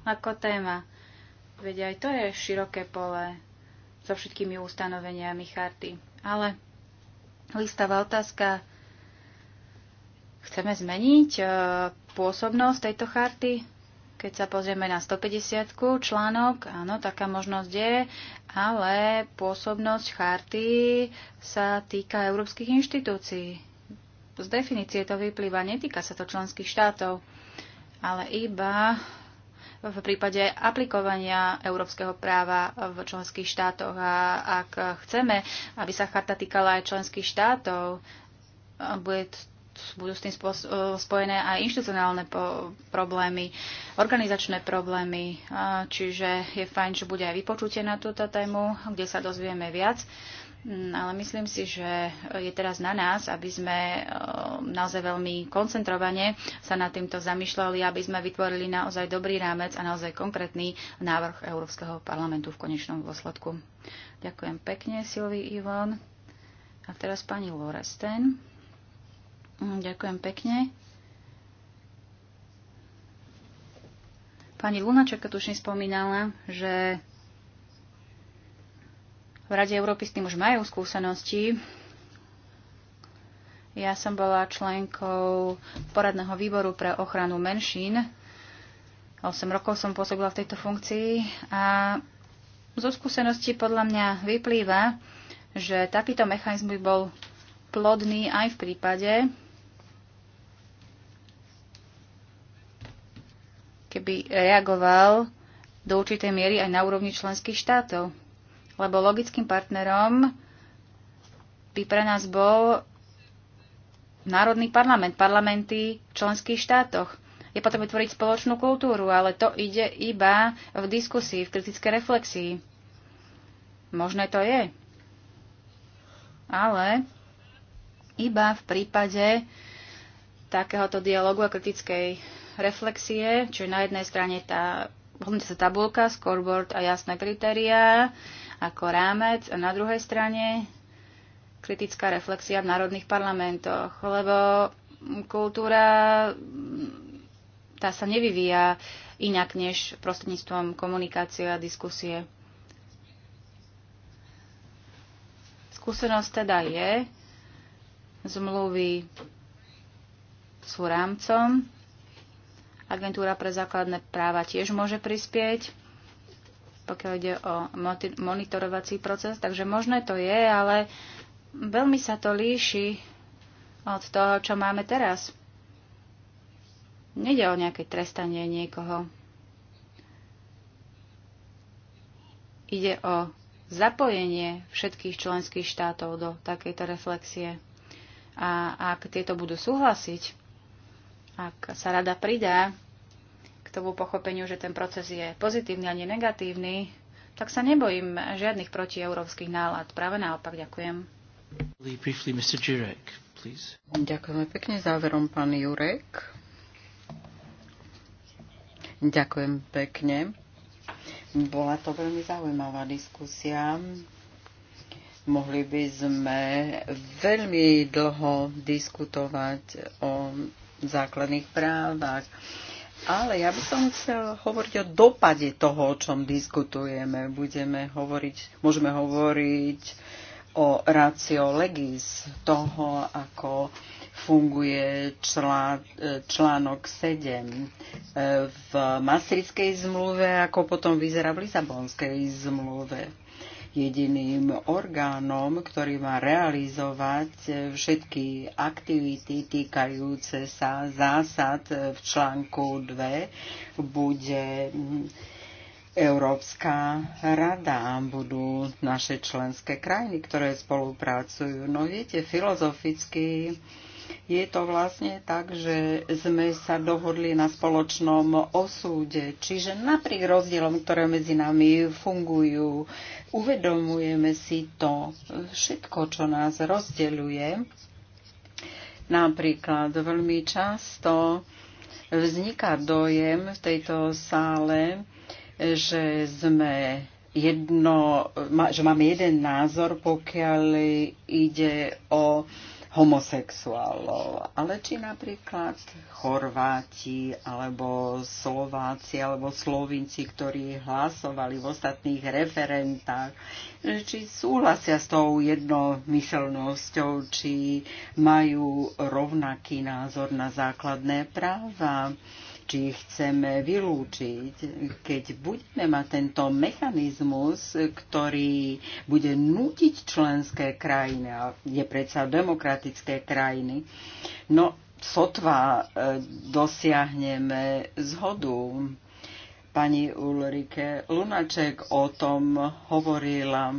ako téma. Veď aj to je široké pole so všetkými ustanoveniami charty. Ale listáva otázka, chceme zmeniť e, pôsobnosť tejto charty? Keď sa pozrieme na 150 článok, áno, taká možnosť je, ale pôsobnosť charty sa týka európskych inštitúcií. Z definície to vyplýva, netýka sa to členských štátov, ale iba v prípade aplikovania európskeho práva v členských štátoch. A ak chceme, aby sa charta týkala aj členských štátov, bude budú s tým e, spojené aj inštitucionálne problémy, organizačné problémy. Čiže je fajn, že bude aj vypočutie na túto tému, kde sa dozvieme viac Mm, ale myslím si, že je teraz na nás, aby sme eh, naozaj veľmi koncentrovane sa nad týmto zamýšľali, aby sme vytvorili naozaj dobrý rámec a naozaj konkrétny návrh Európskeho parlamentu v konečnom dôsledku. Ďakujem pekne, Silvi Ivon. A teraz pani Loresten. Mm, ďakujem pekne. Pani tu už spomínala, že v Rade Európy s tým už majú skúsenosti. Ja som bola členkou poradného výboru pre ochranu menšín. 8 rokov som pôsobila v tejto funkcii a zo skúsenosti podľa mňa vyplýva, že takýto mechanizmus by bol plodný aj v prípade, keby reagoval do určitej miery aj na úrovni členských štátov lebo logickým partnerom by pre nás bol národný parlament, parlamenty v členských štátoch. Je potrebné tvoriť spoločnú kultúru, ale to ide iba v diskusii, v kritické reflexii. Možné to je. Ale iba v prípade takéhoto dialogu a kritickej reflexie, čo je na jednej strane tá hodnota sa tabulka, scoreboard a jasné kritériá, ako rámec a na druhej strane kritická reflexia v národných parlamentoch, lebo kultúra tá sa nevyvíja inak než prostredníctvom komunikácie a diskusie. Skúsenosť teda je, zmluvy sú rámcom, agentúra pre základné práva tiež môže prispieť, pokiaľ ide o monitorovací proces, takže možné to je, ale veľmi sa to líši od toho, čo máme teraz. Nede o nejaké trestanie niekoho. Ide o zapojenie všetkých členských štátov do takejto reflexie. A ak tieto budú súhlasiť, ak sa rada pridá tomu pochopeniu, že ten proces je pozitívny a negatívny, tak sa nebojím žiadnych protieurópskych nálad. Práve naopak, ďakujem. Briefly, Mr. Jurek, Ďakujeme pekne záverom, pán Jurek. Ďakujem pekne. Bola to veľmi zaujímavá diskusia. Mohli by sme veľmi dlho diskutovať o základných právach. Ale ja by som chcel hovoriť o dopade toho, o čom diskutujeme. Budeme hovoriť, môžeme hovoriť o ratio legis, toho, ako funguje člá, článok 7 e, v Maastrichtskej zmluve, ako potom vyzerá v Lisabonskej zmluve jediným orgánom, ktorý má realizovať všetky aktivity týkajúce sa zásad v článku 2, bude Európska rada budú naše členské krajiny, ktoré spolupracujú. No viete, filozoficky je to vlastne tak, že sme sa dohodli na spoločnom osúde, čiže napriek rozdielom, ktoré medzi nami fungujú, uvedomujeme si to všetko, čo nás rozdeľuje. Napríklad veľmi často vzniká dojem v tejto sále, že sme jedno, že máme jeden názor, pokiaľ ide o homosexuálov, ale či napríklad Chorváti alebo Slováci alebo Slovinci, ktorí hlasovali v ostatných referentách, či súhlasia s tou jednomyselnosťou, či majú rovnaký názor na základné práva či chceme vylúčiť, keď budeme mať tento mechanizmus, ktorý bude nutiť členské krajiny, a je predsa demokratické krajiny, no sotva e, dosiahneme zhodu. Pani Ulrike Lunaček o tom hovorila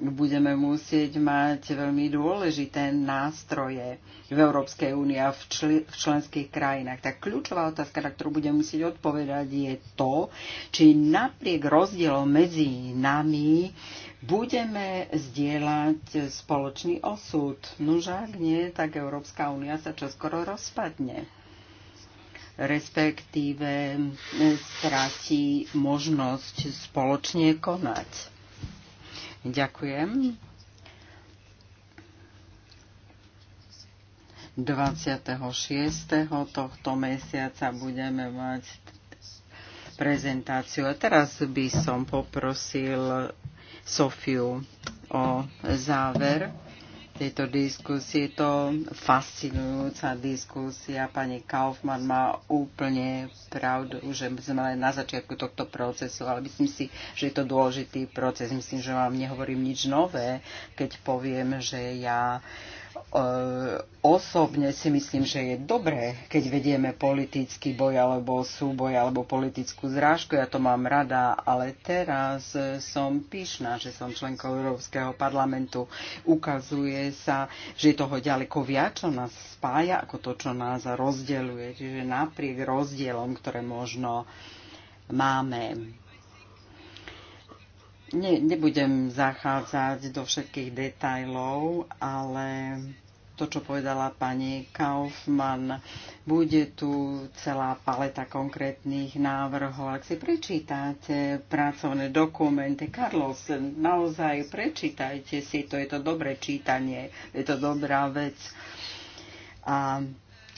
budeme musieť mať veľmi dôležité nástroje v Európskej únii a v, čl- v členských krajinách. Tak kľúčová otázka, na ktorú budem musieť odpovedať, je to, či napriek rozdielom medzi nami budeme zdieľať spoločný osud. Nuž ak nie, tak Európska únia sa čoskoro rozpadne respektíve stratí možnosť spoločne konať. Ďakujem. 26. tohto mesiaca budeme mať prezentáciu. A teraz by som poprosil Sofiu o záver tejto diskusie. Je to fascinujúca diskusia. Pani Kaufmann má úplne pravdu, že sme mali na začiatku tohto procesu, ale myslím si, že je to dôležitý proces. Myslím, že vám nehovorím nič nové, keď poviem, že ja uh, osobne si myslím, že je dobré, keď vedieme politický boj alebo súboj alebo politickú zrážku. Ja to mám rada, ale teraz e, som pyšná, že som členkou Európskeho parlamentu. Ukazuje sa, že je toho ďaleko viac, čo nás spája, ako to, čo nás rozdeľuje. Čiže napriek rozdielom, ktoré možno máme Ne, nebudem zachádzať do všetkých detajlov, ale to, čo povedala pani Kaufmann, bude tu celá paleta konkrétnych návrhov. Ak si prečítate pracovné dokumenty, Carlos, naozaj prečítajte si to, je to dobré čítanie, je to dobrá vec. A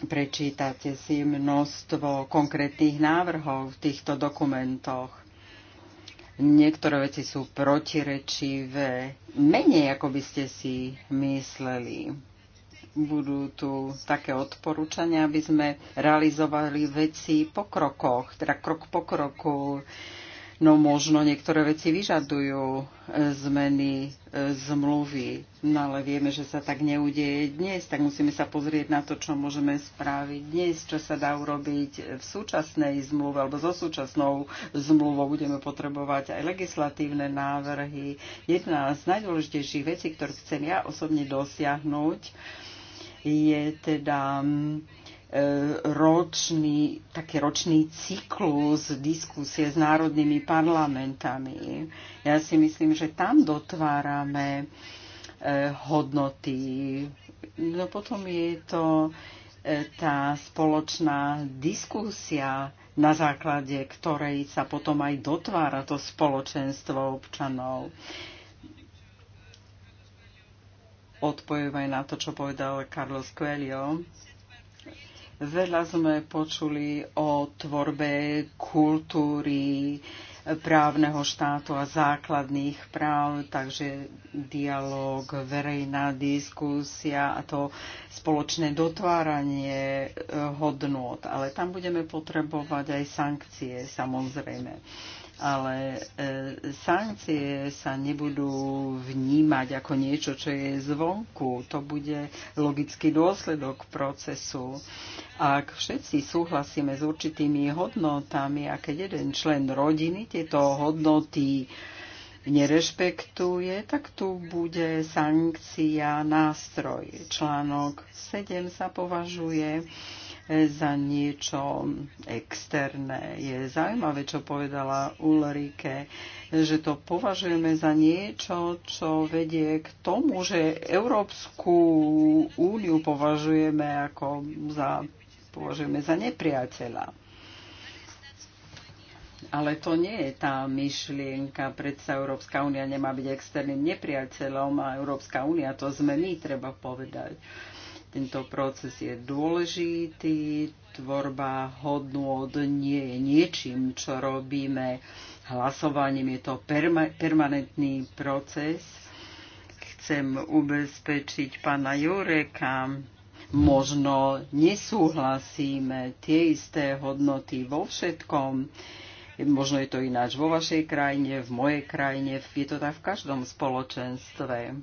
prečítate si množstvo konkrétnych návrhov v týchto dokumentoch Niektoré veci sú protirečivé, menej ako by ste si mysleli. Budú tu také odporúčania, aby sme realizovali veci po krokoch, teda krok po kroku. No možno niektoré veci vyžadujú e, zmeny e, zmluvy, no ale vieme, že sa tak neudeje dnes, tak musíme sa pozrieť na to, čo môžeme spraviť dnes, čo sa dá urobiť v súčasnej zmluve alebo so súčasnou zmluvou. Budeme potrebovať aj legislatívne návrhy. Jedna z najdôležitejších vecí, ktorú chcem ja osobne dosiahnuť, je teda mm, ročný, taký ročný cyklus diskusie s národnými parlamentami. Ja si myslím, že tam dotvárame e, hodnoty. No potom je to e, tá spoločná diskusia, na základe ktorej sa potom aj dotvára to spoločenstvo občanov odpojujem aj na to, čo povedal Carlos Coelho. Veľa sme počuli o tvorbe kultúry, právneho štátu a základných práv, takže dialog, verejná diskusia a to spoločné dotváranie eh, hodnôt. Ale tam budeme potrebovať aj sankcie, samozrejme ale e, sankcie sa nebudú vnímať ako niečo, čo je zvonku. To bude logický dôsledok procesu. Ak všetci súhlasíme s určitými hodnotami a keď jeden člen rodiny tieto hodnoty nerešpektuje, tak tu bude sankcia nástroj. Článok 7 sa považuje za niečo externé. Je zaujímavé, čo povedala Ulrike, že to považujeme za niečo, čo vedie k tomu, že Európsku úniu považujeme ako za, považujeme za nepriateľa. Ale to nie je tá myšlienka. Predsa Európska únia nemá byť externým nepriateľom a Európska únia to sme my, treba povedať. Uh, tento proces je dôležitý, tvorba hodnôt nie je niečím, čo robíme hlasovaním, je to perma- permanentný proces. Chcem ubezpečiť pána Jureka, možno nesúhlasíme tie isté hodnoty vo všetkom, možno je to ináč vo vašej krajine, v mojej krajine, je to tak v každom spoločenstve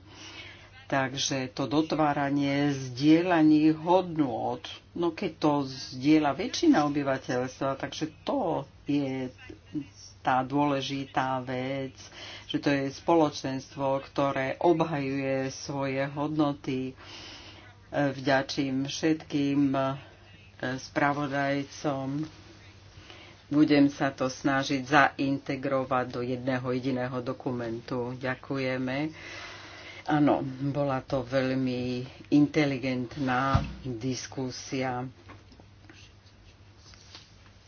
Takže to dotváranie zdieľaní hodnôt, no keď to zdieľa väčšina obyvateľstva, takže to je tá dôležitá vec, že to je spoločenstvo, ktoré obhajuje svoje hodnoty. Vďačím všetkým eh, spravodajcom. Budem sa to snažiť zaintegrovať do jedného jediného dokumentu. Ďakujeme. Áno, bola to veľmi inteligentná diskusia.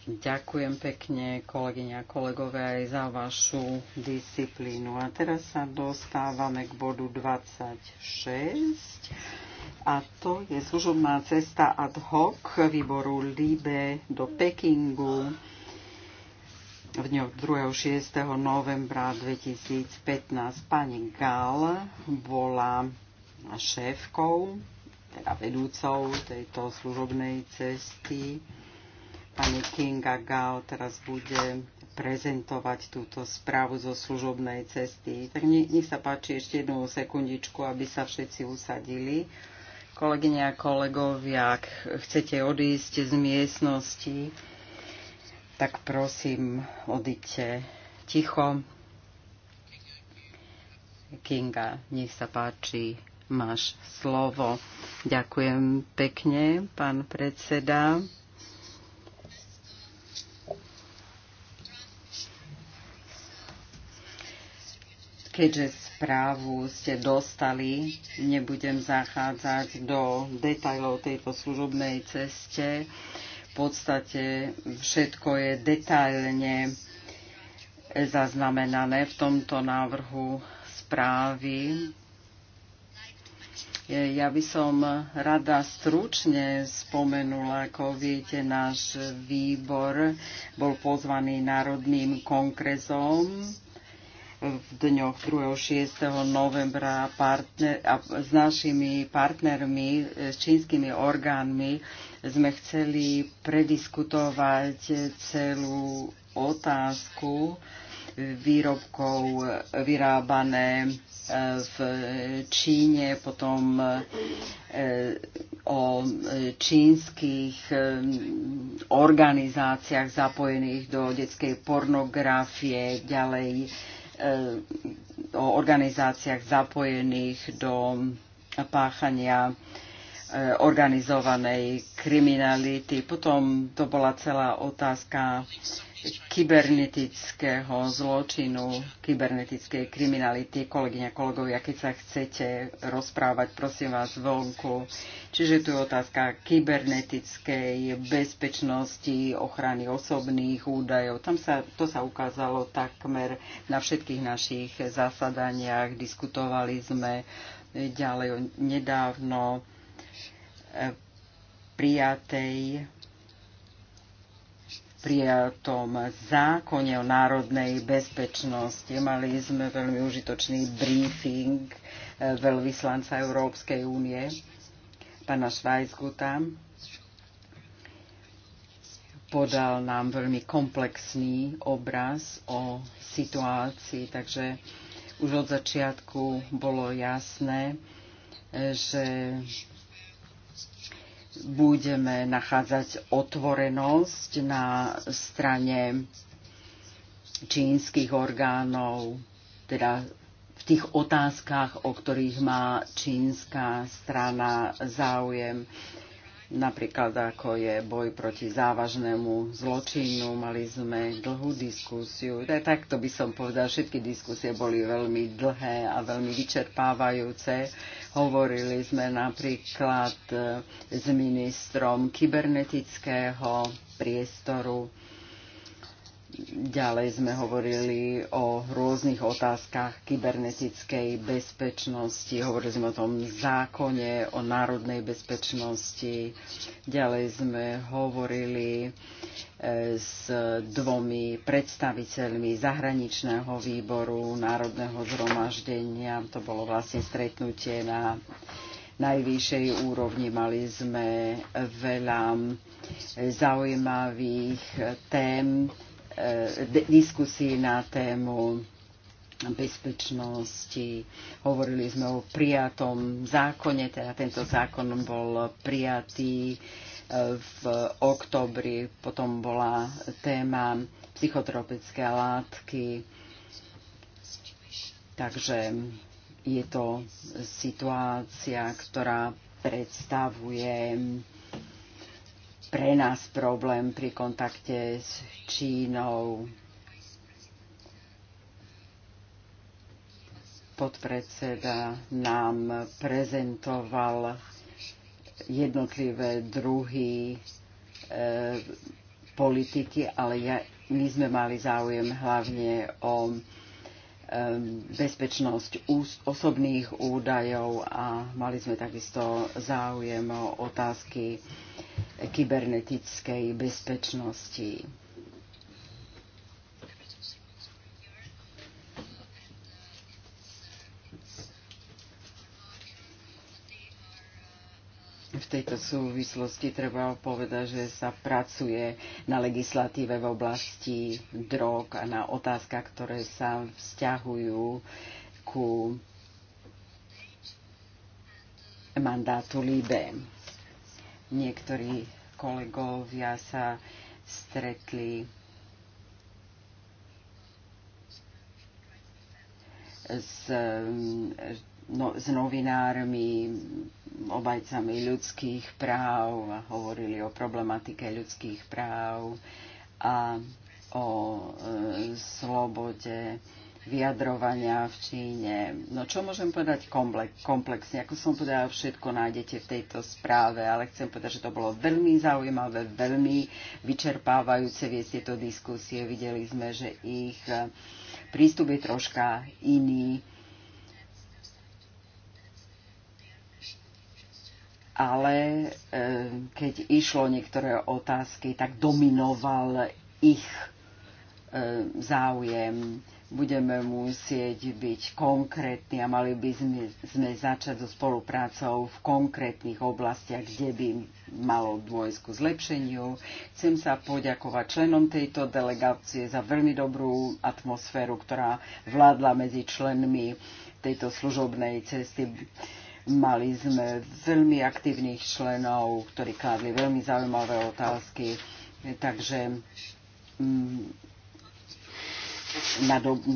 Ďakujem pekne, kolegyňa a kolegové, aj za vašu disciplínu. A teraz sa dostávame k bodu 26. A to je služobná cesta ad hoc výboru Líbe do Pekingu v dňoch 2. 6. novembra 2015 pani Gal bola šéfkou, teda vedúcou tejto služobnej cesty. Pani Kinga Gal teraz bude prezentovať túto správu zo služobnej cesty. Tak nech sa páči ešte jednu sekundičku, aby sa všetci usadili. Kolegyne a kolegovia, ak chcete odísť z miestnosti, tak prosím, odíďte ticho. Kinga, nech sa páči, máš slovo. Ďakujem pekne, pán predseda. Keďže správu ste dostali, nebudem zachádzať do detajlov tejto služobnej ceste podstate všetko je detailne zaznamenané v tomto návrhu správy. Ja by som rada stručne spomenula, ako viete, náš výbor bol pozvaný Národným kongresom v dňoch 2. 6. novembra partner, a s našimi partnermi, s čínskymi orgánmi sme chceli prediskutovať celú otázku výrobkov vyrábané e, v Číne, potom e, o čínskych e, organizáciách zapojených do detskej pornografie, ďalej o organizáciách zapojených do páchania Eh, organizovanej kriminality. Potom to bola celá otázka kybernetického zločinu, kybernetickej kriminality. Kolegyňa, kolegovia, keď sa chcete rozprávať, prosím vás vonku. Čiže tu je otázka kybernetickej bezpečnosti, ochrany osobných údajov. Tam sa, to sa ukázalo takmer na všetkých našich zasadaniach. Diskutovali sme ďalej nedávno prijatej prijatom zákone o národnej bezpečnosti. Mali sme veľmi užitočný briefing e, veľvyslanca Európskej únie, pána Švajsguta. Podal nám veľmi komplexný obraz o situácii, takže už od začiatku bolo jasné, e, že budeme nachádzať otvorenosť na strane čínskych orgánov, teda v tých otázkach, o ktorých má čínska strana záujem napríklad ako je boj proti závažnému zločinu, mali sme dlhú diskusiu. Takto by som povedal, všetky diskusie boli veľmi dlhé a veľmi vyčerpávajúce. Hovorili sme napríklad eh, s ministrom kybernetického priestoru Ďalej sme hovorili o rôznych otázkach kybernetickej bezpečnosti, hovorili sme o tom zákone o národnej bezpečnosti, ďalej sme hovorili e, s dvomi predstaviteľmi zahraničného výboru Národného zhromaždenia. To bolo vlastne stretnutie na najvyššej úrovni. Mali sme veľa zaujímavých tém E, diskusí na tému bezpečnosti. Hovorili sme o prijatom zákone, teda tento zákon bol prijatý e, v oktobri, potom bola téma psychotropické látky. Takže je to situácia, ktorá predstavuje pre nás problém pri kontakte s Čínou. Podpredseda nám prezentoval jednotlivé druhy e, politiky, ale ja, my sme mali záujem hlavne o e, bezpečnosť ús, osobných údajov a mali sme takisto záujem o otázky e, kybernetickej bezpečnosti. V tejto súvislosti treba povedať, že sa pracuje na legislatíve v oblasti drog a na otázkach, ktoré sa vzťahujú ku mandátu Líbe. Niektorí kolegovia sa stretli s, no, s novinármi, obajcami ľudských práv a hovorili o problematike ľudských práv a o e, slobode vyjadrovania v Číne. No čo môžem povedať komplexne? Ako som povedala, všetko nájdete v tejto správe, ale chcem povedať, že to bolo veľmi zaujímavé, veľmi vyčerpávajúce viesť tieto diskusie. Videli sme, že ich eh, prístup je troška iný. Ale eh, keď išlo niektoré otázky, tak dominoval ich eh, záujem budeme musieť byť konkrétni a mali by sme, sme začať so spoluprácou v konkrétnych oblastiach, kde by malo dôjsť ku zlepšeniu. Chcem sa poďakovať členom tejto delegácie za veľmi dobrú atmosféru, ktorá vládla medzi členmi tejto služobnej cesty. Mali sme veľmi aktívnych členov, ktorí kládli veľmi zaujímavé otázky. Takže mm,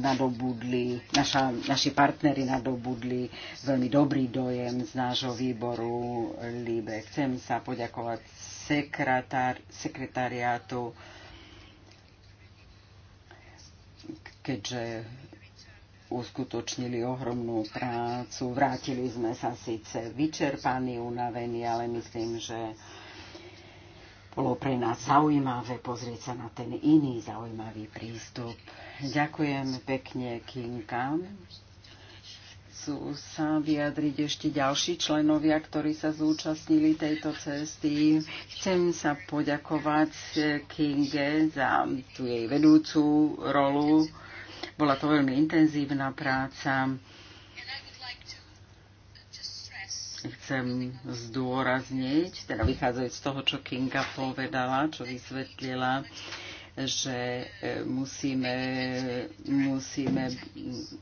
nadobudli, naša, naši partnery nadobudli veľmi dobrý dojem z nášho výboru LIBE. Chcem sa poďakovať sekretár, sekretariátu, keďže uskutočnili ohromnú prácu. Vrátili sme sa síce vyčerpaní, unavení, ale myslím, že bolo pre nás zaujímavé pozrieť sa na ten iný zaujímavý prístup Ďakujem pekne, Kinka. Chcú sa vyjadriť ešte ďalší členovia, ktorí sa zúčastnili tejto cesty. Chcem sa poďakovať eh, Kinge za tú jej vedúcu rolu. Bola to veľmi intenzívna práca. Chcem zdôrazniť, teda vychádzať z toho, čo Kinga povedala, čo vysvetlila, že e, musíme, musíme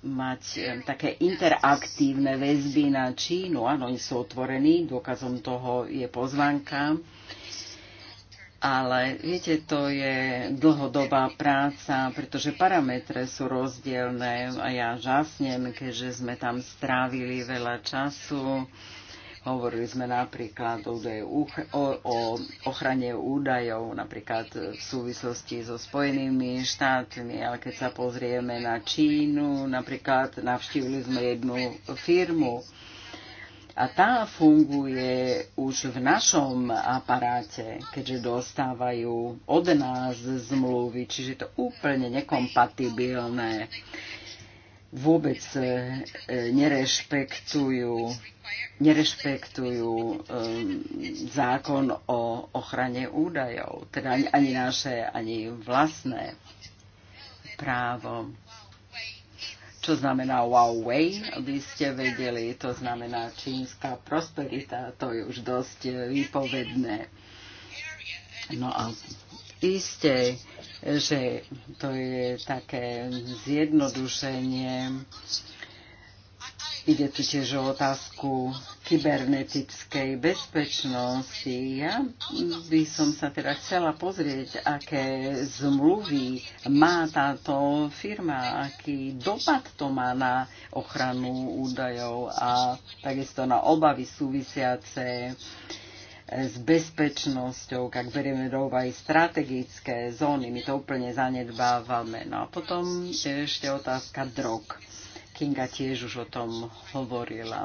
mať e, také interaktívne väzby na Čínu. Áno, oni sú otvorení, dôkazom toho je pozvanka. Ale viete, to je dlhodobá práca, pretože parametre sú rozdielne a ja žasnem, keďže sme tam strávili veľa času. Hovorili sme napríklad o, o ochrane údajov, napríklad v súvislosti so Spojenými štátmi, ale keď sa pozrieme na Čínu, napríklad navštívili sme jednu firmu a tá funguje už v našom aparáte, keďže dostávajú od nás zmluvy, čiže to úplne nekompatibilné vôbec e, e, nerešpektujú, nerešpektujú e, zákon o ochrane údajov, teda ani naše, ani vlastné právo. Čo znamená Huawei? vy ste vedeli, to znamená čínska prosperita, to je už dosť výpovedné. No a iste že to je také zjednodušenie. Ide tu tiež o otázku kybernetickej bezpečnosti. Ja by som sa teda chcela pozrieť, aké zmluvy má táto firma, aký dopad to má na ochranu údajov a takisto na obavy súvisiace s bezpečnosťou, ak berieme do úvahy strategické zóny, my to úplne zanedbávame. No a potom je ešte otázka drog. Kinga tiež už o tom hovorila.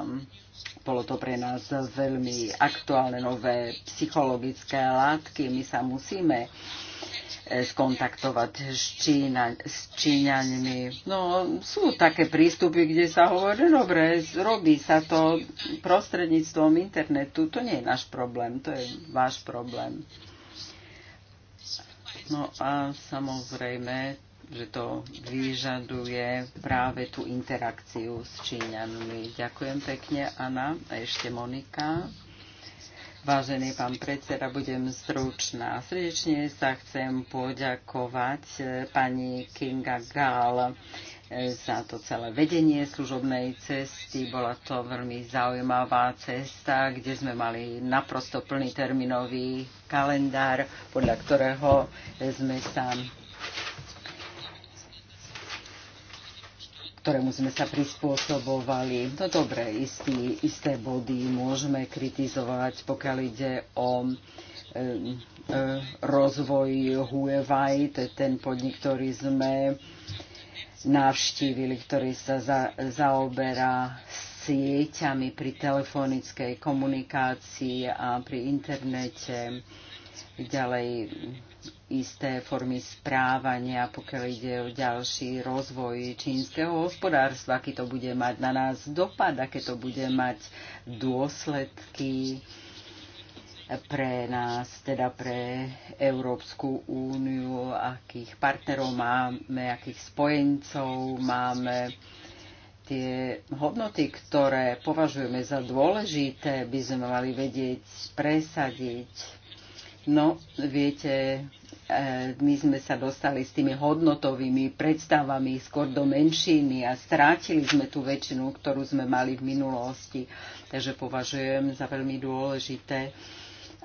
Bolo to pre nás veľmi aktuálne nové psychologické látky. My sa musíme uh, E, skontaktovať s, Čína, s Číňanmi. No, sú také prístupy, kde sa hovorí, dobre, robí sa to prostredníctvom internetu. To nie je náš problém, to je váš problém. No a samozrejme, že to vyžaduje práve tú interakciu s Číňanmi. Ďakujem pekne, Ana. A ešte Monika. Vážený pán predseda, budem stručná. Srdečne sa chcem poďakovať e, pani Kinga Gál e, za to celé vedenie služobnej cesty. Bola to veľmi zaujímavá cesta, kde sme mali naprosto plný terminový kalendár, podľa ktorého e, sme sa ktorému sme sa prispôsobovali. No dobre, istý, isté body môžeme kritizovať, pokiaľ ide o e, e, rozvoj Huawei, to je ten podnik, ktorý sme navštívili, ktorý sa za, zaoberá sieťami pri telefonickej komunikácii a pri internete. Ďalej isté formy správania, pokiaľ ide o ďalší rozvoj čínskeho hospodárstva, aký to bude mať na nás dopad, aké to bude mať dôsledky pre nás, teda pre Európsku úniu, akých partnerov máme, akých spojencov máme. Tie hodnoty, ktoré považujeme za dôležité, by sme mali vedieť presadiť. No, viete, E, my sme sa dostali s tými hodnotovými predstavami skôr do menšiny a strátili sme tú väčšinu, ktorú sme mali v minulosti. Takže považujem za veľmi dôležité,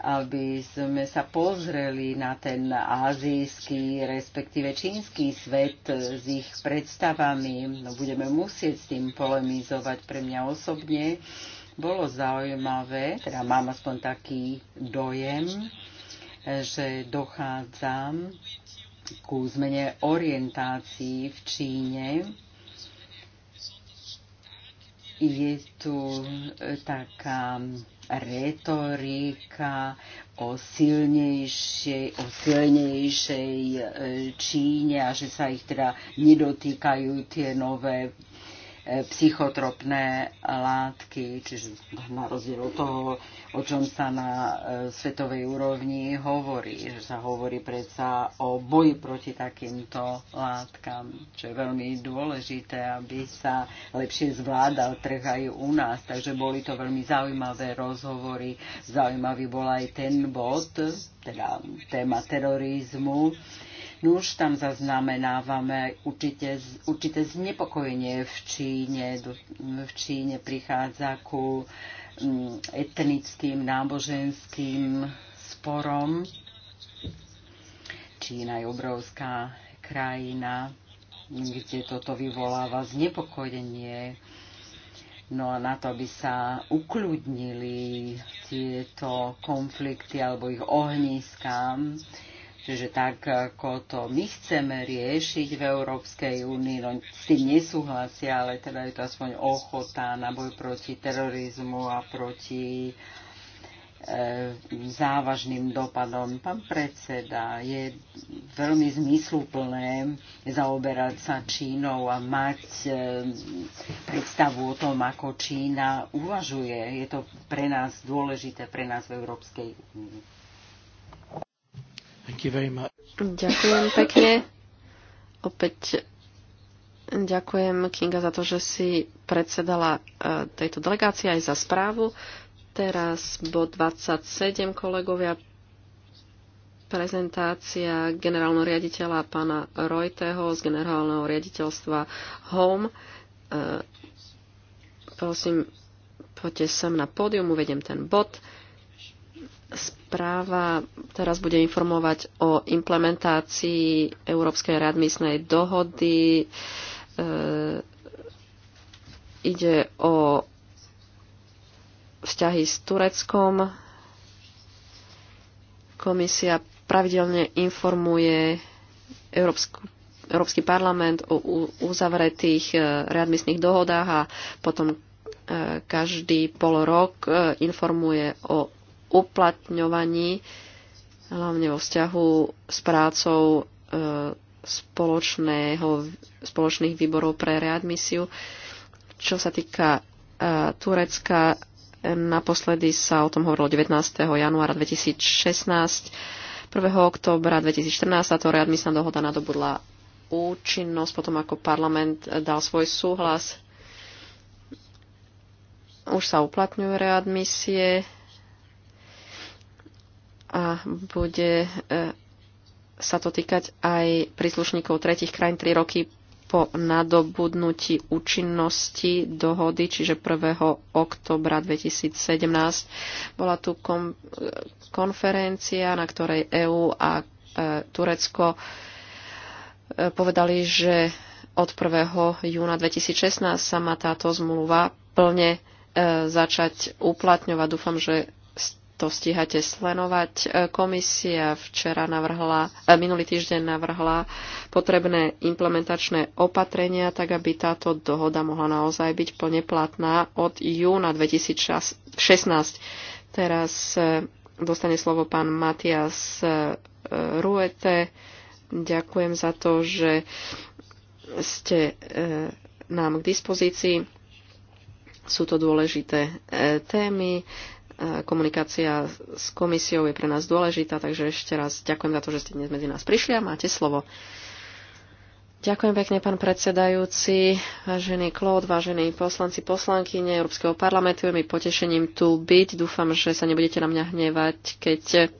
aby sme sa pozreli na ten azijský, respektíve čínsky svet s ich predstavami. No, budeme musieť s tým polemizovať pre mňa osobne. Bolo zaujímavé, teda mám aspoň taký dojem, že dochádza ku zmene orientácií v Číne. Je tu e, taká retorika o silnejšej, o silnejšej e, Číne a že sa ich teda nedotýkajú tie nové E, psychotropné látky, čiže na rozdiel od toho, o čom sa na e, svetovej úrovni hovorí, že sa hovorí predsa o boji proti takýmto látkam, čo je veľmi dôležité, aby sa lepšie zvládal trh aj u nás. Takže boli to veľmi zaujímavé rozhovory. Zaujímavý bol aj ten bod, teda téma terorizmu Nuž už tam zaznamenávame určite, určité znepokojenie v Číne. V Číne prichádza ku mm, etnickým, náboženským sporom. Čína je obrovská krajina, kde toto vyvoláva znepokojenie. No a na to, aby sa ukludnili tieto konflikty alebo ich ohnízkam, Čiže tak, ako to my chceme riešiť v Európskej únii, no s tým nesúhlasia, ale teda je to aspoň ochota na boj proti terorizmu a proti e, závažným dopadom. Pán predseda, je veľmi zmysluplné zaoberať sa Čínou a mať e, predstavu o tom, ako Čína uvažuje. Je to pre nás dôležité, pre nás v Európskej únii. Ďakujem pekne. Opäť ďakujem Kinga za to, že si predsedala e, tejto delegácii aj za správu. Teraz bod 27, kolegovia, prezentácia generálneho riaditeľa pána Rojteho z generálneho riaditeľstva HOME. E, prosím, poďte sem na pódium, uvediem ten bod. Správa teraz bude informovať o implementácii Európskej readmisnej dohody. E, ide o vzťahy s Tureckom. Komisia pravidelne informuje Európsku Európsky parlament o uzavretých e, readmisných dohodách a potom e, každý pol rok e, informuje o uplatňovaní, hlavne vo vzťahu s prácou e, spoločného, spoločných výborov pre readmisiu. Čo sa týka e, Turecka, naposledy sa o tom hovorilo 19. januára 2016. 1. októbra 2014 táto readmisná dohoda nadobudla účinnosť, potom ako parlament e, dal svoj súhlas. Už sa uplatňujú readmisie a bude e, sa to týkať aj príslušníkov tretich krajín 3 roky po nadobudnutí účinnosti dohody, čiže 1. oktobra 2017. Bola tu konferencia, na ktorej EÚ a e, Turecko e, povedali, že od 1. júna 2016 sa má táto zmluva plne začať uplatňovať. Dúfam, že to stíhate slenovať. E, komisia včera navrhla, e, minulý týždeň navrhla potrebné implementačné opatrenia, tak aby táto dohoda mohla naozaj byť plne platná od júna 2016. Teraz e, dostane slovo pán Matias Ruete. Ďakujem za to, že ste nám k dispozícii. Sú to dôležité témy komunikácia s komisiou je pre nás dôležitá, takže ešte raz ďakujem za to, že ste dnes medzi nás prišli a máte slovo. Ďakujem pekne, pán predsedajúci, vážený Klód, vážení poslanci, poslankyne Európskeho parlamentu. Je mi potešením tu byť. Dúfam, že sa nebudete na mňa hnevať, keď eh,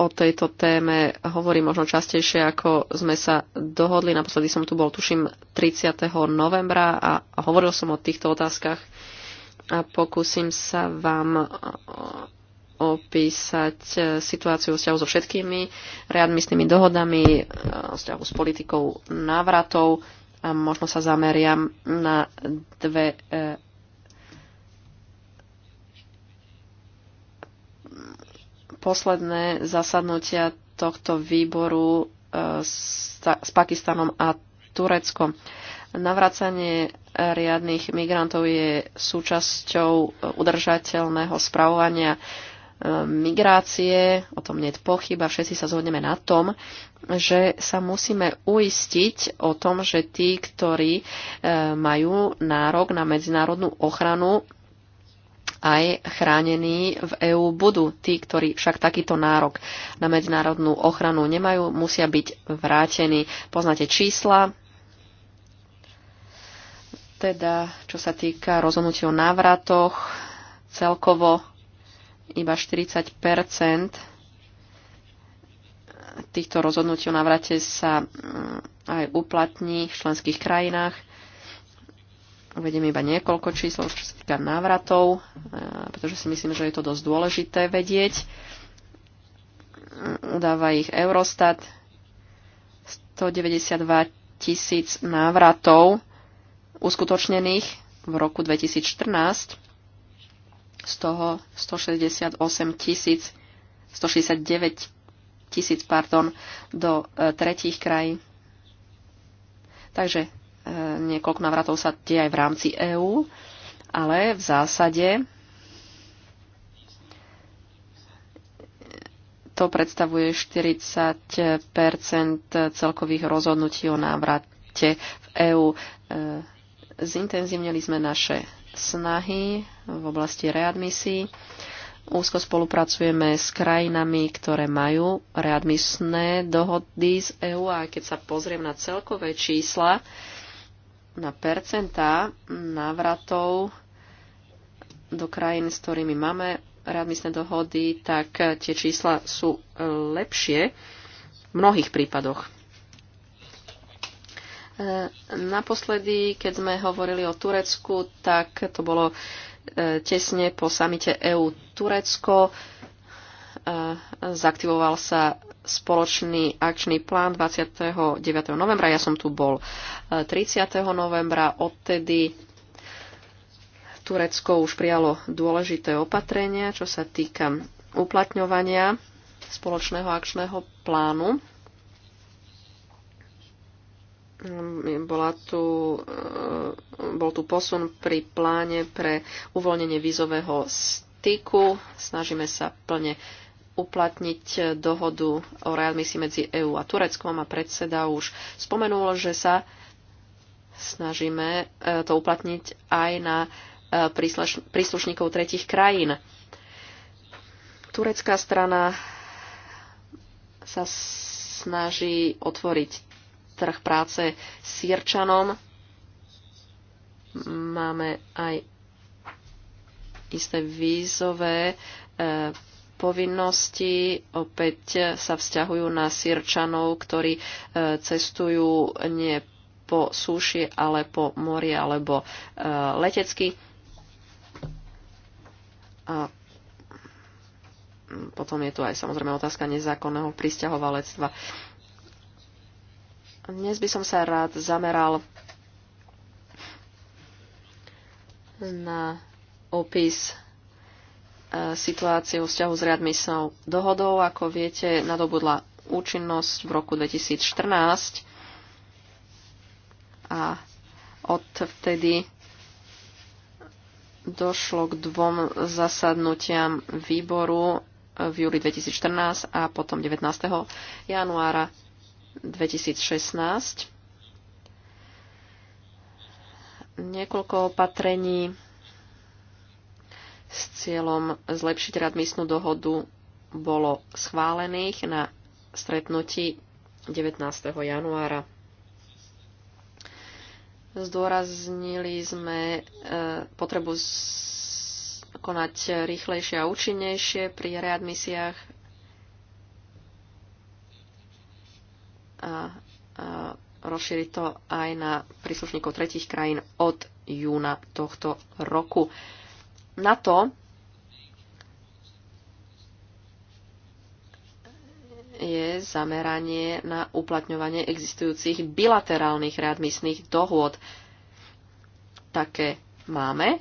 o tejto téme hovorím možno častejšie, ako sme sa dohodli. Naposledy som tu bol, tuším, 30. novembra a hovoril som o týchto otázkach a pokúsim sa vám opísať e, situáciu v vzťahu so všetkými readmisnými dohodami, e, vzťahu s politikou návratov a možno sa zameriam na dve e, posledné zasadnutia tohto výboru s Pakistanom a Tureckom. Navracanie riadných migrantov je súčasťou udržateľného spravovania e, migrácie, o tom nie je pochyba, všetci sa zhodneme na tom, že sa musíme uistiť o tom, že tí, ktorí e, majú nárok na medzinárodnú ochranu, aj chránení v EÚ budú. Tí, ktorí však takýto nárok na medzinárodnú ochranu nemajú, musia byť vrátení. Poznáte čísla, teda, čo sa týka rozhodnutí o návratoch, celkovo iba 40 týchto rozhodnutí o návrate sa mm, aj uplatní v členských krajinách. Uvediem iba niekoľko číslo, čo sa týka návratov, e, pretože si myslím, že je to dosť dôležité vedieť. Udáva ich Eurostat. 192 tisíc návratov uskutočnených v roku 2014, z toho 168 tisíc, 169 tisíc, pardon, do e, tretích krajín. Takže e, niekoľko navratov sa tie aj v rámci EÚ, ale v zásade to predstavuje 40 celkových rozhodnutí o návrate v EÚ. E, Zintenzívnili sme naše snahy v oblasti readmisí. Úzko spolupracujeme s krajinami, ktoré majú readmisné dohody z EÚ a keď sa pozriem na celkové čísla, na percentá návratov do krajín, s ktorými máme readmisné dohody, tak tie čísla sú lepšie v mnohých prípadoch. Naposledy, keď sme hovorili o Turecku, tak to bolo e, tesne po samite EU-Turecko. E, zaktivoval sa spoločný akčný plán 29. novembra. Ja som tu bol 30. E, novembra. Odtedy Turecko už prijalo dôležité opatrenia, čo sa týka uplatňovania spoločného akčného plánu Mm, bola tu, eh, bol tu posun pri pláne pre uvoľnenie vízového styku. Snažíme sa plne uplatniť eh, dohodu o readmisii medzi EÚ a Tureckom a predseda už spomenul, že sa snažíme eh, to uplatniť aj na príslušníkov tretich krajín. Turecká strana sa snaží otvoriť trh práce sírčanom. Máme aj isté vízové e, povinnosti opäť sa vzťahujú na sírčanov, ktorí e, cestujú nie po súši, ale po mori alebo e, letecky. A potom je tu aj samozrejme otázka nezákonného pristahovalectva. Dnes by som sa rád zameral na opis e, situácie vo vzťahu s riadmyslnou dohodou. Ako viete, nadobudla účinnosť v roku 2014 a odvtedy došlo k dvom zasadnutiam výboru v júli 2014 a potom 19. januára 2016. Niekoľko opatrení s cieľom zlepšiť radmísnu dohodu bolo schválených na stretnutí 19. januára. Zdôraznili sme e, potrebu konať rýchlejšie a účinnejšie pri readmisiách rozšíriť to aj na príslušníkov tretich krajín od júna tohto roku. Na to je zameranie na uplatňovanie existujúcich bilaterálnych readmisných dohôd. Také máme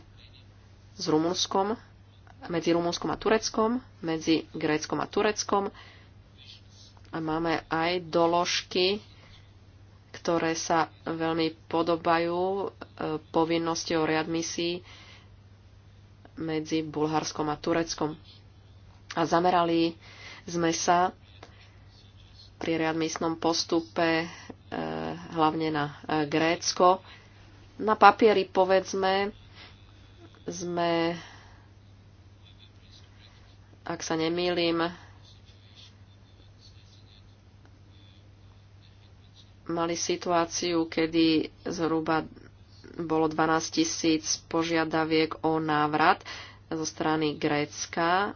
s Rumunskom, medzi Rumunskom a Tureckom, medzi Gréckom a Tureckom, a máme aj doložky, ktoré sa veľmi podobajú e, povinnosti o readmisii medzi Bulharskom a Tureckom. A zamerali sme sa pri readmisnom postupe e, hlavne na e, Grécko. Na papieri, povedzme, sme, ak sa nemýlim, mali situáciu, kedy zhruba bolo 12 tisíc požiadaviek o návrat zo strany Grécka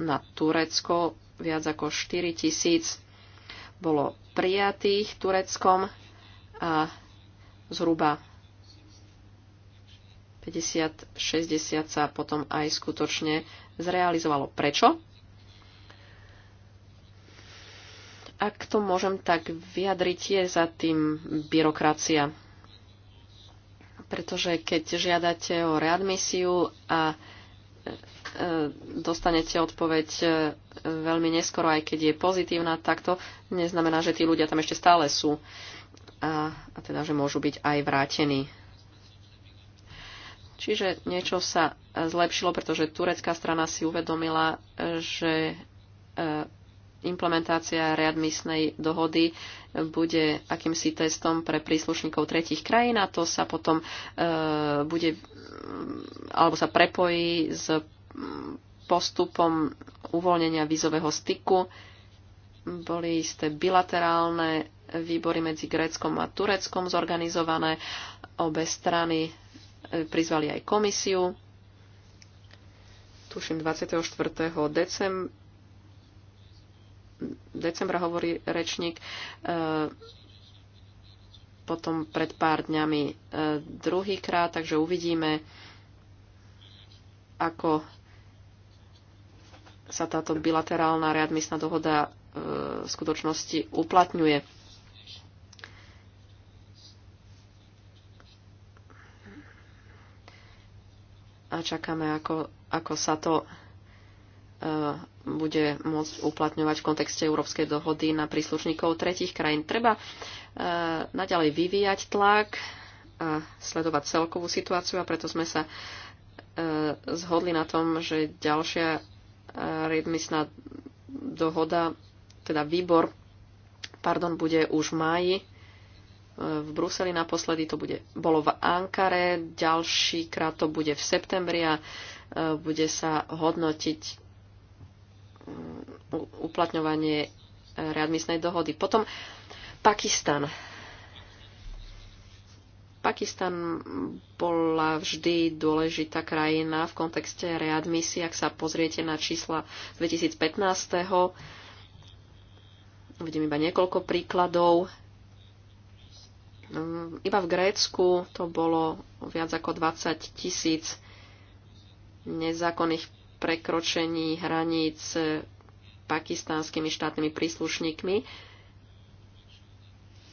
na Turecko. Viac ako 4 tisíc bolo prijatých Tureckom a zhruba 50-60 sa potom aj skutočne zrealizovalo. Prečo? ak to môžem tak vyjadriť, je za tým byrokracia. Pretože keď žiadate o readmisiu a e, e, dostanete odpoveď e, veľmi neskoro, aj keď je pozitívna, tak to neznamená, že tí ľudia tam ešte stále sú. A, a teda, že môžu byť aj vrátení. Čiže niečo sa zlepšilo, pretože turecká strana si uvedomila, že implementácia readmisnej dohody bude akýmsi testom pre príslušníkov tretich krajín a to sa potom e, bude alebo sa prepojí s postupom uvoľnenia vízového styku. Boli isté bilaterálne výbory medzi Gréckom a Tureckom zorganizované. Obe strany e, prizvali aj komisiu. Tuším 24. decembra decembra, hovorí rečník. E, potom pred pár dňami e, druhýkrát, takže uvidíme, ako sa táto bilaterálna riadmyslná dohoda e, v skutočnosti uplatňuje. A čakáme, ako, ako sa to bude môcť uplatňovať v kontekste Európskej dohody na príslušníkov tretich krajín. Treba e, naďalej vyvíjať tlak a sledovať celkovú situáciu a preto sme sa e, zhodli na tom, že ďalšia e, redmisná dohoda, teda výbor, pardon, bude už v máji e, v Bruseli naposledy, to bude, bolo v Ankare, ďalší krát to bude v septembri a e, bude sa hodnotiť uplatňovanie e, readmisnej dohody. Potom Pakistan. Pakistan bola vždy dôležitá krajina v kontexte readmisie. Ak sa pozriete na čísla 2015. Uvidím iba niekoľko príkladov. Mm, iba v Grécku to bolo viac ako 20 tisíc nezákonných prekročení hraníc pakistánskymi štátnymi príslušníkmi.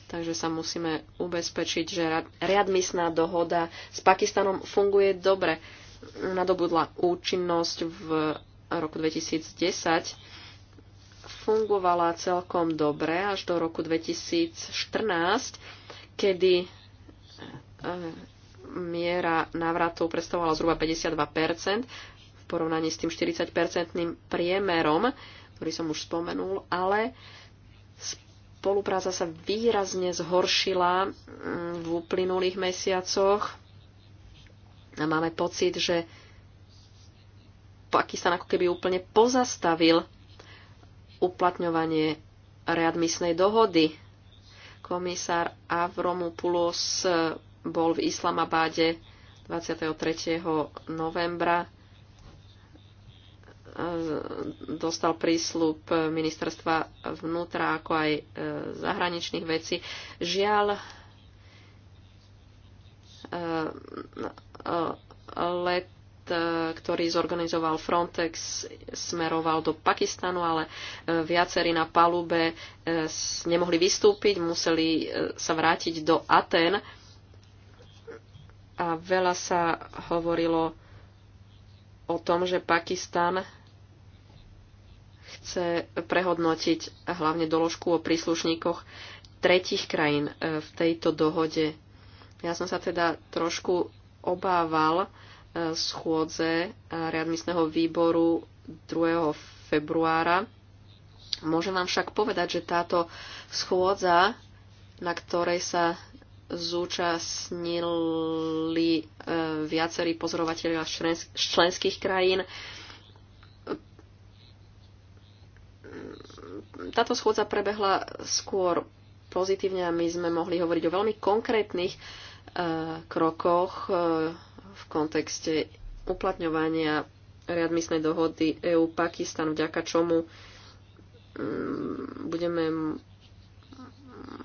Takže sa musíme ubezpečiť, že riadmisná dohoda s Pakistanom funguje dobre. Nadobudla účinnosť v roku 2010 fungovala celkom dobre až do roku 2014, kedy e, miera návratov predstavovala zhruba 52%, porovnaní s tým 40-percentným priemerom, ktorý som už spomenul, ale spolupráca sa výrazne zhoršila mm, v uplynulých mesiacoch a máme pocit, že Pakistan ako keby úplne pozastavil uplatňovanie readmisnej dohody. Komisár Avromopoulos bol v Islamabáde 23. novembra dostal prísľub ministerstva vnútra ako aj e, zahraničných vecí. Žiaľ, e, no, e, let, ktorý zorganizoval Frontex, smeroval do Pakistanu, ale viacerí na palube nemohli vystúpiť, museli sa vrátiť do Aten. A veľa sa hovorilo o tom, že Pakistan chce prehodnotiť hlavne doložku o príslušníkoch tretich krajín e, v tejto dohode. Ja som sa teda trošku obával e, schôdze e, readmisného výboru 2. februára. Môžem vám však povedať, že táto schôdza, na ktorej sa zúčastnili viacerí pozorovateľia z členských krajín, táto schôdza prebehla skôr pozitívne a my sme mohli hovoriť o veľmi konkrétnych e, krokoch e, v kontexte uplatňovania readmisnej dohody EU-Pakistan, vďaka čomu mm, budeme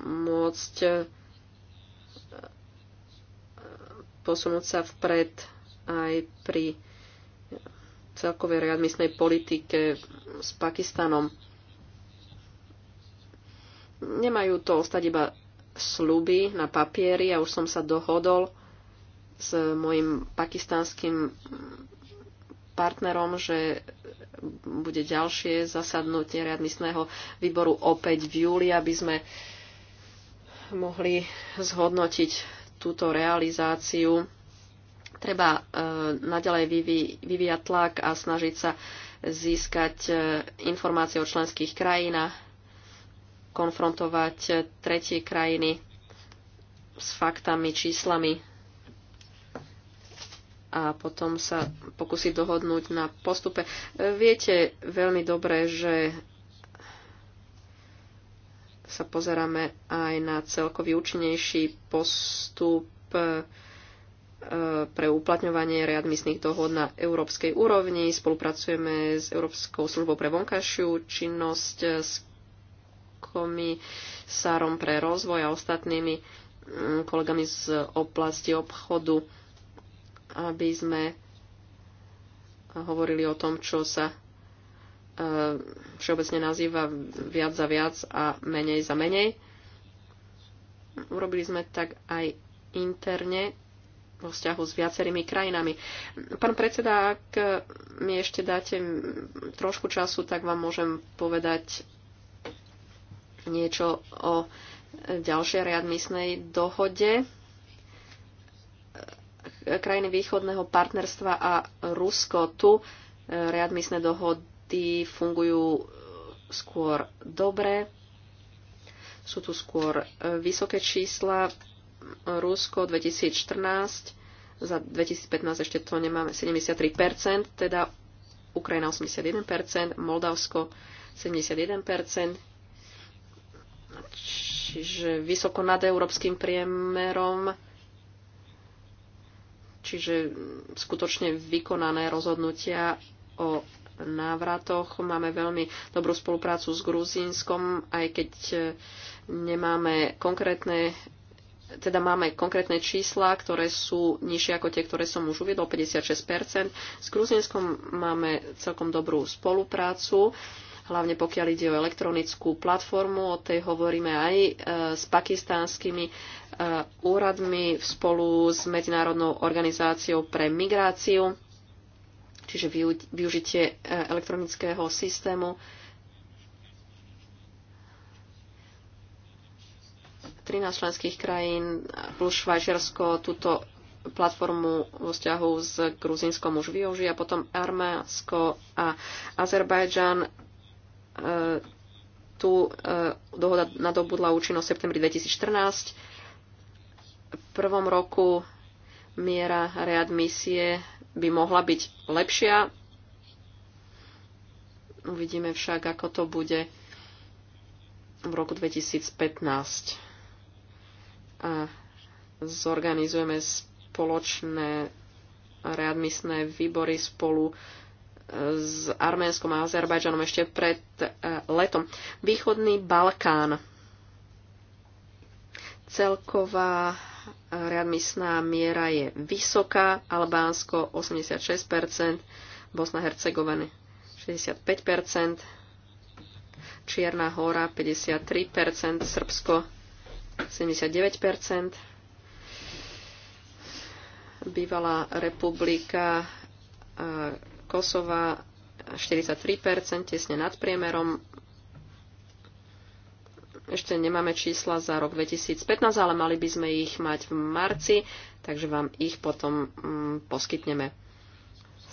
môcť e, posunúť sa vpred aj pri celkovej readmisnej politike s Pakistanom. Nemajú to ostať iba sluby na papieri. Ja už som sa dohodol s mojim pakistanským partnerom, že bude ďalšie zasadnutie riadmisného výboru opäť v júli, aby sme mohli zhodnotiť túto realizáciu. Treba e, naďalej vyví, vyvíjať tlak a snažiť sa získať e, informácie o členských krajinách konfrontovať tretie krajiny s faktami, číslami a potom sa pokúsiť dohodnúť na postupe. Viete veľmi dobre, že sa pozeráme aj na celkový účinnejší postup eh, pre uplatňovanie readmisných dohod na európskej úrovni. Spolupracujeme s Európskou službou pre vonkajšiu činnosť, s komisárom pre rozvoj a ostatnými mm, kolegami z oblasti obchodu, aby sme hovorili o tom, čo sa e, všeobecne nazýva viac za viac a menej za menej. Urobili sme tak aj interne vo vzťahu s viacerými krajinami. Pán predseda, ak mi ešte dáte trošku času, tak vám môžem povedať niečo o ďalšej readmisnej dohode krajiny východného partnerstva a Rusko. Tu e, readmisné dohody fungujú skôr dobre. Sú tu skôr e, vysoké čísla. Rusko 2014 za 2015 ešte to nemáme 73%, teda Ukrajina 81%, Moldavsko 71%, čiže vysoko nad európskym priemerom, čiže skutočne vykonané rozhodnutia o návratoch. Máme veľmi dobrú spoluprácu s Gruzínskom, aj keď e, nemáme konkrétne teda máme konkrétne čísla, ktoré sú nižšie ako tie, ktoré som už uviedol, 56%. S Gruzinskom máme celkom dobrú spoluprácu. Uh, hlavne pokiaľ ide o elektronickú platformu. O tej hovoríme aj e, s pakistánskymi e, úradmi spolu s Medzinárodnou organizáciou pre migráciu, čiže využitie e, elektronického systému. 13 členských krajín plus Švajčiarsko túto platformu vo vzťahu s Gruzínskom už využia, potom Arménsko a Azerbajdžan E, tu e, dohoda nadobudla účinnosť v septembri 2014. V prvom roku miera readmisie by mohla byť lepšia. Uvidíme však, ako to bude v roku 2015. A zorganizujeme spoločné readmisné výbory spolu s Arménskom a Azerbajdžanom ešte pred eh, letom. Východný Balkán. Celková eh, readmisná miera je vysoká. Albánsko 86%, Bosna Hercegovina 65%, Čierna hora 53%, Srbsko 79%, bývalá republika eh, Kosova 43%, tesne nad priemerom. Ešte nemáme čísla za rok 2015, ale mali by sme ich mať v marci, takže vám ich potom mm, poskytneme.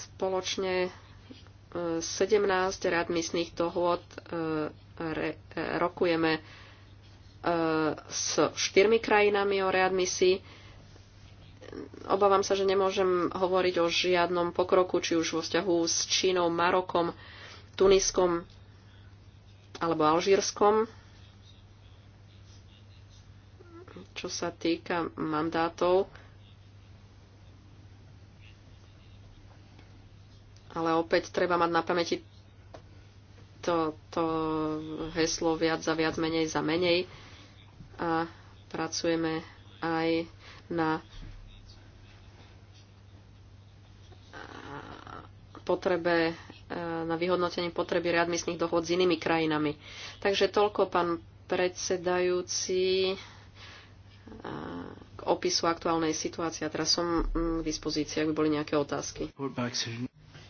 Spoločne 17 e, readmisných dohôd e, rokujeme e, s štyrmi krajinami o readmisii obávam sa, že nemôžem hovoriť o žiadnom pokroku, či už vo vzťahu s Čínou, Marokom, Tuniskom alebo Alžírskom. Čo sa týka mandátov, ale opäť treba mať na pamäti to, to heslo viac za viac, menej za menej. A pracujeme aj na potrebe, e, na vyhodnotenie potreby readmisných dohod s inými krajinami. Takže toľko, pán predsedajúci, e, k opisu aktuálnej situácie. A teraz som k mm, dispozícii, ak by boli nejaké otázky.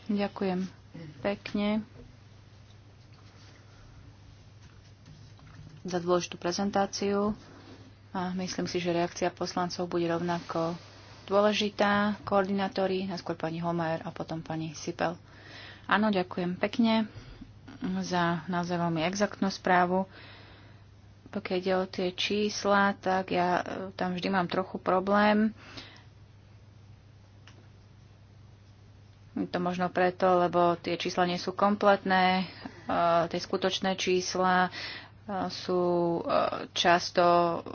Ďakujem pekne za dôležitú prezentáciu a myslím si, že reakcia poslancov bude rovnako dôležitá. Koordinátori, najskôr pani Homer a potom pani Sipel. Áno, ďakujem pekne za naozaj veľmi exaktnú správu. Pokiaľ ide o tie čísla, tak ja e, tam vždy mám trochu problém. To možno preto, lebo tie čísla nie sú kompletné, e, tie skutočné čísla e, sú často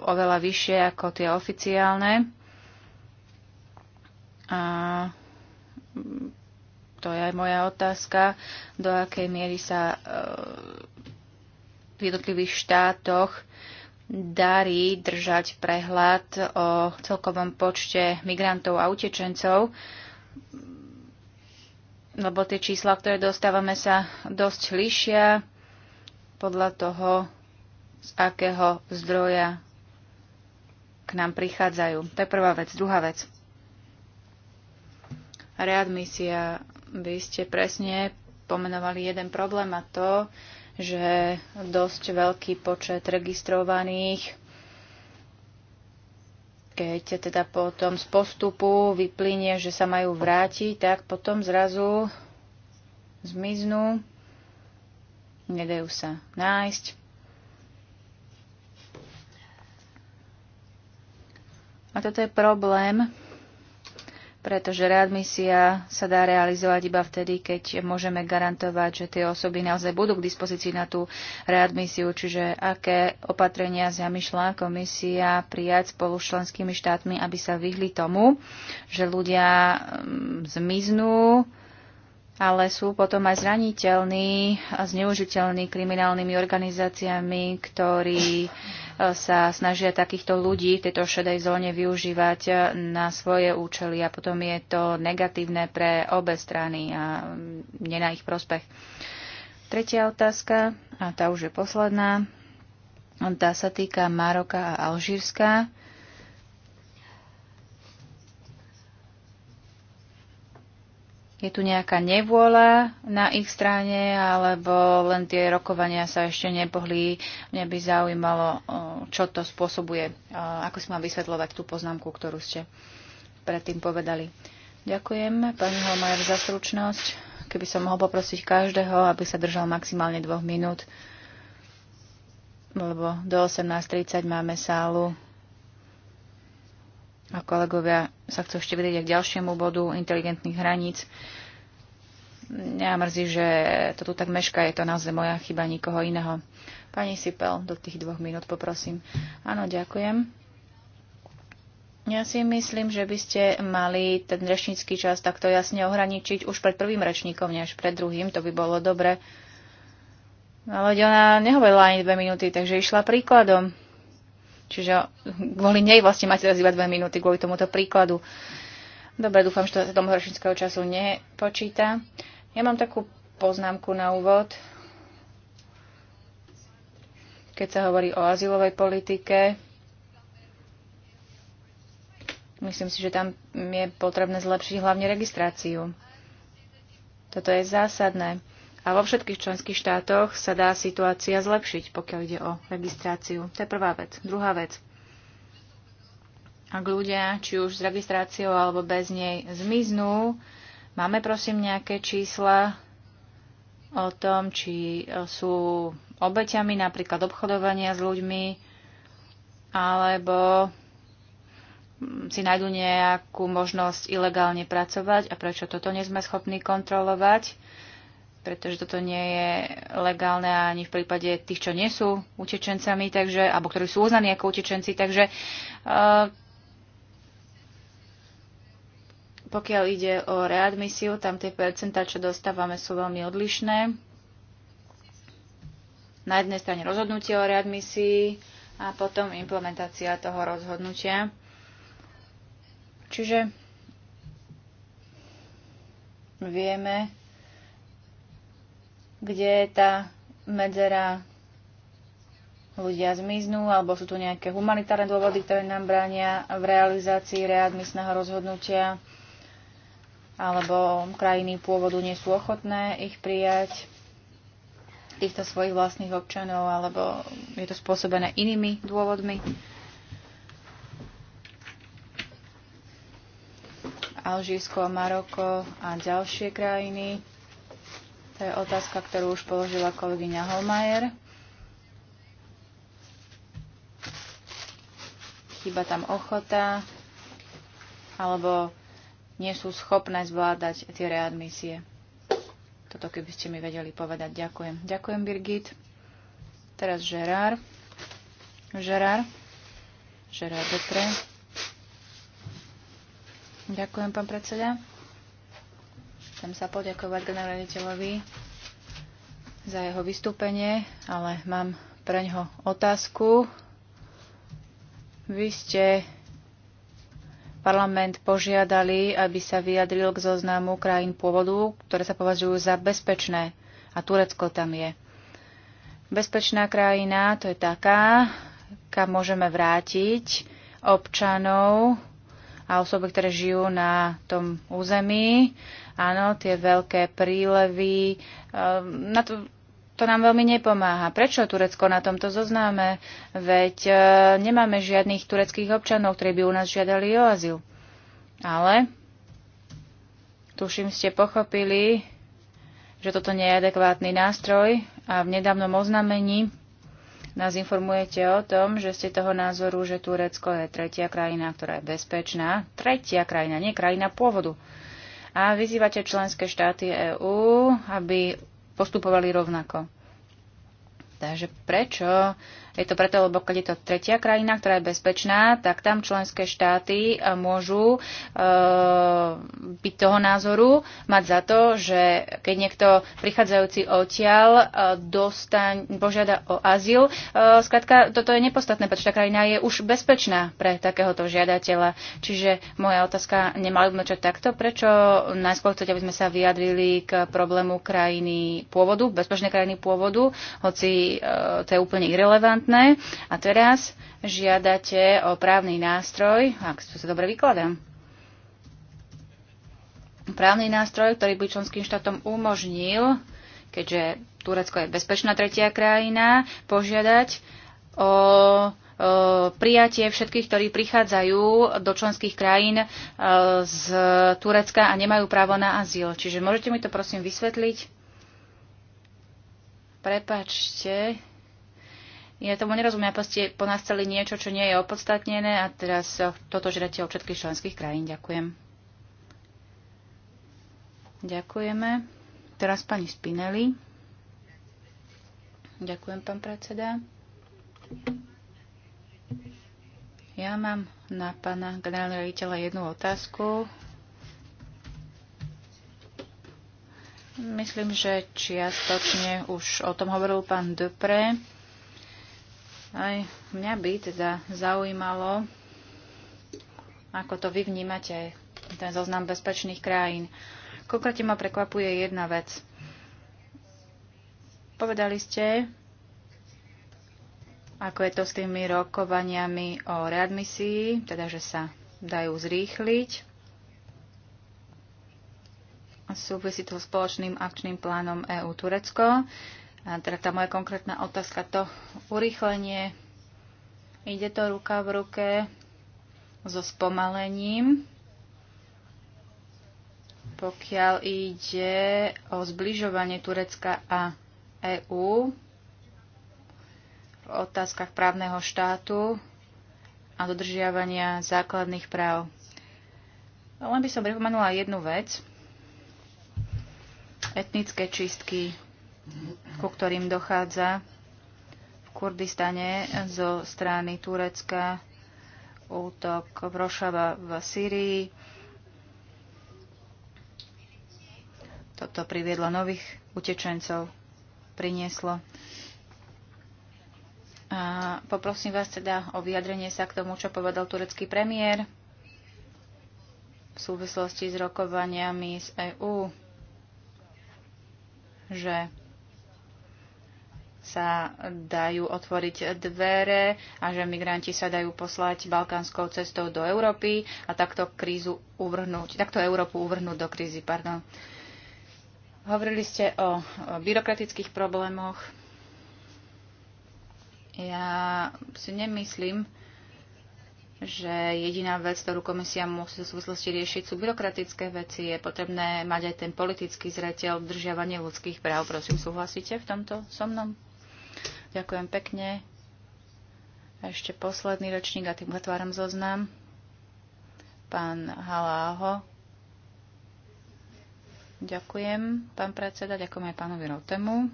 oveľa vyššie ako tie oficiálne. A to je aj moja otázka, do akej miery sa e, v jednotlivých štátoch darí držať prehľad o celkovom počte migrantov a utečencov, lebo tie čísla, ktoré dostávame, sa dosť lišia podľa toho, z akého zdroja k nám prichádzajú. To je prvá vec. Druhá vec readmisia. Vy ste presne pomenovali jeden problém a to, že dosť veľký počet registrovaných, keď teda potom z postupu vyplynie, že sa majú vrátiť, tak potom zrazu zmiznú, nedajú sa nájsť. A toto je problém, pretože readmisia sa dá realizovať iba vtedy, keď môžeme garantovať, že tie osoby naozaj budú k dispozícii na tú readmisiu, čiže aké opatrenia zamýšľa komisia prijať spolu s členskými štátmi, aby sa vyhli tomu, že ľudia mm, zmiznú, ale sú potom aj zraniteľní a zneužiteľní kriminálnymi organizáciami, ktorí e, sa snažia takýchto ľudí v tejto šedej zóne využívať e, na svoje účely a potom je to negatívne pre obe strany a mm, nie na ich prospech. Tretia otázka, a tá už je posledná, tá sa týka Maroka a Alžírska. Je tu nejaká nevôľa na ich strane, alebo len tie rokovania sa ešte nepohli? Mňa by zaujímalo, čo to spôsobuje. Ako si mám vysvetľovať tú poznámku, ktorú ste predtým povedali. Ďakujem, pani Holmajer, za stručnosť. Keby som mohol poprosiť každého, aby sa držal maximálne dvoch minút, lebo do 18.30 máme sálu a kolegovia sa chcú ešte vedieť k ďalšiemu bodu inteligentných hraníc. Mňa mrzí, že to tu tak meška, je to naozaj moja chyba nikoho iného. Pani Sipel, do tých dvoch minút poprosím. Áno, ďakujem. Ja si myslím, že by ste mali ten rečnícky čas takto jasne ohraničiť už pred prvým rečníkom, než pred druhým, to by bolo dobre. Ale ona nehovorila ani dve minúty, takže išla príkladom. Čiže kvôli nej vlastne máte teraz iba dve minúty kvôli tomuto príkladu. Dobre, dúfam, že to sa tomu ročníckého času nepočíta. Ja mám takú poznámku na úvod. Keď sa hovorí o azylovej politike, myslím si, že tam je potrebné zlepšiť hlavne registráciu. Toto je zásadné. A vo všetkých členských štátoch sa dá situácia zlepšiť, pokiaľ ide o registráciu. To je prvá vec. Druhá vec. Ak ľudia, či už s registráciou alebo bez nej, zmiznú, máme prosím nejaké čísla o tom, či e, sú obeťami napríklad obchodovania s ľuďmi, alebo mm, si nájdu nejakú možnosť ilegálne pracovať a prečo toto nie sme schopní kontrolovať pretože toto nie je legálne ani v prípade tých, čo nie sú utečencami, takže, alebo ktorí sú uznaní ako utečenci, takže uh, pokiaľ ide o readmisiu, tam tie percentá, čo dostávame, sú veľmi odlišné. Na jednej strane rozhodnutie o readmisii a potom implementácia toho rozhodnutia. Čiže vieme, kde tá medzera ľudia zmiznú, alebo sú tu nejaké humanitárne dôvody, ktoré nám bránia v realizácii readmisného rozhodnutia, alebo krajiny pôvodu nie sú ochotné ich prijať týchto svojich vlastných občanov, alebo je to spôsobené inými dôvodmi. Alžírsko, Maroko a ďalšie krajiny to je otázka, ktorú už položila kolegyňa Holmajer. Chyba tam ochota, alebo nie sú schopné zvládať tie readmisie. Toto keby ste mi vedeli povedať. Ďakujem. Ďakujem, Birgit. Teraz Žerár. Žerár. Žerár Dotre. Ďakujem, pán predseda. Chcem sa poďakovať generaliteľovi za jeho vystúpenie, ale mám pre ňoho otázku. Vy ste parlament požiadali, aby sa vyjadril k zoznamu krajín pôvodu, ktoré sa považujú za bezpečné. A Turecko tam je. Bezpečná krajina to je taká, kam môžeme vrátiť občanov, a osoby, ktoré žijú na tom území. Áno, tie veľké prílevy, ehm, na to, to nám veľmi nepomáha. Prečo Turecko na tomto zoznáme? Veď e, nemáme žiadnych tureckých občanov, ktorí by u nás žiadali o azyl. Ale tuším ste pochopili, že toto nie je adekvátny nástroj a v nedávnom oznamení nás informujete o tom, že ste toho názoru, že Turecko je tretia krajina, ktorá je bezpečná. Tretia krajina, nie krajina pôvodu. A vyzývate členské štáty EÚ, aby postupovali rovnako. Takže prečo je to preto, lebo keď je to tretia krajina, ktorá je bezpečná, tak tam členské štáty e, môžu e, byť toho názoru, mať za to, že keď niekto prichádzajúci odtiaľ e, dostaň, požiada o azyl, e, skrátka toto je nepostatné, pretože tá krajina je už bezpečná pre takéhoto žiadateľa. Čiže moja otázka, nemali by sme čo takto? Prečo najskôr chcete, aby sme sa vyjadrili k problému krajiny pôvodu, bezpečnej krajiny pôvodu, hoci e, to je úplne irrelevant, relevantné. A teraz žiadate o právny nástroj, ak to sa dobre vykladám, právny nástroj, ktorý by členským štátom umožnil, keďže Turecko je bezpečná tretia krajina, požiadať o prijatie všetkých, ktorí prichádzajú do členských krajín e, z Turecka a nemajú právo na azyl. Čiže môžete mi to prosím vysvetliť? Prepačte. Ja tomu nerozumiem, ako po nás niečo, čo nie je opodstatnené a teraz eh, toto žiadate od všetkých členských krajín. Ďakujem. Ďakujeme. Teraz pani Spinelli. Ďakujem, pán predseda. Ja mám na pána generálneho riaditeľa jednu otázku. Myslím, že čiastočne už o tom hovoril pán Dupre. Aj mňa by teda zaujímalo, ako to vy vnímate, ten zoznam bezpečných krajín. Konkrétne ma prekvapuje jedna vec. Povedali ste, ako je to s tými rokovaniami o readmisii, teda že sa dajú zrýchliť. A Súvisí to spoločným akčným plánom EU Turecko teda tá moja konkrétna otázka, to urýchlenie, ide to ruka v ruke so spomalením, pokiaľ ide o zbližovanie Turecka a EÚ v otázkach právneho štátu a dodržiavania základných práv. Len by som pripomenula jednu vec. Etnické čistky ku ktorým dochádza v Kurdistane zo strany Turecka, útok v Rošava v Syrii. Toto priviedlo nových utečencov, prinieslo. A poprosím vás teda o vyjadrenie sa k tomu, čo povedal turecký premiér v súvislosti s rokovaniami z EÚ, že sa dajú otvoriť dvere a že migranti sa dajú poslať balkánskou cestou do Európy a takto, krízu uvrhnúť, takto Európu uvrhnúť do krízy. Pardon. Hovorili ste o, o byrokratických problémoch. Ja si nemyslím, že jediná vec, ktorú komisia musí v súvislosti riešiť, sú byrokratické veci. Je potrebné mať aj ten politický zreteľ, držiavanie ľudských práv. Prosím, súhlasíte v tomto so mnou? Ďakujem pekne. A ešte posledný ročník a tým otváram zoznam. Pán Haláho. Ďakujem, pán predseda, ďakujem aj pánovi Rotemu.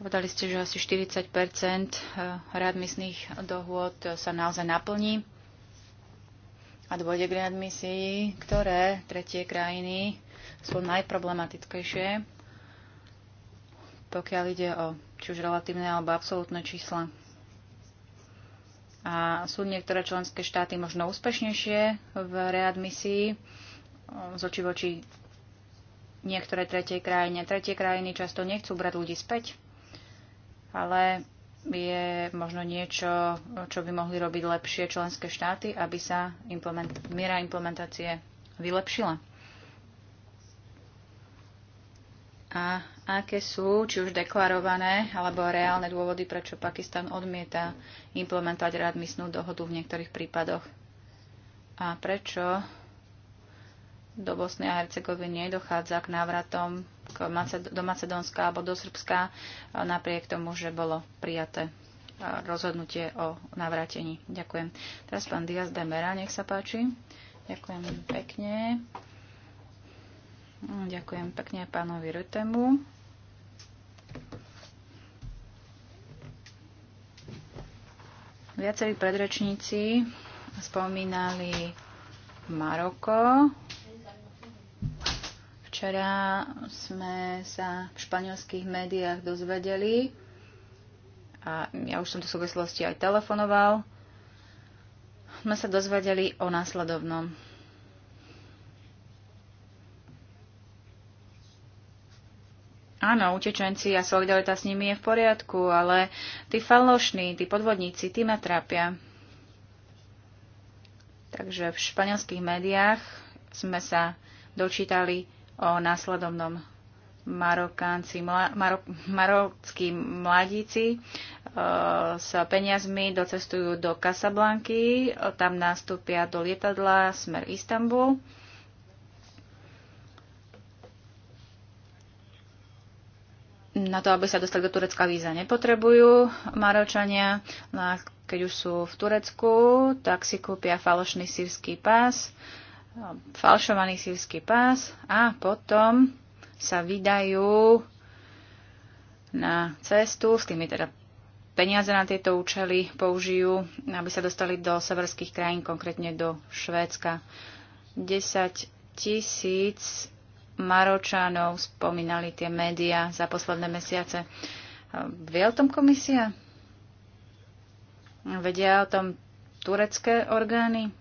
Povedali ste, že asi 40 eh, readmisných dohôd eh, sa naozaj naplní a dôjde k readmisii, ktoré tretie krajiny sú najproblematickejšie pokiaľ ide o či už relatívne alebo absolútne čísla. A sú niektoré členské štáty možno úspešnejšie v readmisii eh, z oči voči niektoré tretej krajine. Tretie krajiny často nechcú brať ľudí späť, ale je možno niečo, čo by mohli robiť lepšie členské štáty, aby sa implement- miera implementácie vylepšila. a aké sú, či už deklarované alebo reálne dôvody, prečo Pakistan odmieta implementovať readmisnú dohodu v niektorých prípadoch a prečo do Bosny a Hercegoviny nedochádza k návratom k Maced- do Macedónska alebo do Srbska napriek tomu, že bolo prijaté rozhodnutie o navrátení. Ďakujem. Teraz pán Diaz Demera, nech sa páči. Ďakujem pekne. Hm, ďakujem pekne pánovi Rötemu. Viacerí predrečníci spomínali Maroko. Včera sme sa v španielských médiách dozvedeli, a ja už som tu súvislosti aj telefonoval, sme sa dozvedeli o následovnom. Áno, utečenci a solidarita s nimi je v poriadku, ale tí falošní, tí podvodníci, tí ma trápia. Takže v španielských médiách sme sa dočítali o následovnom Marokánci, mla, Marok, marockí mladíci e, s peniazmi docestujú do Casablanky, tam nastúpia do lietadla smer Istanbul na to, aby sa dostali do Turecka víza nepotrebujú. Maročania, no keď už sú v Turecku, tak si kúpia falošný sírsky pás, falšovaný sírsky pás a potom sa vydajú na cestu, s tými teda peniaze na tieto účely použijú, aby sa dostali do severských krajín, konkrétne do Švédska. 10 tisíc Maročanov, spomínali tie médiá za posledné mesiace. Vie o tom komisia? Vedia o tom turecké orgány?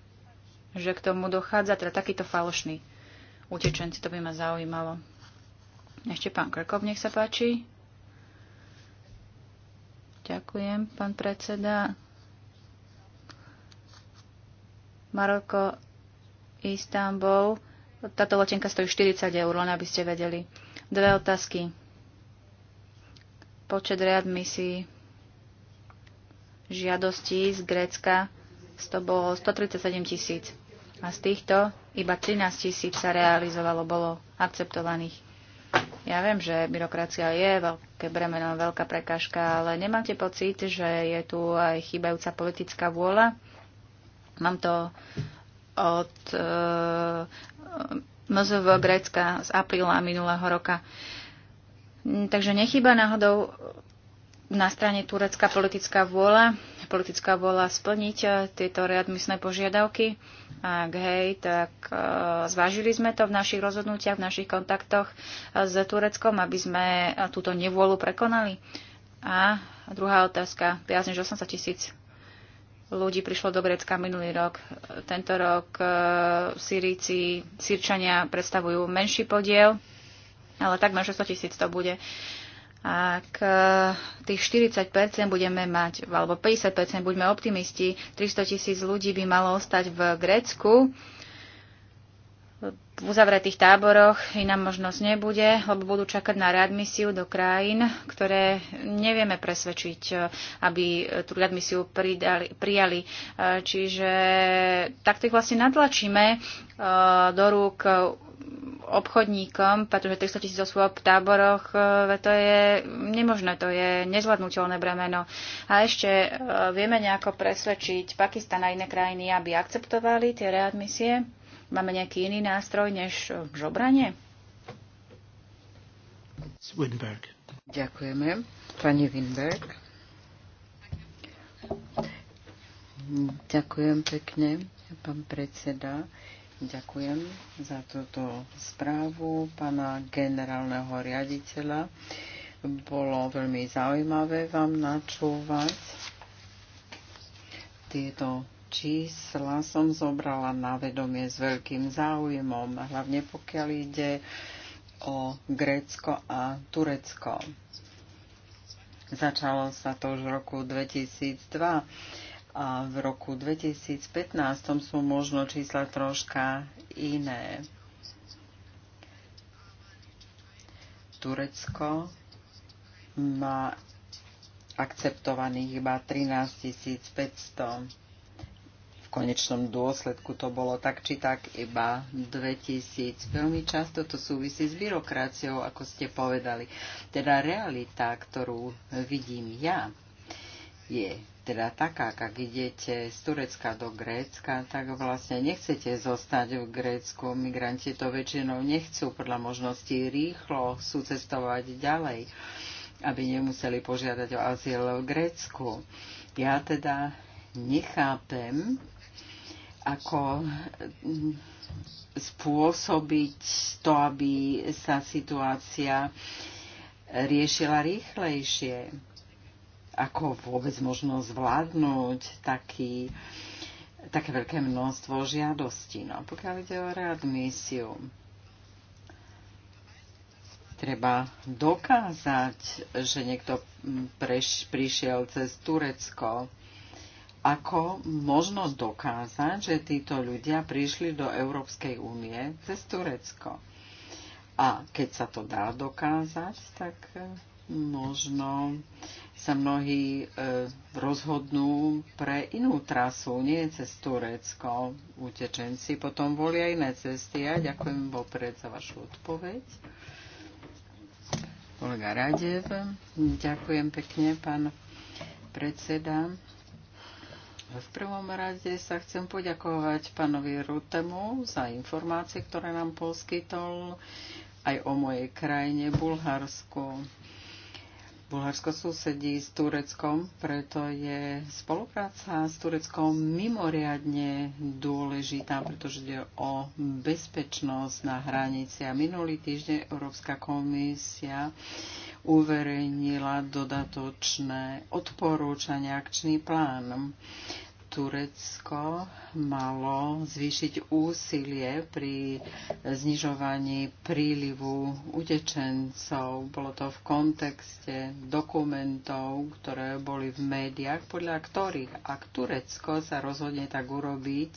Že k tomu dochádza teda takýto falošný utečenci, to by ma zaujímalo. Ešte pán Krkov, nech sa páči. Ďakujem, pán predseda. Maroko, Istanbul táto letenka stojí 40 eur, len aby ste vedeli. Dve otázky. Počet readmisí žiadostí z Grécka to bolo 137 tisíc. A z týchto iba 13 tisíc sa realizovalo, bolo akceptovaných. Ja viem, že byrokracia je veľké bremeno, veľká prekážka, ale nemáte pocit, že je tu aj chýbajúca politická vôľa? Mám to od eh, MZV Grécka z apríla minulého roka. Takže nechýba náhodou na strane turecká politická vôľa, politická vôľa splniť eh, tieto readmisné požiadavky. Ak hej, tak eh, zvážili sme to v našich rozhodnutiach, v našich kontaktoch s Tureckom, aby sme túto nevôľu prekonali. A druhá otázka, viac než 800 tisíc ľudí prišlo do Grécka minulý rok. Tento rok e, Syríci, predstavujú menší podiel, ale takmer 600 tisíc to bude. Ak e, tých 40% budeme mať, alebo 50%, buďme optimisti, 300 tisíc ľudí by malo ostať v Grécku, v uzavretých táboroch iná možnosť nebude, lebo budú čakať na readmisiu do krajín, ktoré nevieme presvedčiť, e, aby e, tú readmisiu pridali, prijali. E, čiže takto ich vlastne natlačíme do rúk obchodníkom, pretože 300 tisíc osôb v táboroch, to je nemožné, to je nezvládnutelné bremeno. A ešte vieme nejako presvedčiť Pakistan a iné krajiny, aby akceptovali tie readmisie? Máme nejaký iný nástroj než eh, žobranie? Winberg. Ďakujeme. Pani Winberg. Ďakujem pekne, pán predseda. Ďakujem za túto správu pána generálneho riaditeľa. Bolo veľmi zaujímavé vám načúvať tieto čísla som zobrala na vedomie s veľkým záujmom, hlavne pokiaľ ide o Grécko a Turecko. Začalo sa to už v roku 2002 a v roku 2015 sú možno čísla troška iné. Turecko má akceptovaných iba 13 500 v konečnom dôsledku to bolo tak či tak iba 2000. Veľmi často to súvisí s byrokraciou, ako ste povedali. Teda realita, ktorú vidím ja, je teda taká, ak idete z Turecka do Grécka, tak vlastne nechcete zostať v Grécku. Migranti to väčšinou nechcú, podľa možností rýchlo súcestovať cestovať ďalej, aby nemuseli požiadať o azyl v Grécku. Ja teda nechápem, ako mm, spôsobiť to, aby sa situácia riešila rýchlejšie, ako vôbec možno zvládnuť taký, také veľké množstvo žiadostí. No pokiaľ ide o readmisiu, treba dokázať, že niekto preš, prišiel cez Turecko ako možno dokázať, že títo ľudia prišli do Európskej únie cez Turecko. A keď sa to dá dokázať, tak e, možno sa mnohí e, rozhodnú pre inú trasu, nie cez Turecko. Utečenci potom volia iné cesty. Ja ďakujem vopred za vašu odpoveď. Kolega Radev, ďakujem pekne, pán predseda. V prvom rade sa chcem poďakovať pánovi Rutemu za informácie, ktoré nám poskytol aj o mojej krajine Bulharsku. Bulharsko susedí s Tureckom, preto je spolupráca s Tureckom mimoriadne dôležitá, pretože ide o bezpečnosť na hranici. A minulý týždeň Európska komisia uverejnila dodatočné odporúčania akčný plán. Turecko malo zvýšiť úsilie pri znižovaní prílivu utečencov. Bolo to v kontexte dokumentov, ktoré boli v médiách, podľa ktorých, ak Turecko sa rozhodne tak urobiť,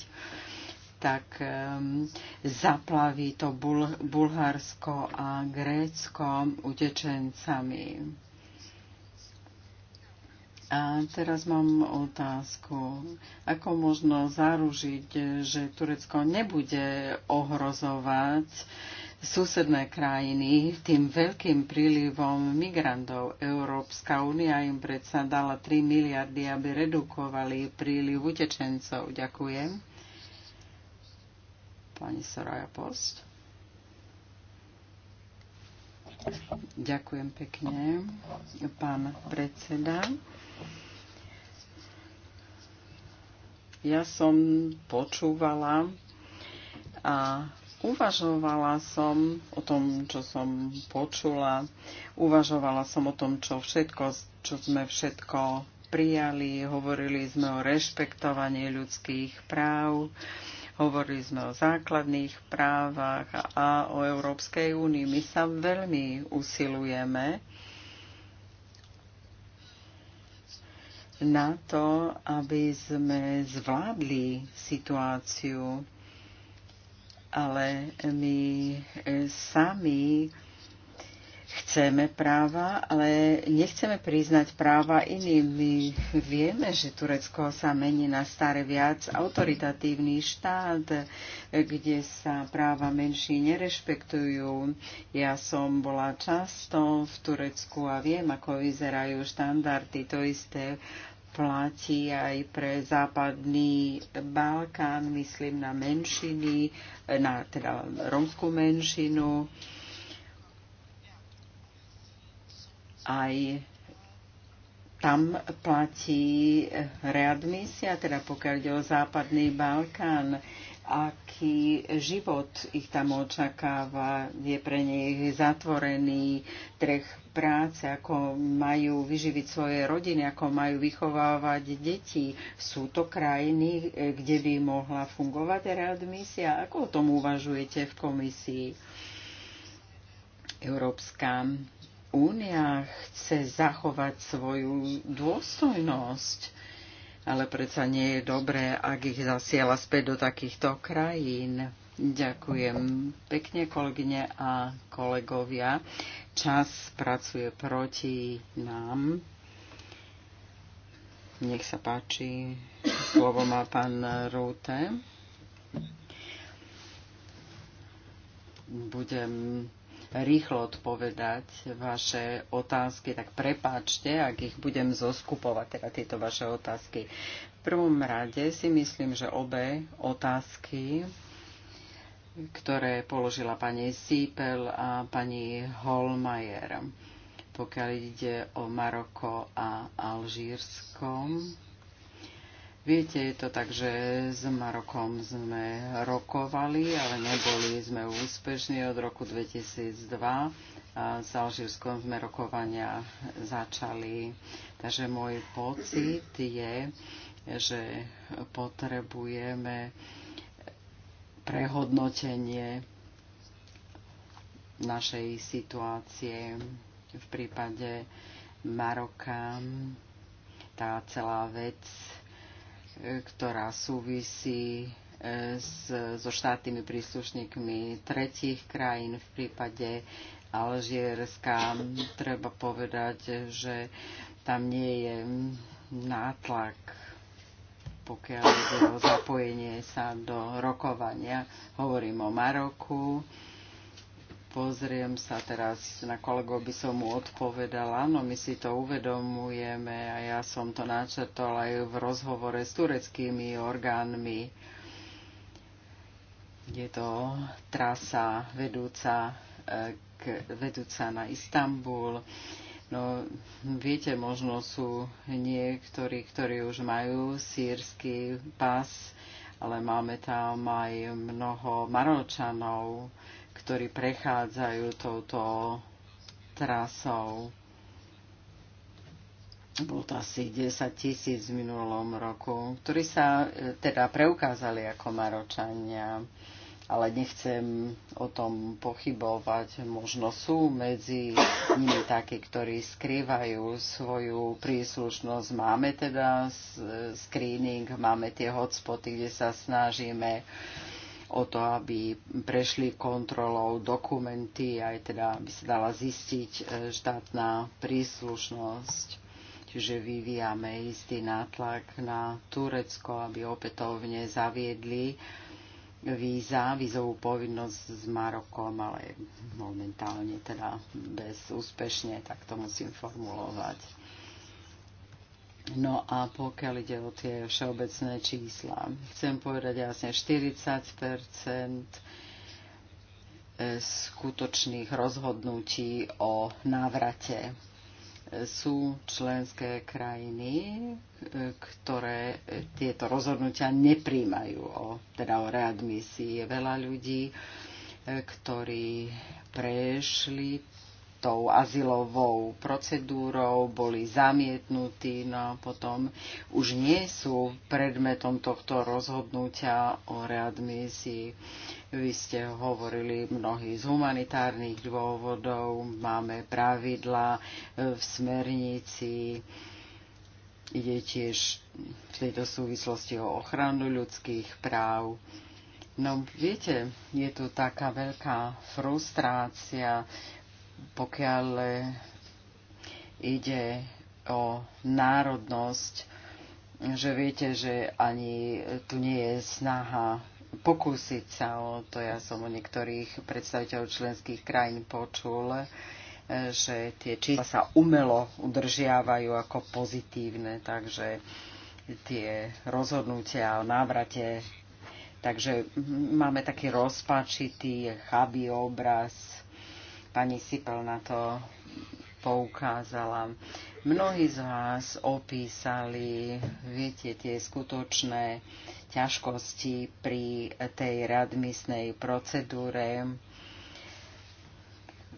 tak um, zaplaví to Bul- Bulharsko a Grécko utečencami a teraz mám otázku, ako možno zaružiť, že Turecko nebude ohrozovať susedné krajiny tým veľkým prílivom migrantov. Európska únia im predsa dala 3 miliardy, aby redukovali príliv utečencov. Ďakujem. Pani Soraya Post. Ďakujem pekne, pán predseda. Ja som počúvala a uvažovala som o tom, čo som počula, uvažovala som o tom, čo všetko, čo sme všetko prijali, hovorili sme o rešpektovaní ľudských práv, Hovorili sme o základných právach a o Európskej únii. My sa veľmi usilujeme na to, aby sme zvládli situáciu, ale my e, sami chceme práva, ale nechceme priznať práva iným. My vieme, že Turecko sa mení na staré viac autoritatívny štát, kde sa práva menší nerešpektujú. Ja som bola často v Turecku a viem, ako vyzerajú štandardy. To isté platí aj pre západný Balkán, myslím na menšiny, na teda romskú menšinu, aj tam platí readmisia, teda pokiaľ ide o západný Balkán aký život ich tam očakáva, je pre nich zatvorený trh práce, ako majú vyživiť svoje rodiny, ako majú vychovávať deti. Sú to krajiny, kde by mohla fungovať readmisia? Ako o tom uvažujete v komisii? Európska únia chce zachovať svoju dôstojnosť ale predsa nie je dobré, ak ich zasiela späť do takýchto krajín. Ďakujem pekne, kolegyne a kolegovia. Čas pracuje proti nám. Nech sa páči, slovo má pán Rúte. Budem rýchlo odpovedať vaše otázky, tak prepáčte, ak ich budem zoskupovať, teda tieto vaše otázky. V prvom rade si myslím, že obe otázky ktoré položila pani Sípel a pani Holmajer. Pokiaľ ide o Maroko a Alžírsko, Viete, je to tak, že s Marokom sme rokovali, ale neboli sme úspešní od roku 2002. A s Alžírskom sme rokovania začali. Takže môj pocit je, že potrebujeme prehodnotenie našej situácie v prípade Maroka. Tá celá vec ktorá súvisí e, s, so štátnymi príslušníkmi tretích krajín v prípade Alžierska. Treba povedať, že tam nie je nátlak, pokiaľ ide o zapojenie sa do rokovania. Hovorím o Maroku. Pozriem sa teraz na kolegov, by som mu odpovedala. Áno, my si to uvedomujeme a ja som to načrtol aj v rozhovore s tureckými orgánmi. Je to trasa vedúca, eh, k, vedúca na Istanbul. No, viete, možno sú niektorí, ktorí už majú sírsky pas, ale máme tam aj mnoho Maročanov, ktorí prechádzajú touto trasou. Bolo to asi 10 tisíc v minulom roku, ktorí sa e, teda preukázali ako Maročania ale nechcem o tom pochybovať. Možno sú medzi nimi takí, ktorí skrývajú svoju príslušnosť. Máme teda screening, máme tie hotspoty, kde sa snažíme o to, aby prešli kontrolou dokumenty, aj teda by sa dala zistiť e, štátna príslušnosť. Čiže vyvíjame istý nátlak na Turecko, aby opätovne zaviedli víza, vízovú povinnosť s Marokom, ale momentálne teda bezúspešne, tak to musím formulovať. No a pokiaľ ide o tie všeobecné čísla, chcem povedať jasne 40 skutočných rozhodnutí o návrate sú členské krajiny, e, ktoré tieto rozhodnutia nepríjmajú o, teda o readmisii. Je veľa ľudí, e, ktorí prešli tou azylovou procedúrou, boli zamietnutí, no a potom už nie sú predmetom tohto rozhodnutia o readmisii. Vy ste hovorili mnohí z humanitárnych dôvodov, máme pravidla v smernici, ide tiež v tejto súvislosti o ochranu ľudských práv. No viete, je tu taká veľká frustrácia pokiaľ e, ide o národnosť, že viete, že ani tu nie je snaha pokúsiť sa o to. Ja som u niektorých predstaviteľov členských krajín počul, e, že tie čísla sa umelo udržiavajú ako pozitívne, takže tie rozhodnutia o návrate. Takže máme taký rozpačitý, chabý obraz Pani Sipel na to poukázala. Mnohí z vás opísali, viete, tie skutočné ťažkosti pri tej radmisnej procedúre.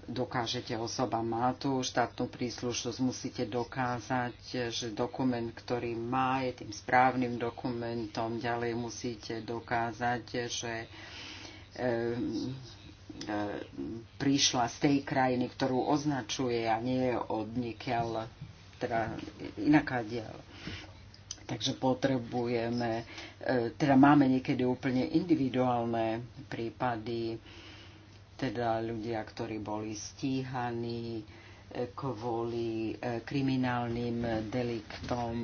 Dokážete, osoba má tú štátnu príslušnosť, musíte dokázať, že dokument, ktorý má, je tým správnym dokumentom. Ďalej musíte dokázať, že e, E, prišla z tej krajiny, ktorú označuje a nie je od nikiaľ, teda diel. Takže potrebujeme, e, teda máme niekedy úplne individuálne prípady, teda ľudia, ktorí boli stíhaní e, kvôli kriminálnym deliktom,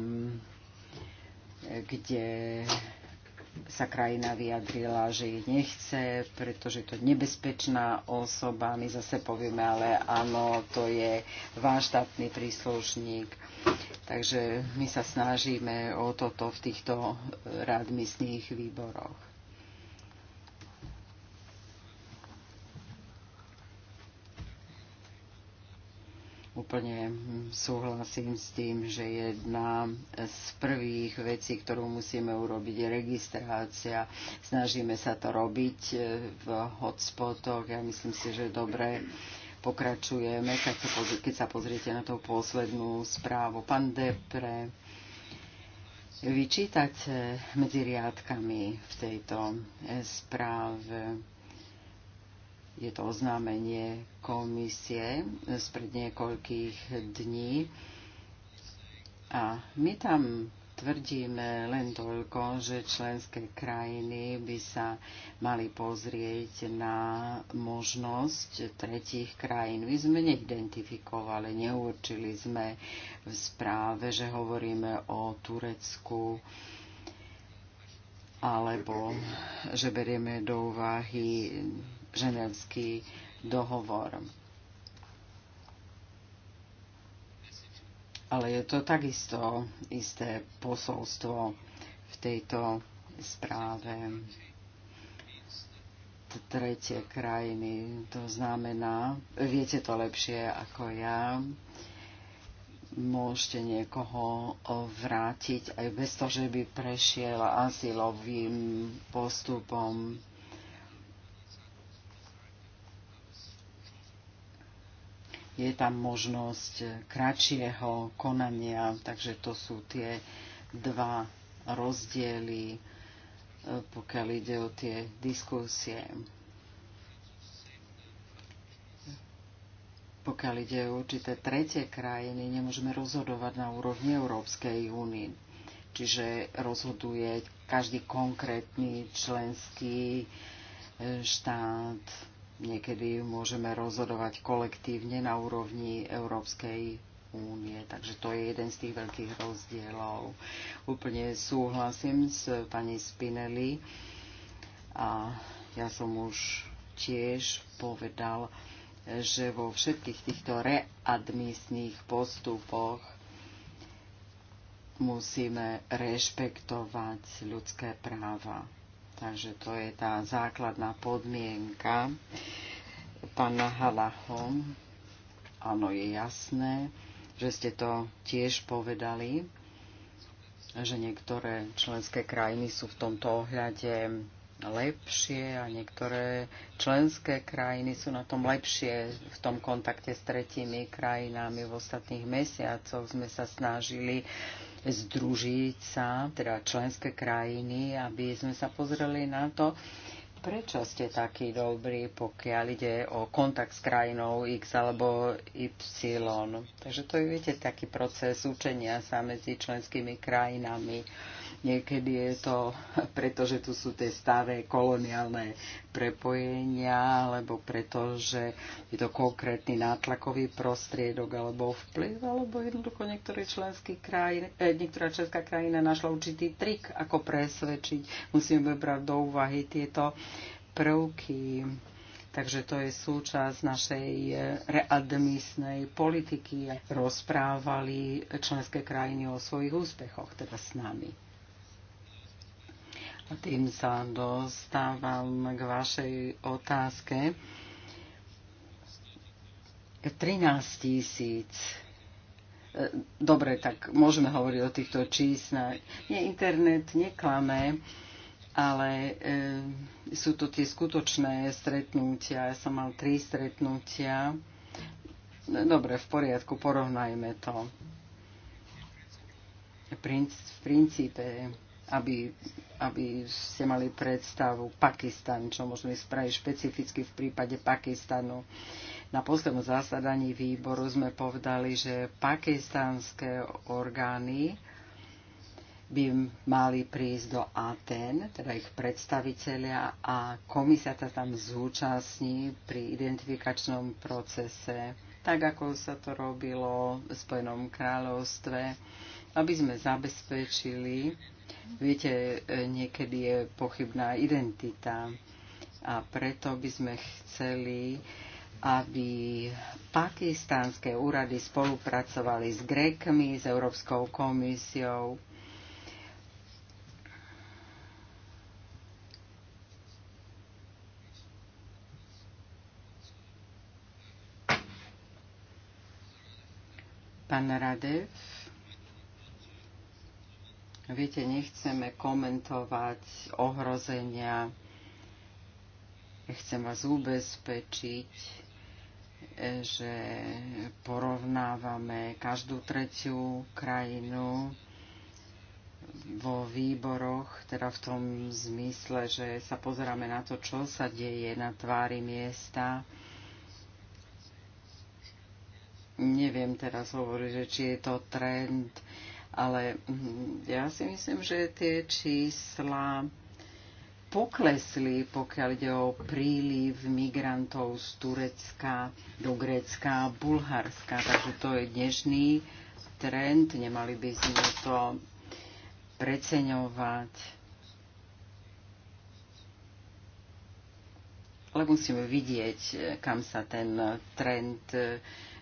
kde sa krajina vyjadrila, že ich nechce, pretože to je nebezpečná osoba. My zase povieme, ale áno, to je váš štátny príslušník. Takže my sa snažíme o toto v týchto e, radmyslných výboroch. Úplne súhlasím s tým, že jedna z prvých vecí, ktorú musíme urobiť, je registrácia. Snažíme sa to robiť e, v hotspotoch. Ja myslím si, že dobre pokračujeme, keď sa, pozriete na tú poslednú správu. Pán Depre, vyčítať medzi riadkami v tejto e, správe je to oznámenie komisie spred niekoľkých dní. A my tam tvrdíme len toľko, že členské krajiny by sa mali pozrieť na možnosť tretich krajín. My sme neidentifikovali, neurčili sme v správe, že hovoríme o Turecku alebo že berieme do úvahy ženevský dohovor. Ale je to takisto isté posolstvo v tejto správe. Tretie krajiny, to znamená, viete to lepšie ako ja, môžete niekoho vrátiť aj bez toho, že by prešiel asilovým postupom je tam možnosť kratšieho konania, takže to sú tie dva rozdiely, e, pokiaľ ide o tie diskusie. Pokiaľ ide o určité tretie krajiny, nemôžeme rozhodovať na úrovni Európskej únie. Čiže rozhoduje každý konkrétny členský e, štát, Niekedy môžeme rozhodovať kolektívne na úrovni Európskej únie. Takže to je jeden z tých veľkých rozdielov. Úplne súhlasím s pani Spinelli a ja som už tiež povedal, že vo všetkých týchto readmisných postupoch musíme rešpektovať ľudské práva Takže to je tá základná podmienka pána Halaho. Áno, je jasné, že ste to tiež povedali, že niektoré členské krajiny sú v tomto ohľade lepšie a niektoré členské krajiny sú na tom lepšie v tom kontakte s tretími krajinami. V ostatných mesiacoch sme sa snažili združiť sa, teda členské krajiny, aby sme sa pozreli na to, prečo ste takí dobrí, pokiaľ ide o kontakt s krajinou X alebo Y. Takže to je, viete, taký proces učenia sa medzi členskými krajinami. Niekedy je to (laughs) preto, že tu sú tie staré koloniálne prepojenia, alebo preto, že je to konkrétny nátlakový prostriedok alebo vplyv, alebo jednoducho niektoré členský kraj, eh, niektorá členská krajina našla určitý trik, ako presvedčiť. Musíme brať do úvahy tieto prvky. Takže to je súčasť našej eh, readmisnej politiky. Rozprávali členské krajiny o svojich úspechoch, teda s nami. Tým sa dostávam k vašej otázke. 13 tisíc. E, dobre, tak môžeme hovoriť o týchto číslach. Nie, internet neklame, ale e, sú to tie skutočné stretnutia. Ja som mal tri stretnutia. No, dobre, v poriadku, porovnajme to. v princípe aby, aby ste mali predstavu Pakistan, čo môžeme spraviť špecificky v prípade Pakistanu. Na poslednom zasadaní výboru sme povedali, že pakistanské orgány by mali prísť do Aten, teda ich predstavitelia a komisia sa tam zúčastní pri identifikačnom procese, tak ako sa to robilo v Spojenom kráľovstve, aby sme zabezpečili, Viete, e, niekedy je pochybná identita a preto by sme chceli, aby pakistánske úrady spolupracovali s Grekmi, s Európskou komisiou, pán Radev. Viete, nechceme komentovať ohrozenia. Chcem vás ubezpečiť, že porovnávame každú tretiu krajinu vo výboroch, teda v tom zmysle, že sa pozeráme na to, čo sa deje na tvári miesta. Neviem teraz hovoriť, že či je to trend, ale mm, ja si myslím, že tie čísla poklesli, pokiaľ ide o príliv migrantov z Turecka do Grécka a Bulharska. Takže to je dnešný trend, nemali by sme to preceňovať. Ale musíme vidieť, kam sa ten trend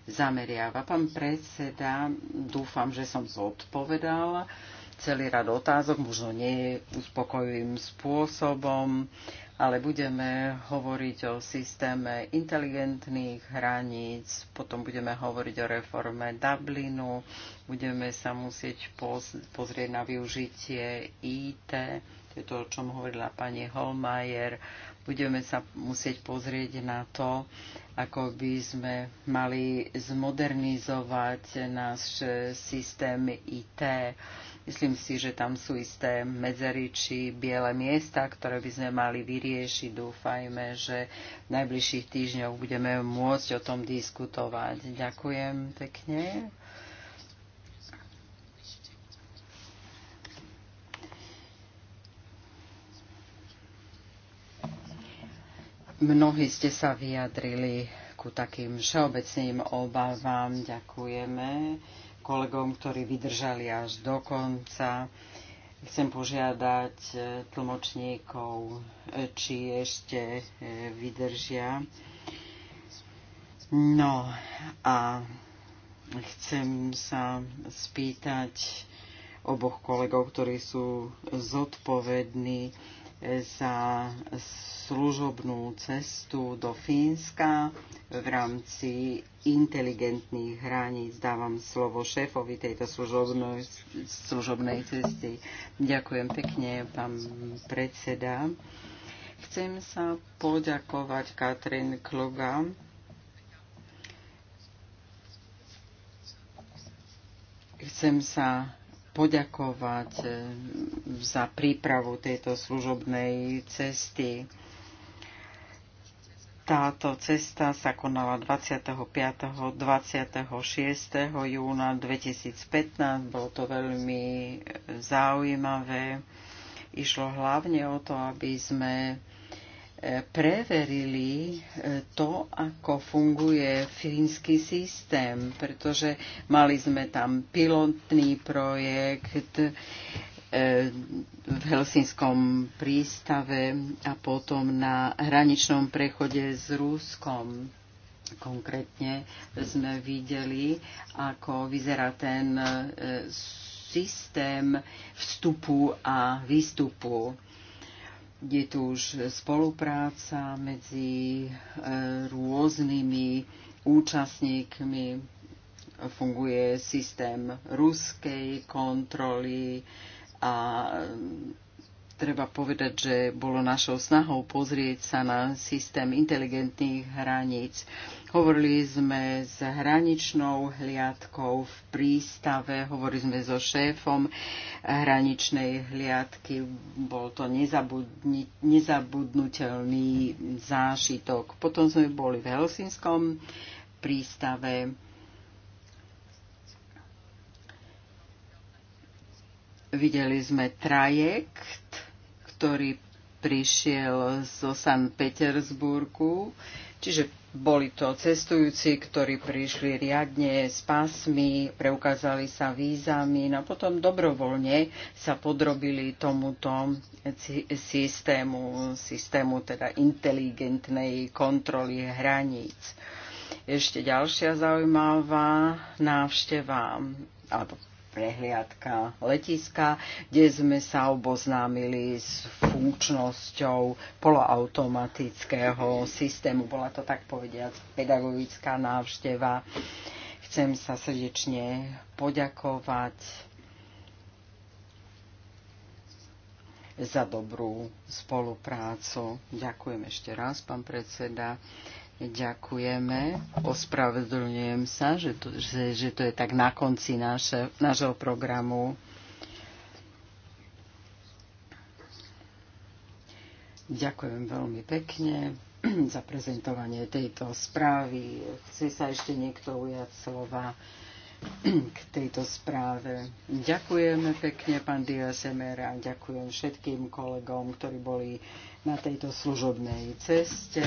zameriava. Pán predseda, dúfam, že som zodpovedal celý rad otázok, možno nie uspokojivým spôsobom, ale budeme hovoriť o systéme inteligentných hraníc, potom budeme hovoriť o reforme Dublinu, budeme sa musieť pozrieť na využitie IT, to je to, o čom hovorila pani Holmajer, Budeme sa musieť pozrieť na to, ako by sme mali zmodernizovať náš systém IT. Myslím si, že tam sú isté medzery či biele miesta, ktoré by sme mali vyriešiť. Dúfajme, že v najbližších týždňoch budeme môcť o tom diskutovať. Ďakujem pekne. Mnohí ste sa vyjadrili ku takým všeobecným obavám. Ďakujeme kolegom, ktorí vydržali až do konca. Chcem požiadať e, tlmočníkov, e, či ešte e, vydržia. No a chcem sa spýtať oboch kolegov, ktorí sú zodpovední za služobnú cestu do Fínska v rámci inteligentných hraníc. Dávam slovo šéfovi tejto služobnej, služobnej cesty. Ďakujem pekne, pán predseda. Chcem sa poďakovať Katrin Kluga Chcem sa poďakovať eh, za prípravu tejto služobnej cesty. Táto cesta sa konala 25. 26. júna 2015. Bolo to veľmi eh, zaujímavé. Išlo hlavne o to, aby sme preverili e, to, ako funguje fínsky systém, pretože mali sme tam pilotný projekt e, v Helsinskom prístave a potom na hraničnom prechode s Ruskom. Konkrétne sme videli, ako vyzerá ten e, systém vstupu a výstupu je tu už spolupráca medzi e, rôznymi účastníkmi, funguje systém ruskej kontroly a e, treba povedať, že bolo našou snahou pozrieť sa na systém inteligentných hraníc. Hovorili sme s hraničnou hliadkou v prístave, hovorili sme so šéfom hraničnej hliadky. Bol to nezabudnutelný zážitok. Potom sme boli v Helsinskom prístave. Videli sme trajekt, ktorý prišiel zo San Petersburgu, čiže boli to cestujúci, ktorí prišli riadne s pásmi, preukázali sa vízami a no potom dobrovoľne sa podrobili tomuto systému, systému teda inteligentnej kontroly hraníc. Ešte ďalšia zaujímavá návšteva alebo prehliadka letiska, kde sme sa oboznámili s funkčnosťou poloautomatického systému. Bola to tak povediať pedagogická návšteva. Chcem sa srdečne poďakovať za dobrú spoluprácu. Ďakujem ešte raz, pán predseda. Ďakujeme. Ospravedlňujem sa, že to, že, že to je tak na konci nášho programu. Ďakujem veľmi pekne za prezentovanie tejto správy. Chce sa ešte niekto ujať slova k tejto správe. Ďakujeme pekne, pán Diasemer, a ďakujem všetkým kolegom, ktorí boli na tejto služobnej ceste.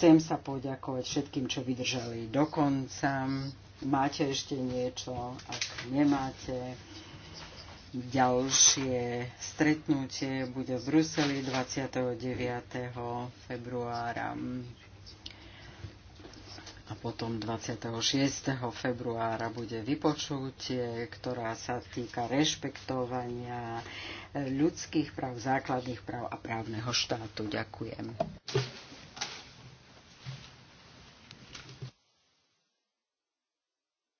Chcem sa poďakovať všetkým, čo vydržali do konca. Máte ešte niečo? Ak nemáte, ďalšie stretnutie bude v Bruseli 29. februára a potom 26. februára bude vypočutie, ktorá sa týka rešpektovania ľudských práv, základných práv a právneho štátu. Ďakujem.